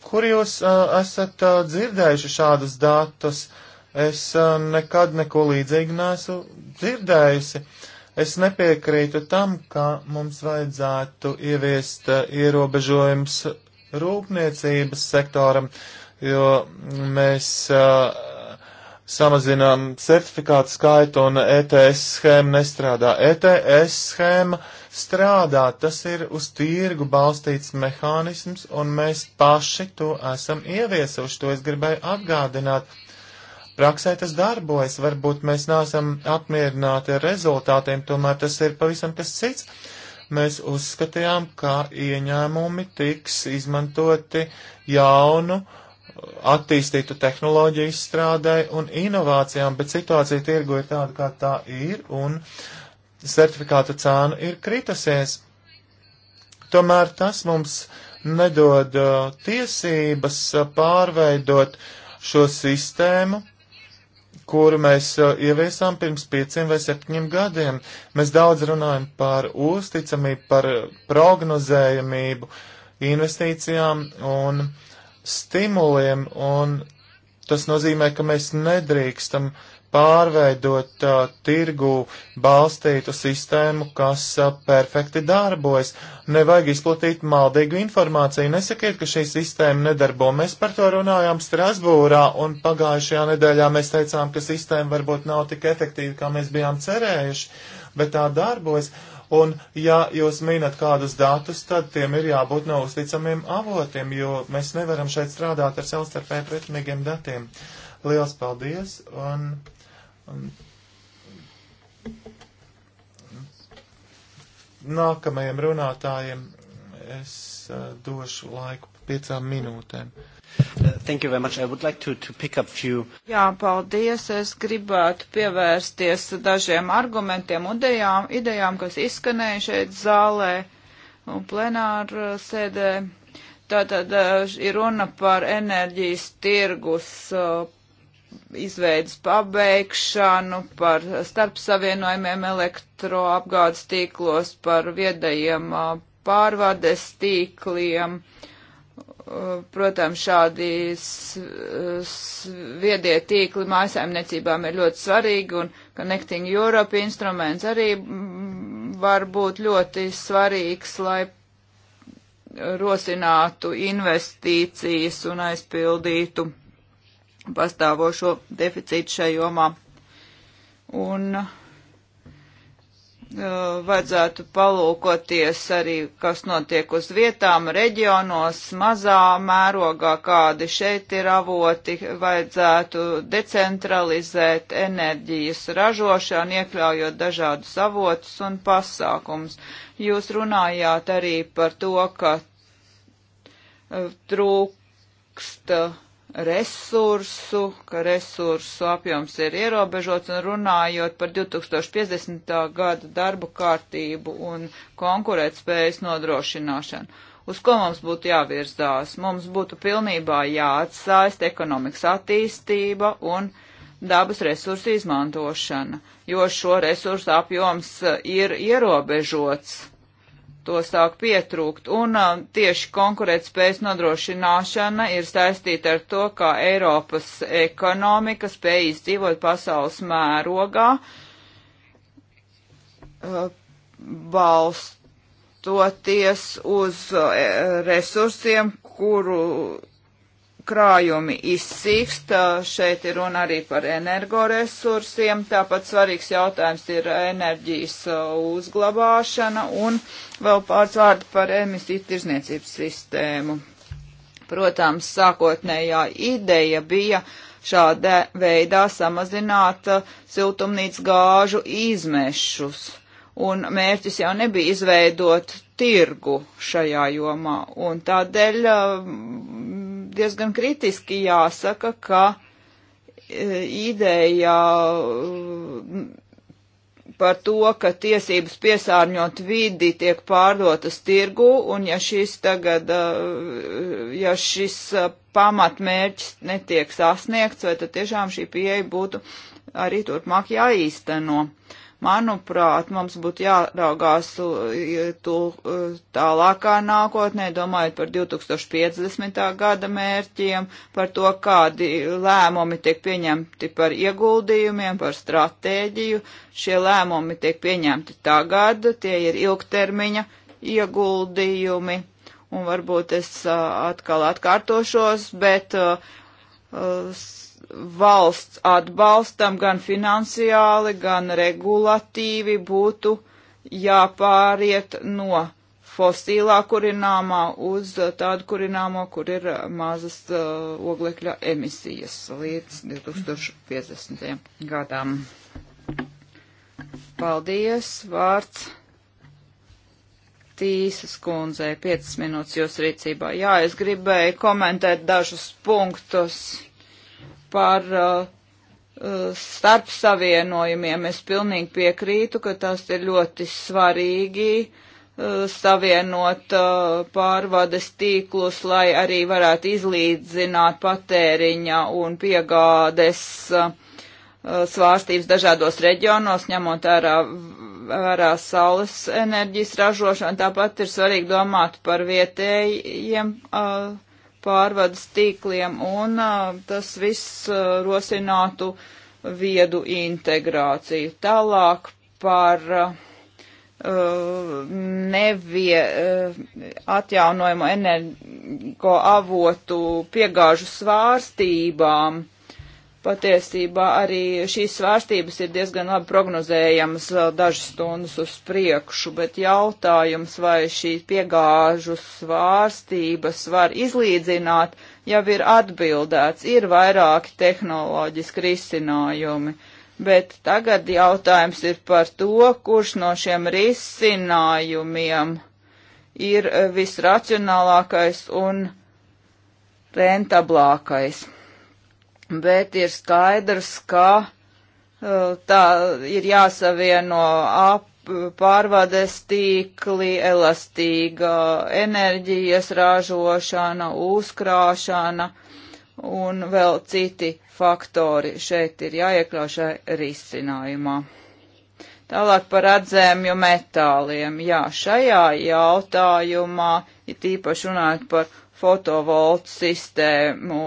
Kur jūs uh, esat uh, dzirdējuši šādus datus? Es uh, nekad neko līdzīgu nesu dzirdējusi. Es nepiekrītu tam, ka mums vajadzētu ieviest uh, ierobežojums rūpniecības sektoram. Uh, jo mēs uh, samazinām certifikātu skaitu un ETS schēma nestrādā. ETS schēma strādā, tas ir uz tirgu balstīts mehānisms, un mēs paši to esam ieviesuši, to es gribēju atgādināt. Praksē tas darbojas, varbūt mēs neesam apmierināti ar rezultātiem, tomēr tas ir pavisam kas cits mēs uzskatījām, ka ieņēmumi tiks izmantoti jaunu attīstītu tehnoloģiju izstrādē un inovācijām, bet situācija tirgu ir tāda, kā tā ir, un certifikātu cēna ir kritusies. Tomēr tas mums nedod uh, tiesības uh, pārveidot šo sistēmu, kuru mēs uh, ieviesām pirms pieciem vai septiņiem gadiem. Mēs daudz runājam par uzticamību, par prognozējamību investīcijām un uh, stimuliem, un tas nozīmē, ka mēs nedrīkstam pārveidot uh, tirgu balstītu sistēmu, kas uh, perfekti darbojas. Nevajag izplatīt maldīgu informāciju. Nesakiet, ka šī sistēma nedarbo. Mēs par to runājām Strasbūrā, un pagājušajā nedēļā mēs teicām, ka sistēma varbūt nav tik efektīva, kā mēs bijām cerējuši, bet tā darbojas. Uh, Un, ja jūs minat kādus datus, tad tiem ir jābūt no uzticamiem avotiem, jo mēs nevaram šeit strādāt ar savstarpēji pretrunīgiem datiem. Liels paldies! Un, un, Nākamajiem runātājiem es uh, došu laiku piecām minūtēm. Uh, thank you very much. I would like to, to pick up few. Jā, paldies. Es gribētu pievērsties dažiem argumentiem un idejām, idejām kas izskanēja šeit zālē un plenāru sēdē. Tātad uh, ir runa par enerģijas tirgus uh, izveidas pabeigšanu, par starpsavienojumiem elektroapgādes tīklos, par viedajiem pārvades tīkliem. Uh, Eh, protams, šādi viedie tīkli mājasēmniecībām ir ļoti svarīgi, un Connecting Europe instruments arī mm, var būt ļoti svarīgs, lai rosinātu investīcijas un aizpildītu pastāvošo deficītu šajā jomā. Un uh, Eh, vajadzētu palūkoties arī, kas notiek uz vietām, reģionos, mazā mērogā, kādi šeit ir avoti, vajadzētu decentralizēt enerģijas ražošanu, iekļaujot dažādus avotus un pasākums. Jūs runājāt arī par to, ka eh, trūksta resursu, ka resursu apjoms ir ierobežots un runājot par 2050. gada darbu kārtību un konkurētspējas nodrošināšanu. Uz ko mums būtu jāvirzās? Mums būtu pilnībā jāatsaist ekonomikas attīstība un dabas resursu izmantošana, jo šo resursu apjoms ir ierobežots to sāk pietrūkt. Un uh, tieši konkurētspējas nodrošināšana ir saistīta ar to, kā Eiropas ekonomika spēj izdzīvot pasaules mērogā, uh, balstoties uz uh, resursiem, kuru krājumi izsīkst, šeit ir runa arī par energoresursiem, tāpat svarīgs jautājums ir enerģijas uzglabāšana un vēl pāris vārdi par emisiju tirzniecības sistēmu. Protams, sākotnējā ideja bija šāda veidā samazināt siltumnīcas gāžu izmešus un mērķis jau nebija izveidot tirgu šajā jomā, un tādēļ diezgan kritiski jāsaka, ka e, ideja mm, par to, ka tiesības piesārņot vidi tiek pārdotas tirgu, un ja šis tagad, e, ja šis e, pamatmērķis netiek sasniegts, vai tad tiešām šī pieeja būtu arī turpmāk jāīsteno. No Manuprāt, mums būtu jāraugās tu, e, tālākā nākotnē, domājot par 2050. gada mērķiem, par to, kādi lēmumi tiek pieņemti par ieguldījumiem, par stratēģiju. Šie lēmumi tiek pieņemti tagad, tie ir ilgtermiņa ieguldījumi. Un varbūt es e, atkal atkārtošos, bet uh, valsts atbalstam gan finansiāli, gan regulatīvi būtu jāpāriet no fosīlā kurināmā uz tādu kurināmo, kur ir mazas uh, oglekļa emisijas līdz 2050. gadam. Paldies, vārds Tīsas kundzei, 5 minūtes jūs rīcībā. Jā, es gribēju komentēt dažus punktus par uh, uh starp savienojumiem. Es pilnīgi piekrītu, ka tas ir ļoti svarīgi uh, savienot uh, pārvades tīklus, lai arī varētu izlīdzināt patēriņa un piegādes uh, uh, svārstības dažādos reģionos, ņemot ārā vērā saules enerģijas ražošanu. Tāpat ir svarīgi domāt par vietējiem uh, pārvades tīkliem, un tas viss rosinātu viedu integrāciju. Tālāk par nevie atjaunojumu energo avotu piegāžu svārstībām Patiesībā arī šīs svārstības ir diezgan labi prognozējamas vēl dažas stundas uz priekšu, bet jautājums, vai šīs piegāžu svārstības var izlīdzināt, jau ir atbildēts, ir vairāki tehnoloģiski risinājumi bet tagad jautājums ir par to, kurš no šiem risinājumiem ir visracionālākais un rentablākais bet ir skaidrs, ka uh, tā ir jāsavieno ap pārvades tīkli, elastīga enerģijas ražošana, uzkrāšana un vēl citi faktori šeit ir jāiekļauj šai risinājumā. Tālāk par atzēmju metāliem. Jā, šajā jautājumā, ja tīpaši runājot par fotovoltu sistēmu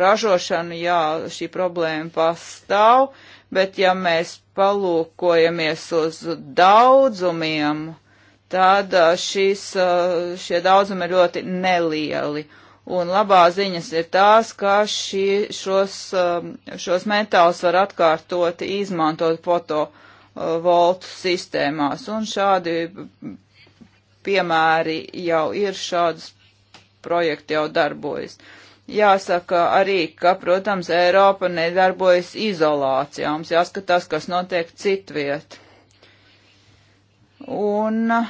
ražošanu, jā, šī problēma pastāv, bet ja mēs palūkojamies uz daudzumiem, tad šis, šie daudzumi ir ļoti nelieli. Un labā ziņas ir tās, ka šī, šos, šos metālus var atkārtot izmantot fotovoltu sistēmās. Un šādi piemēri jau ir šādas projekti jau darbojas. Jāsaka arī, ka, protams, Eiropa nedarbojas izolācijā. Mums jāskatās, kas notiek citviet. Un uh,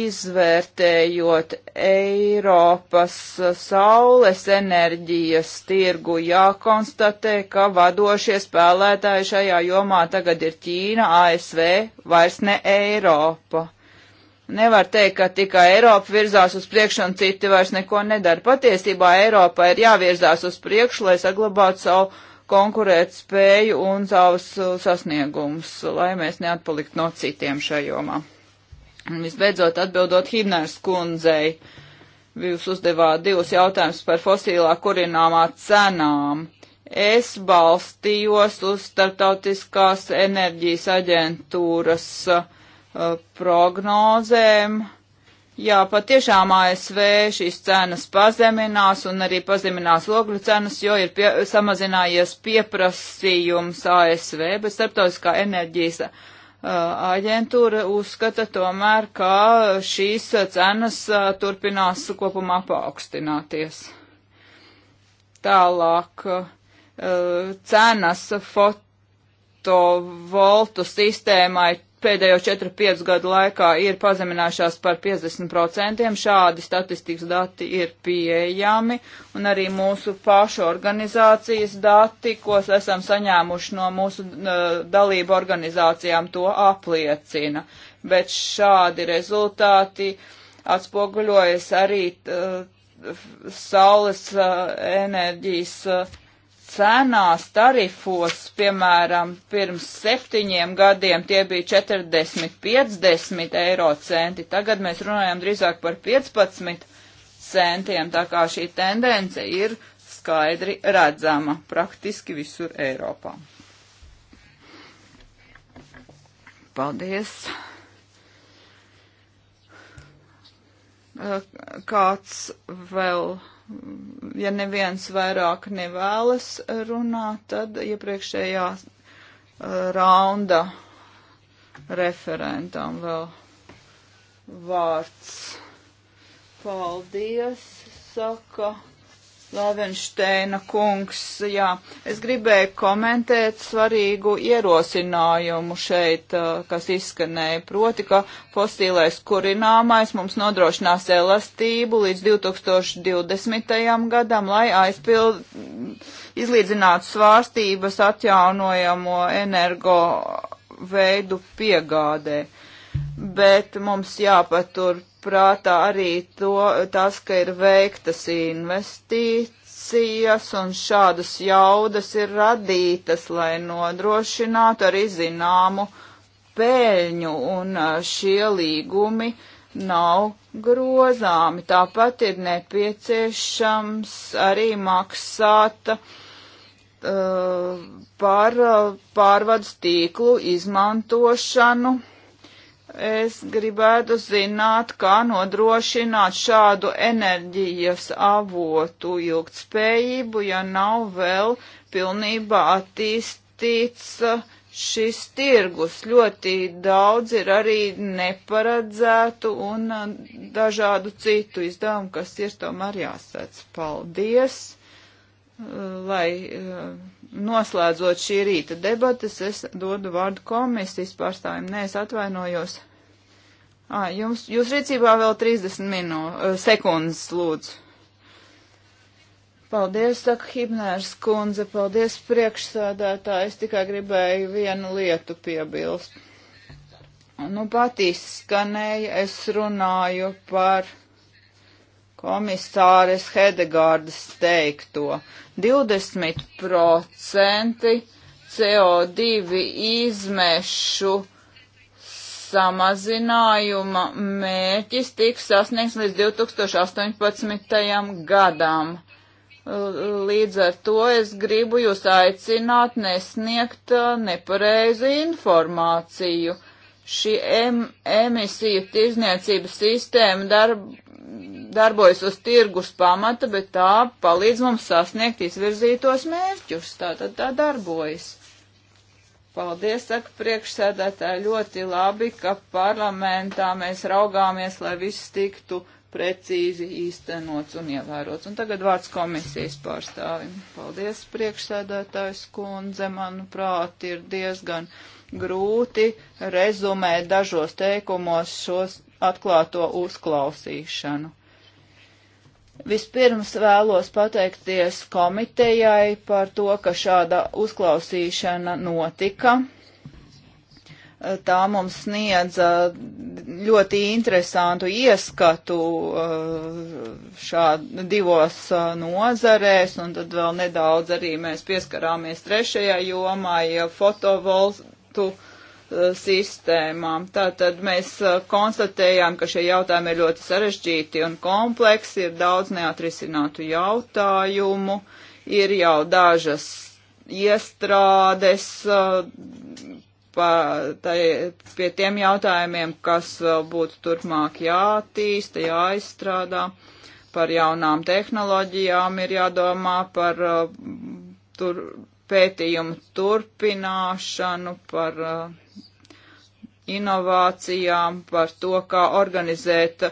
izvērtējot Eiropas saules enerģijas tirgu, jākonstatē, ka vadošie spēlētāji šajā jomā tagad ir Ķīna, ASV, vairs ne Eiropa. Uh, Nevar teikt, ka tikai Eiropa virzās uz priekšu un citi vairs neko nedara. Patiesībā Eiropa ir jāvirzās uz priekšu, lai saglabātu savu konkurēt spēju un savus uh, sasniegumus, lai mēs neatpaliktu no citiem šajomā. Un visbeidzot, atbildot Himners kundzei, jūs uzdevāt divus jautājumus par fosilā kurināmā cenām. Es balstījos uz Startautiskās enerģijas aģentūras uh, Uh, prognozēm. Jā, patiešām ASV šīs cenas pazeminās un arī pazeminās ogļu cenas, jo ir pie, samazinājies pieprasījums ASV, bet starptautiskā enerģijas uh, aģentūra uzskata tomēr, ka šīs cenas uh, turpinās kopumā paaugstināties. Tālāk uh, cenas fotovoltu sistēmai pēdējo 4-5 gadu laikā ir pazeminājušās par 50%. Šādi statistikas dati ir pieejami, un arī mūsu pašu organizācijas dati, ko esam saņēmuši no mūsu uh, dalību organizācijām, to apliecina. Bet šādi rezultāti atspoguļojas arī t, uh, saules uh, enerģijas cenās, tarifos, piemēram, pirms septiņiem gadiem tie bija 40, 50 eiro centi, tagad mēs runājam drīzāk par 15 centiem, tā kā šī tendence ir skaidri redzama praktiski visur Eiropā. Paldies! Kāds vēl? ja neviens vairāk nevēlas runāt, tad iepriekšējā uh, raunda referentam vēl vārds. Paldies, saka Lovensteina kungs, jā, es gribēju komentēt svarīgu ierosinājumu šeit, kas izskanēja, proti, ka fosīlais kurināmais mums nodrošinās elastību līdz 2020. gadam, lai aizpild, izlīdzinātu svārstības atjaunojamo energo veidu piegādē. Bet mums jāpatur prātā arī to, tas, ka ir veiktas investīcijas un šādas jaudas ir radītas, lai nodrošinātu arī zināmu pēļņu, un šie līgumi nav grozāmi. Tāpat ir nepieciešams arī maksāt uh, par pārvadu tīklu izmantošanu Es gribētu zināt, kā nodrošināt šādu enerģijas avotu ilgtspējību, ja nav vēl pilnībā attīstīts uh, šis tirgus. Ļoti daudz ir arī neparedzētu un uh, dažādu citu izdevumu, kas ir tomēr jāsēc. Paldies! Uh, lai noslēdzot šī rīta debatas, es dodu vārdu komisijas pārstāvjiem. Nē, es atvainojos. À, jums, jūs rīcībā vēl 30 minū, sekundes, lūdzu. Paldies, saka Hibnērs kundze, paldies priekšsādātā. Es tikai gribēju vienu lietu piebilst. Nu, pat izskanēja, es runāju par komisāres Hedegārdas teikto. 20% CO2 izmešu samazinājuma mērķis tiks sasniegts līdz 2018. gadam. Līdz ar to es gribu jūs aicināt nesniegt uh, nepareizu informāciju. Šī em emisiju tirzniecības sistēma darb darbojas uz tirgus pamata, bet tā palīdz mums sasniegt izvirzītos mērķus. Tā tad tā darbojas. Paldies, saka priekšsēdētāji, ļoti labi, ka parlamentā mēs raugāmies, lai viss tiktu precīzi īstenots un ievērots. Un tagad vārds komisijas pārstāvim. Paldies, priekšsēdētājs kundze, manuprāt, ir diezgan grūti rezumēt dažos teikumos šos atklāto uzklausīšanu. Vispirms vēlos pateikties komitejai par to, ka šāda uzklausīšana notika. Tā mums sniedza uh, ļoti interesantu ieskatu uh, šādi divos uh, nozarēs, un tad vēl nedaudz arī mēs pieskarāmies trešajai jomai fotovoltu. Ja Uh, sistēmām. Tātad mēs uh, konstatējām, ka šie jautājumi ir ļoti sarežģīti un kompleksi, ir daudz neatrisinātu jautājumu, ir jau dažas iestrādes uh, pa, tai, pie tiem jautājumiem, kas vēl būtu turpmāk jātīsta, jāizstrādā. Par jaunām tehnoloģijām ir jādomā par tur, pētījumu turpināšanu, par uh, inovācijām, par to, kā organizēt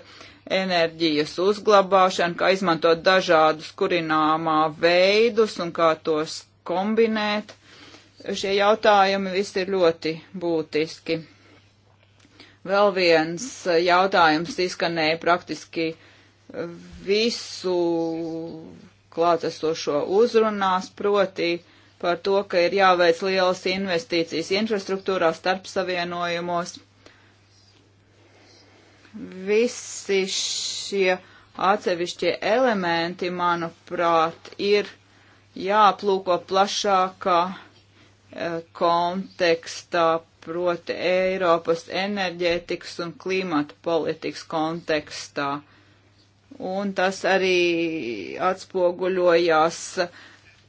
enerģijas uzglabāšanu, kā izmantot dažādus kurināmā veidus un kā tos kombinēt. Šie jautājumi visi ir ļoti būtiski. Vēl viens jautājums izskanēja praktiski visu klātesošo uzrunās, proti uh, par to, ka ir jāveic lielas investīcijas infrastruktūrā starp savienojumos. Visi šie atsevišķie elementi, manuprāt, ir jāplūko plašākā e, kontekstā, proti Eiropas enerģētikas un klimata politikas kontekstā. Un tas arī atspoguļojās uh,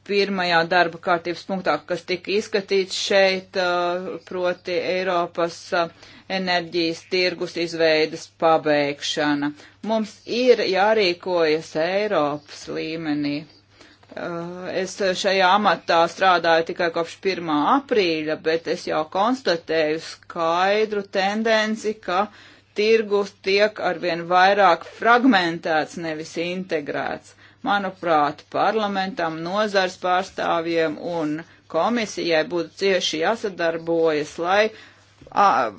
pirmajā darba kārtības punktā, kas tika izskatīts šeit, uh, proti Eiropas uh, enerģijas tirgus izveidas pabeigšana. Mums ir jārīkojas Eiropas līmenī. Uh, es šajā amatā strādāju tikai kopš 1. aprīļa, bet es jau konstatēju skaidru tendenci, ka tirgus tiek arvien vairāk fragmentēts, nevis integrēts Manuprāt, parlamentam, nozars pārstāvjiem un komisijai būtu cieši jāsadarbojas, lai a,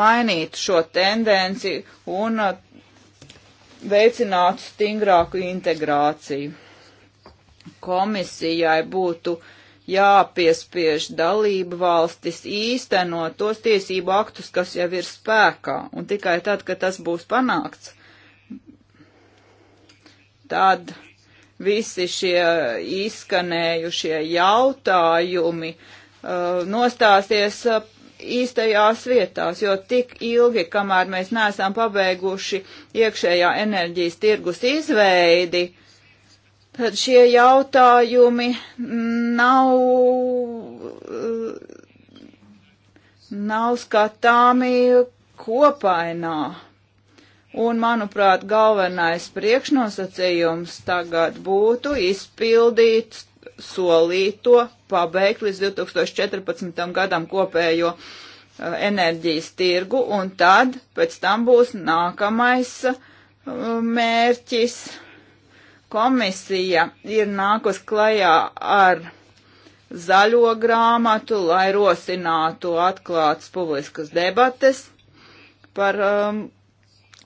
mainītu šo tendenci un a, veicinātu stingrāku integrāciju. Komisijai būtu jāpiespiež dalību valstis īstenot tos tiesību aktus, kas jau ir spēkā, un tikai tad, kad tas būs panākts, tad visi šie izskanējušie jautājumi uh, nostāsies uh, īstajās vietās, jo tik ilgi, kamēr mēs neesam pabeiguši iekšējā enerģijas tirgus izveidi, tad šie jautājumi nav, uh, nav skatāmi kopainā. Un, manuprāt, galvenais priekšnosacījums tagad būtu izpildīt solīto, pabeigt līdz 2014. gadam kopējo uh, enerģijas tirgu, un tad pēc tam būs nākamais uh, mērķis. Komisija ir nākus klajā ar zaļo grāmatu, lai rosinātu atklātas publiskas debates par um,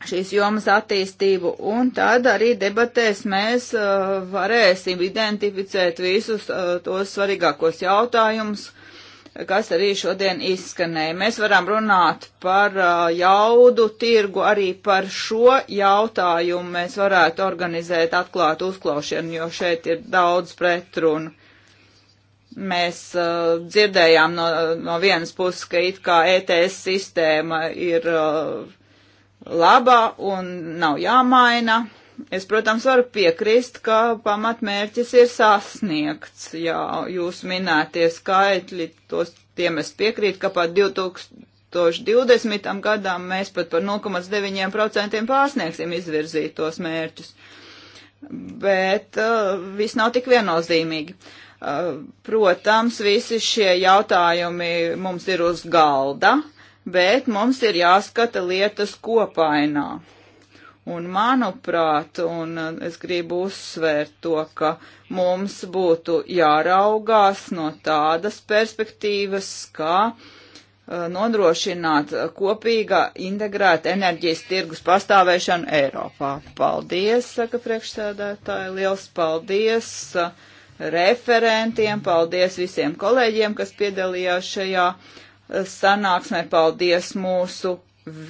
šīs jomas attīstību, un tad arī debatēs mēs uh, varēsim identificēt visus uh, tos svarīgākos jautājumus, kas arī šodien izskanēja. Mēs varam runāt par uh, jaudu tirgu, arī par šo jautājumu mēs varētu organizēt atklātu uzklaušanu, jo šeit ir daudz pretrunu. Mēs uh, dzirdējām no, no vienas puses, ka it kā ETS sistēma ir uh, laba un nav jāmaina. Es, protams, varu piekrist, ka pamatmērķis ir sasniegts. Jā, jūs minētie skaitļi, tos tiem es piekrītu, ka pat 2020. gadam mēs pat par 0,9% pārsniegsim izvirzītos mērķus. Bet uh, viss nav tik viennozīmīgi. Uh, protams, visi šie jautājumi mums ir uz galda bet mums ir jāskata lietas kopainā. Un manuprāt, un uh, es gribu uzsvērt to, ka mums būtu jāraugās no tādas perspektīvas, kā uh, nodrošināt kopīgā integrēta enerģijas tirgus pastāvēšanu Eiropā. Paldies, saka priekšsēdētāji, liels paldies uh, referentiem, paldies visiem kolēģiem, kas piedalījās šajā sanāksmē. Paldies mūsu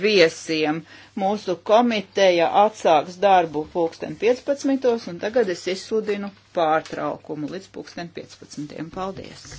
viesiem. Mūsu komiteja atsāks darbu pulksten 15. un tagad es izsludinu pārtraukumu līdz pulksten 15. Paldies!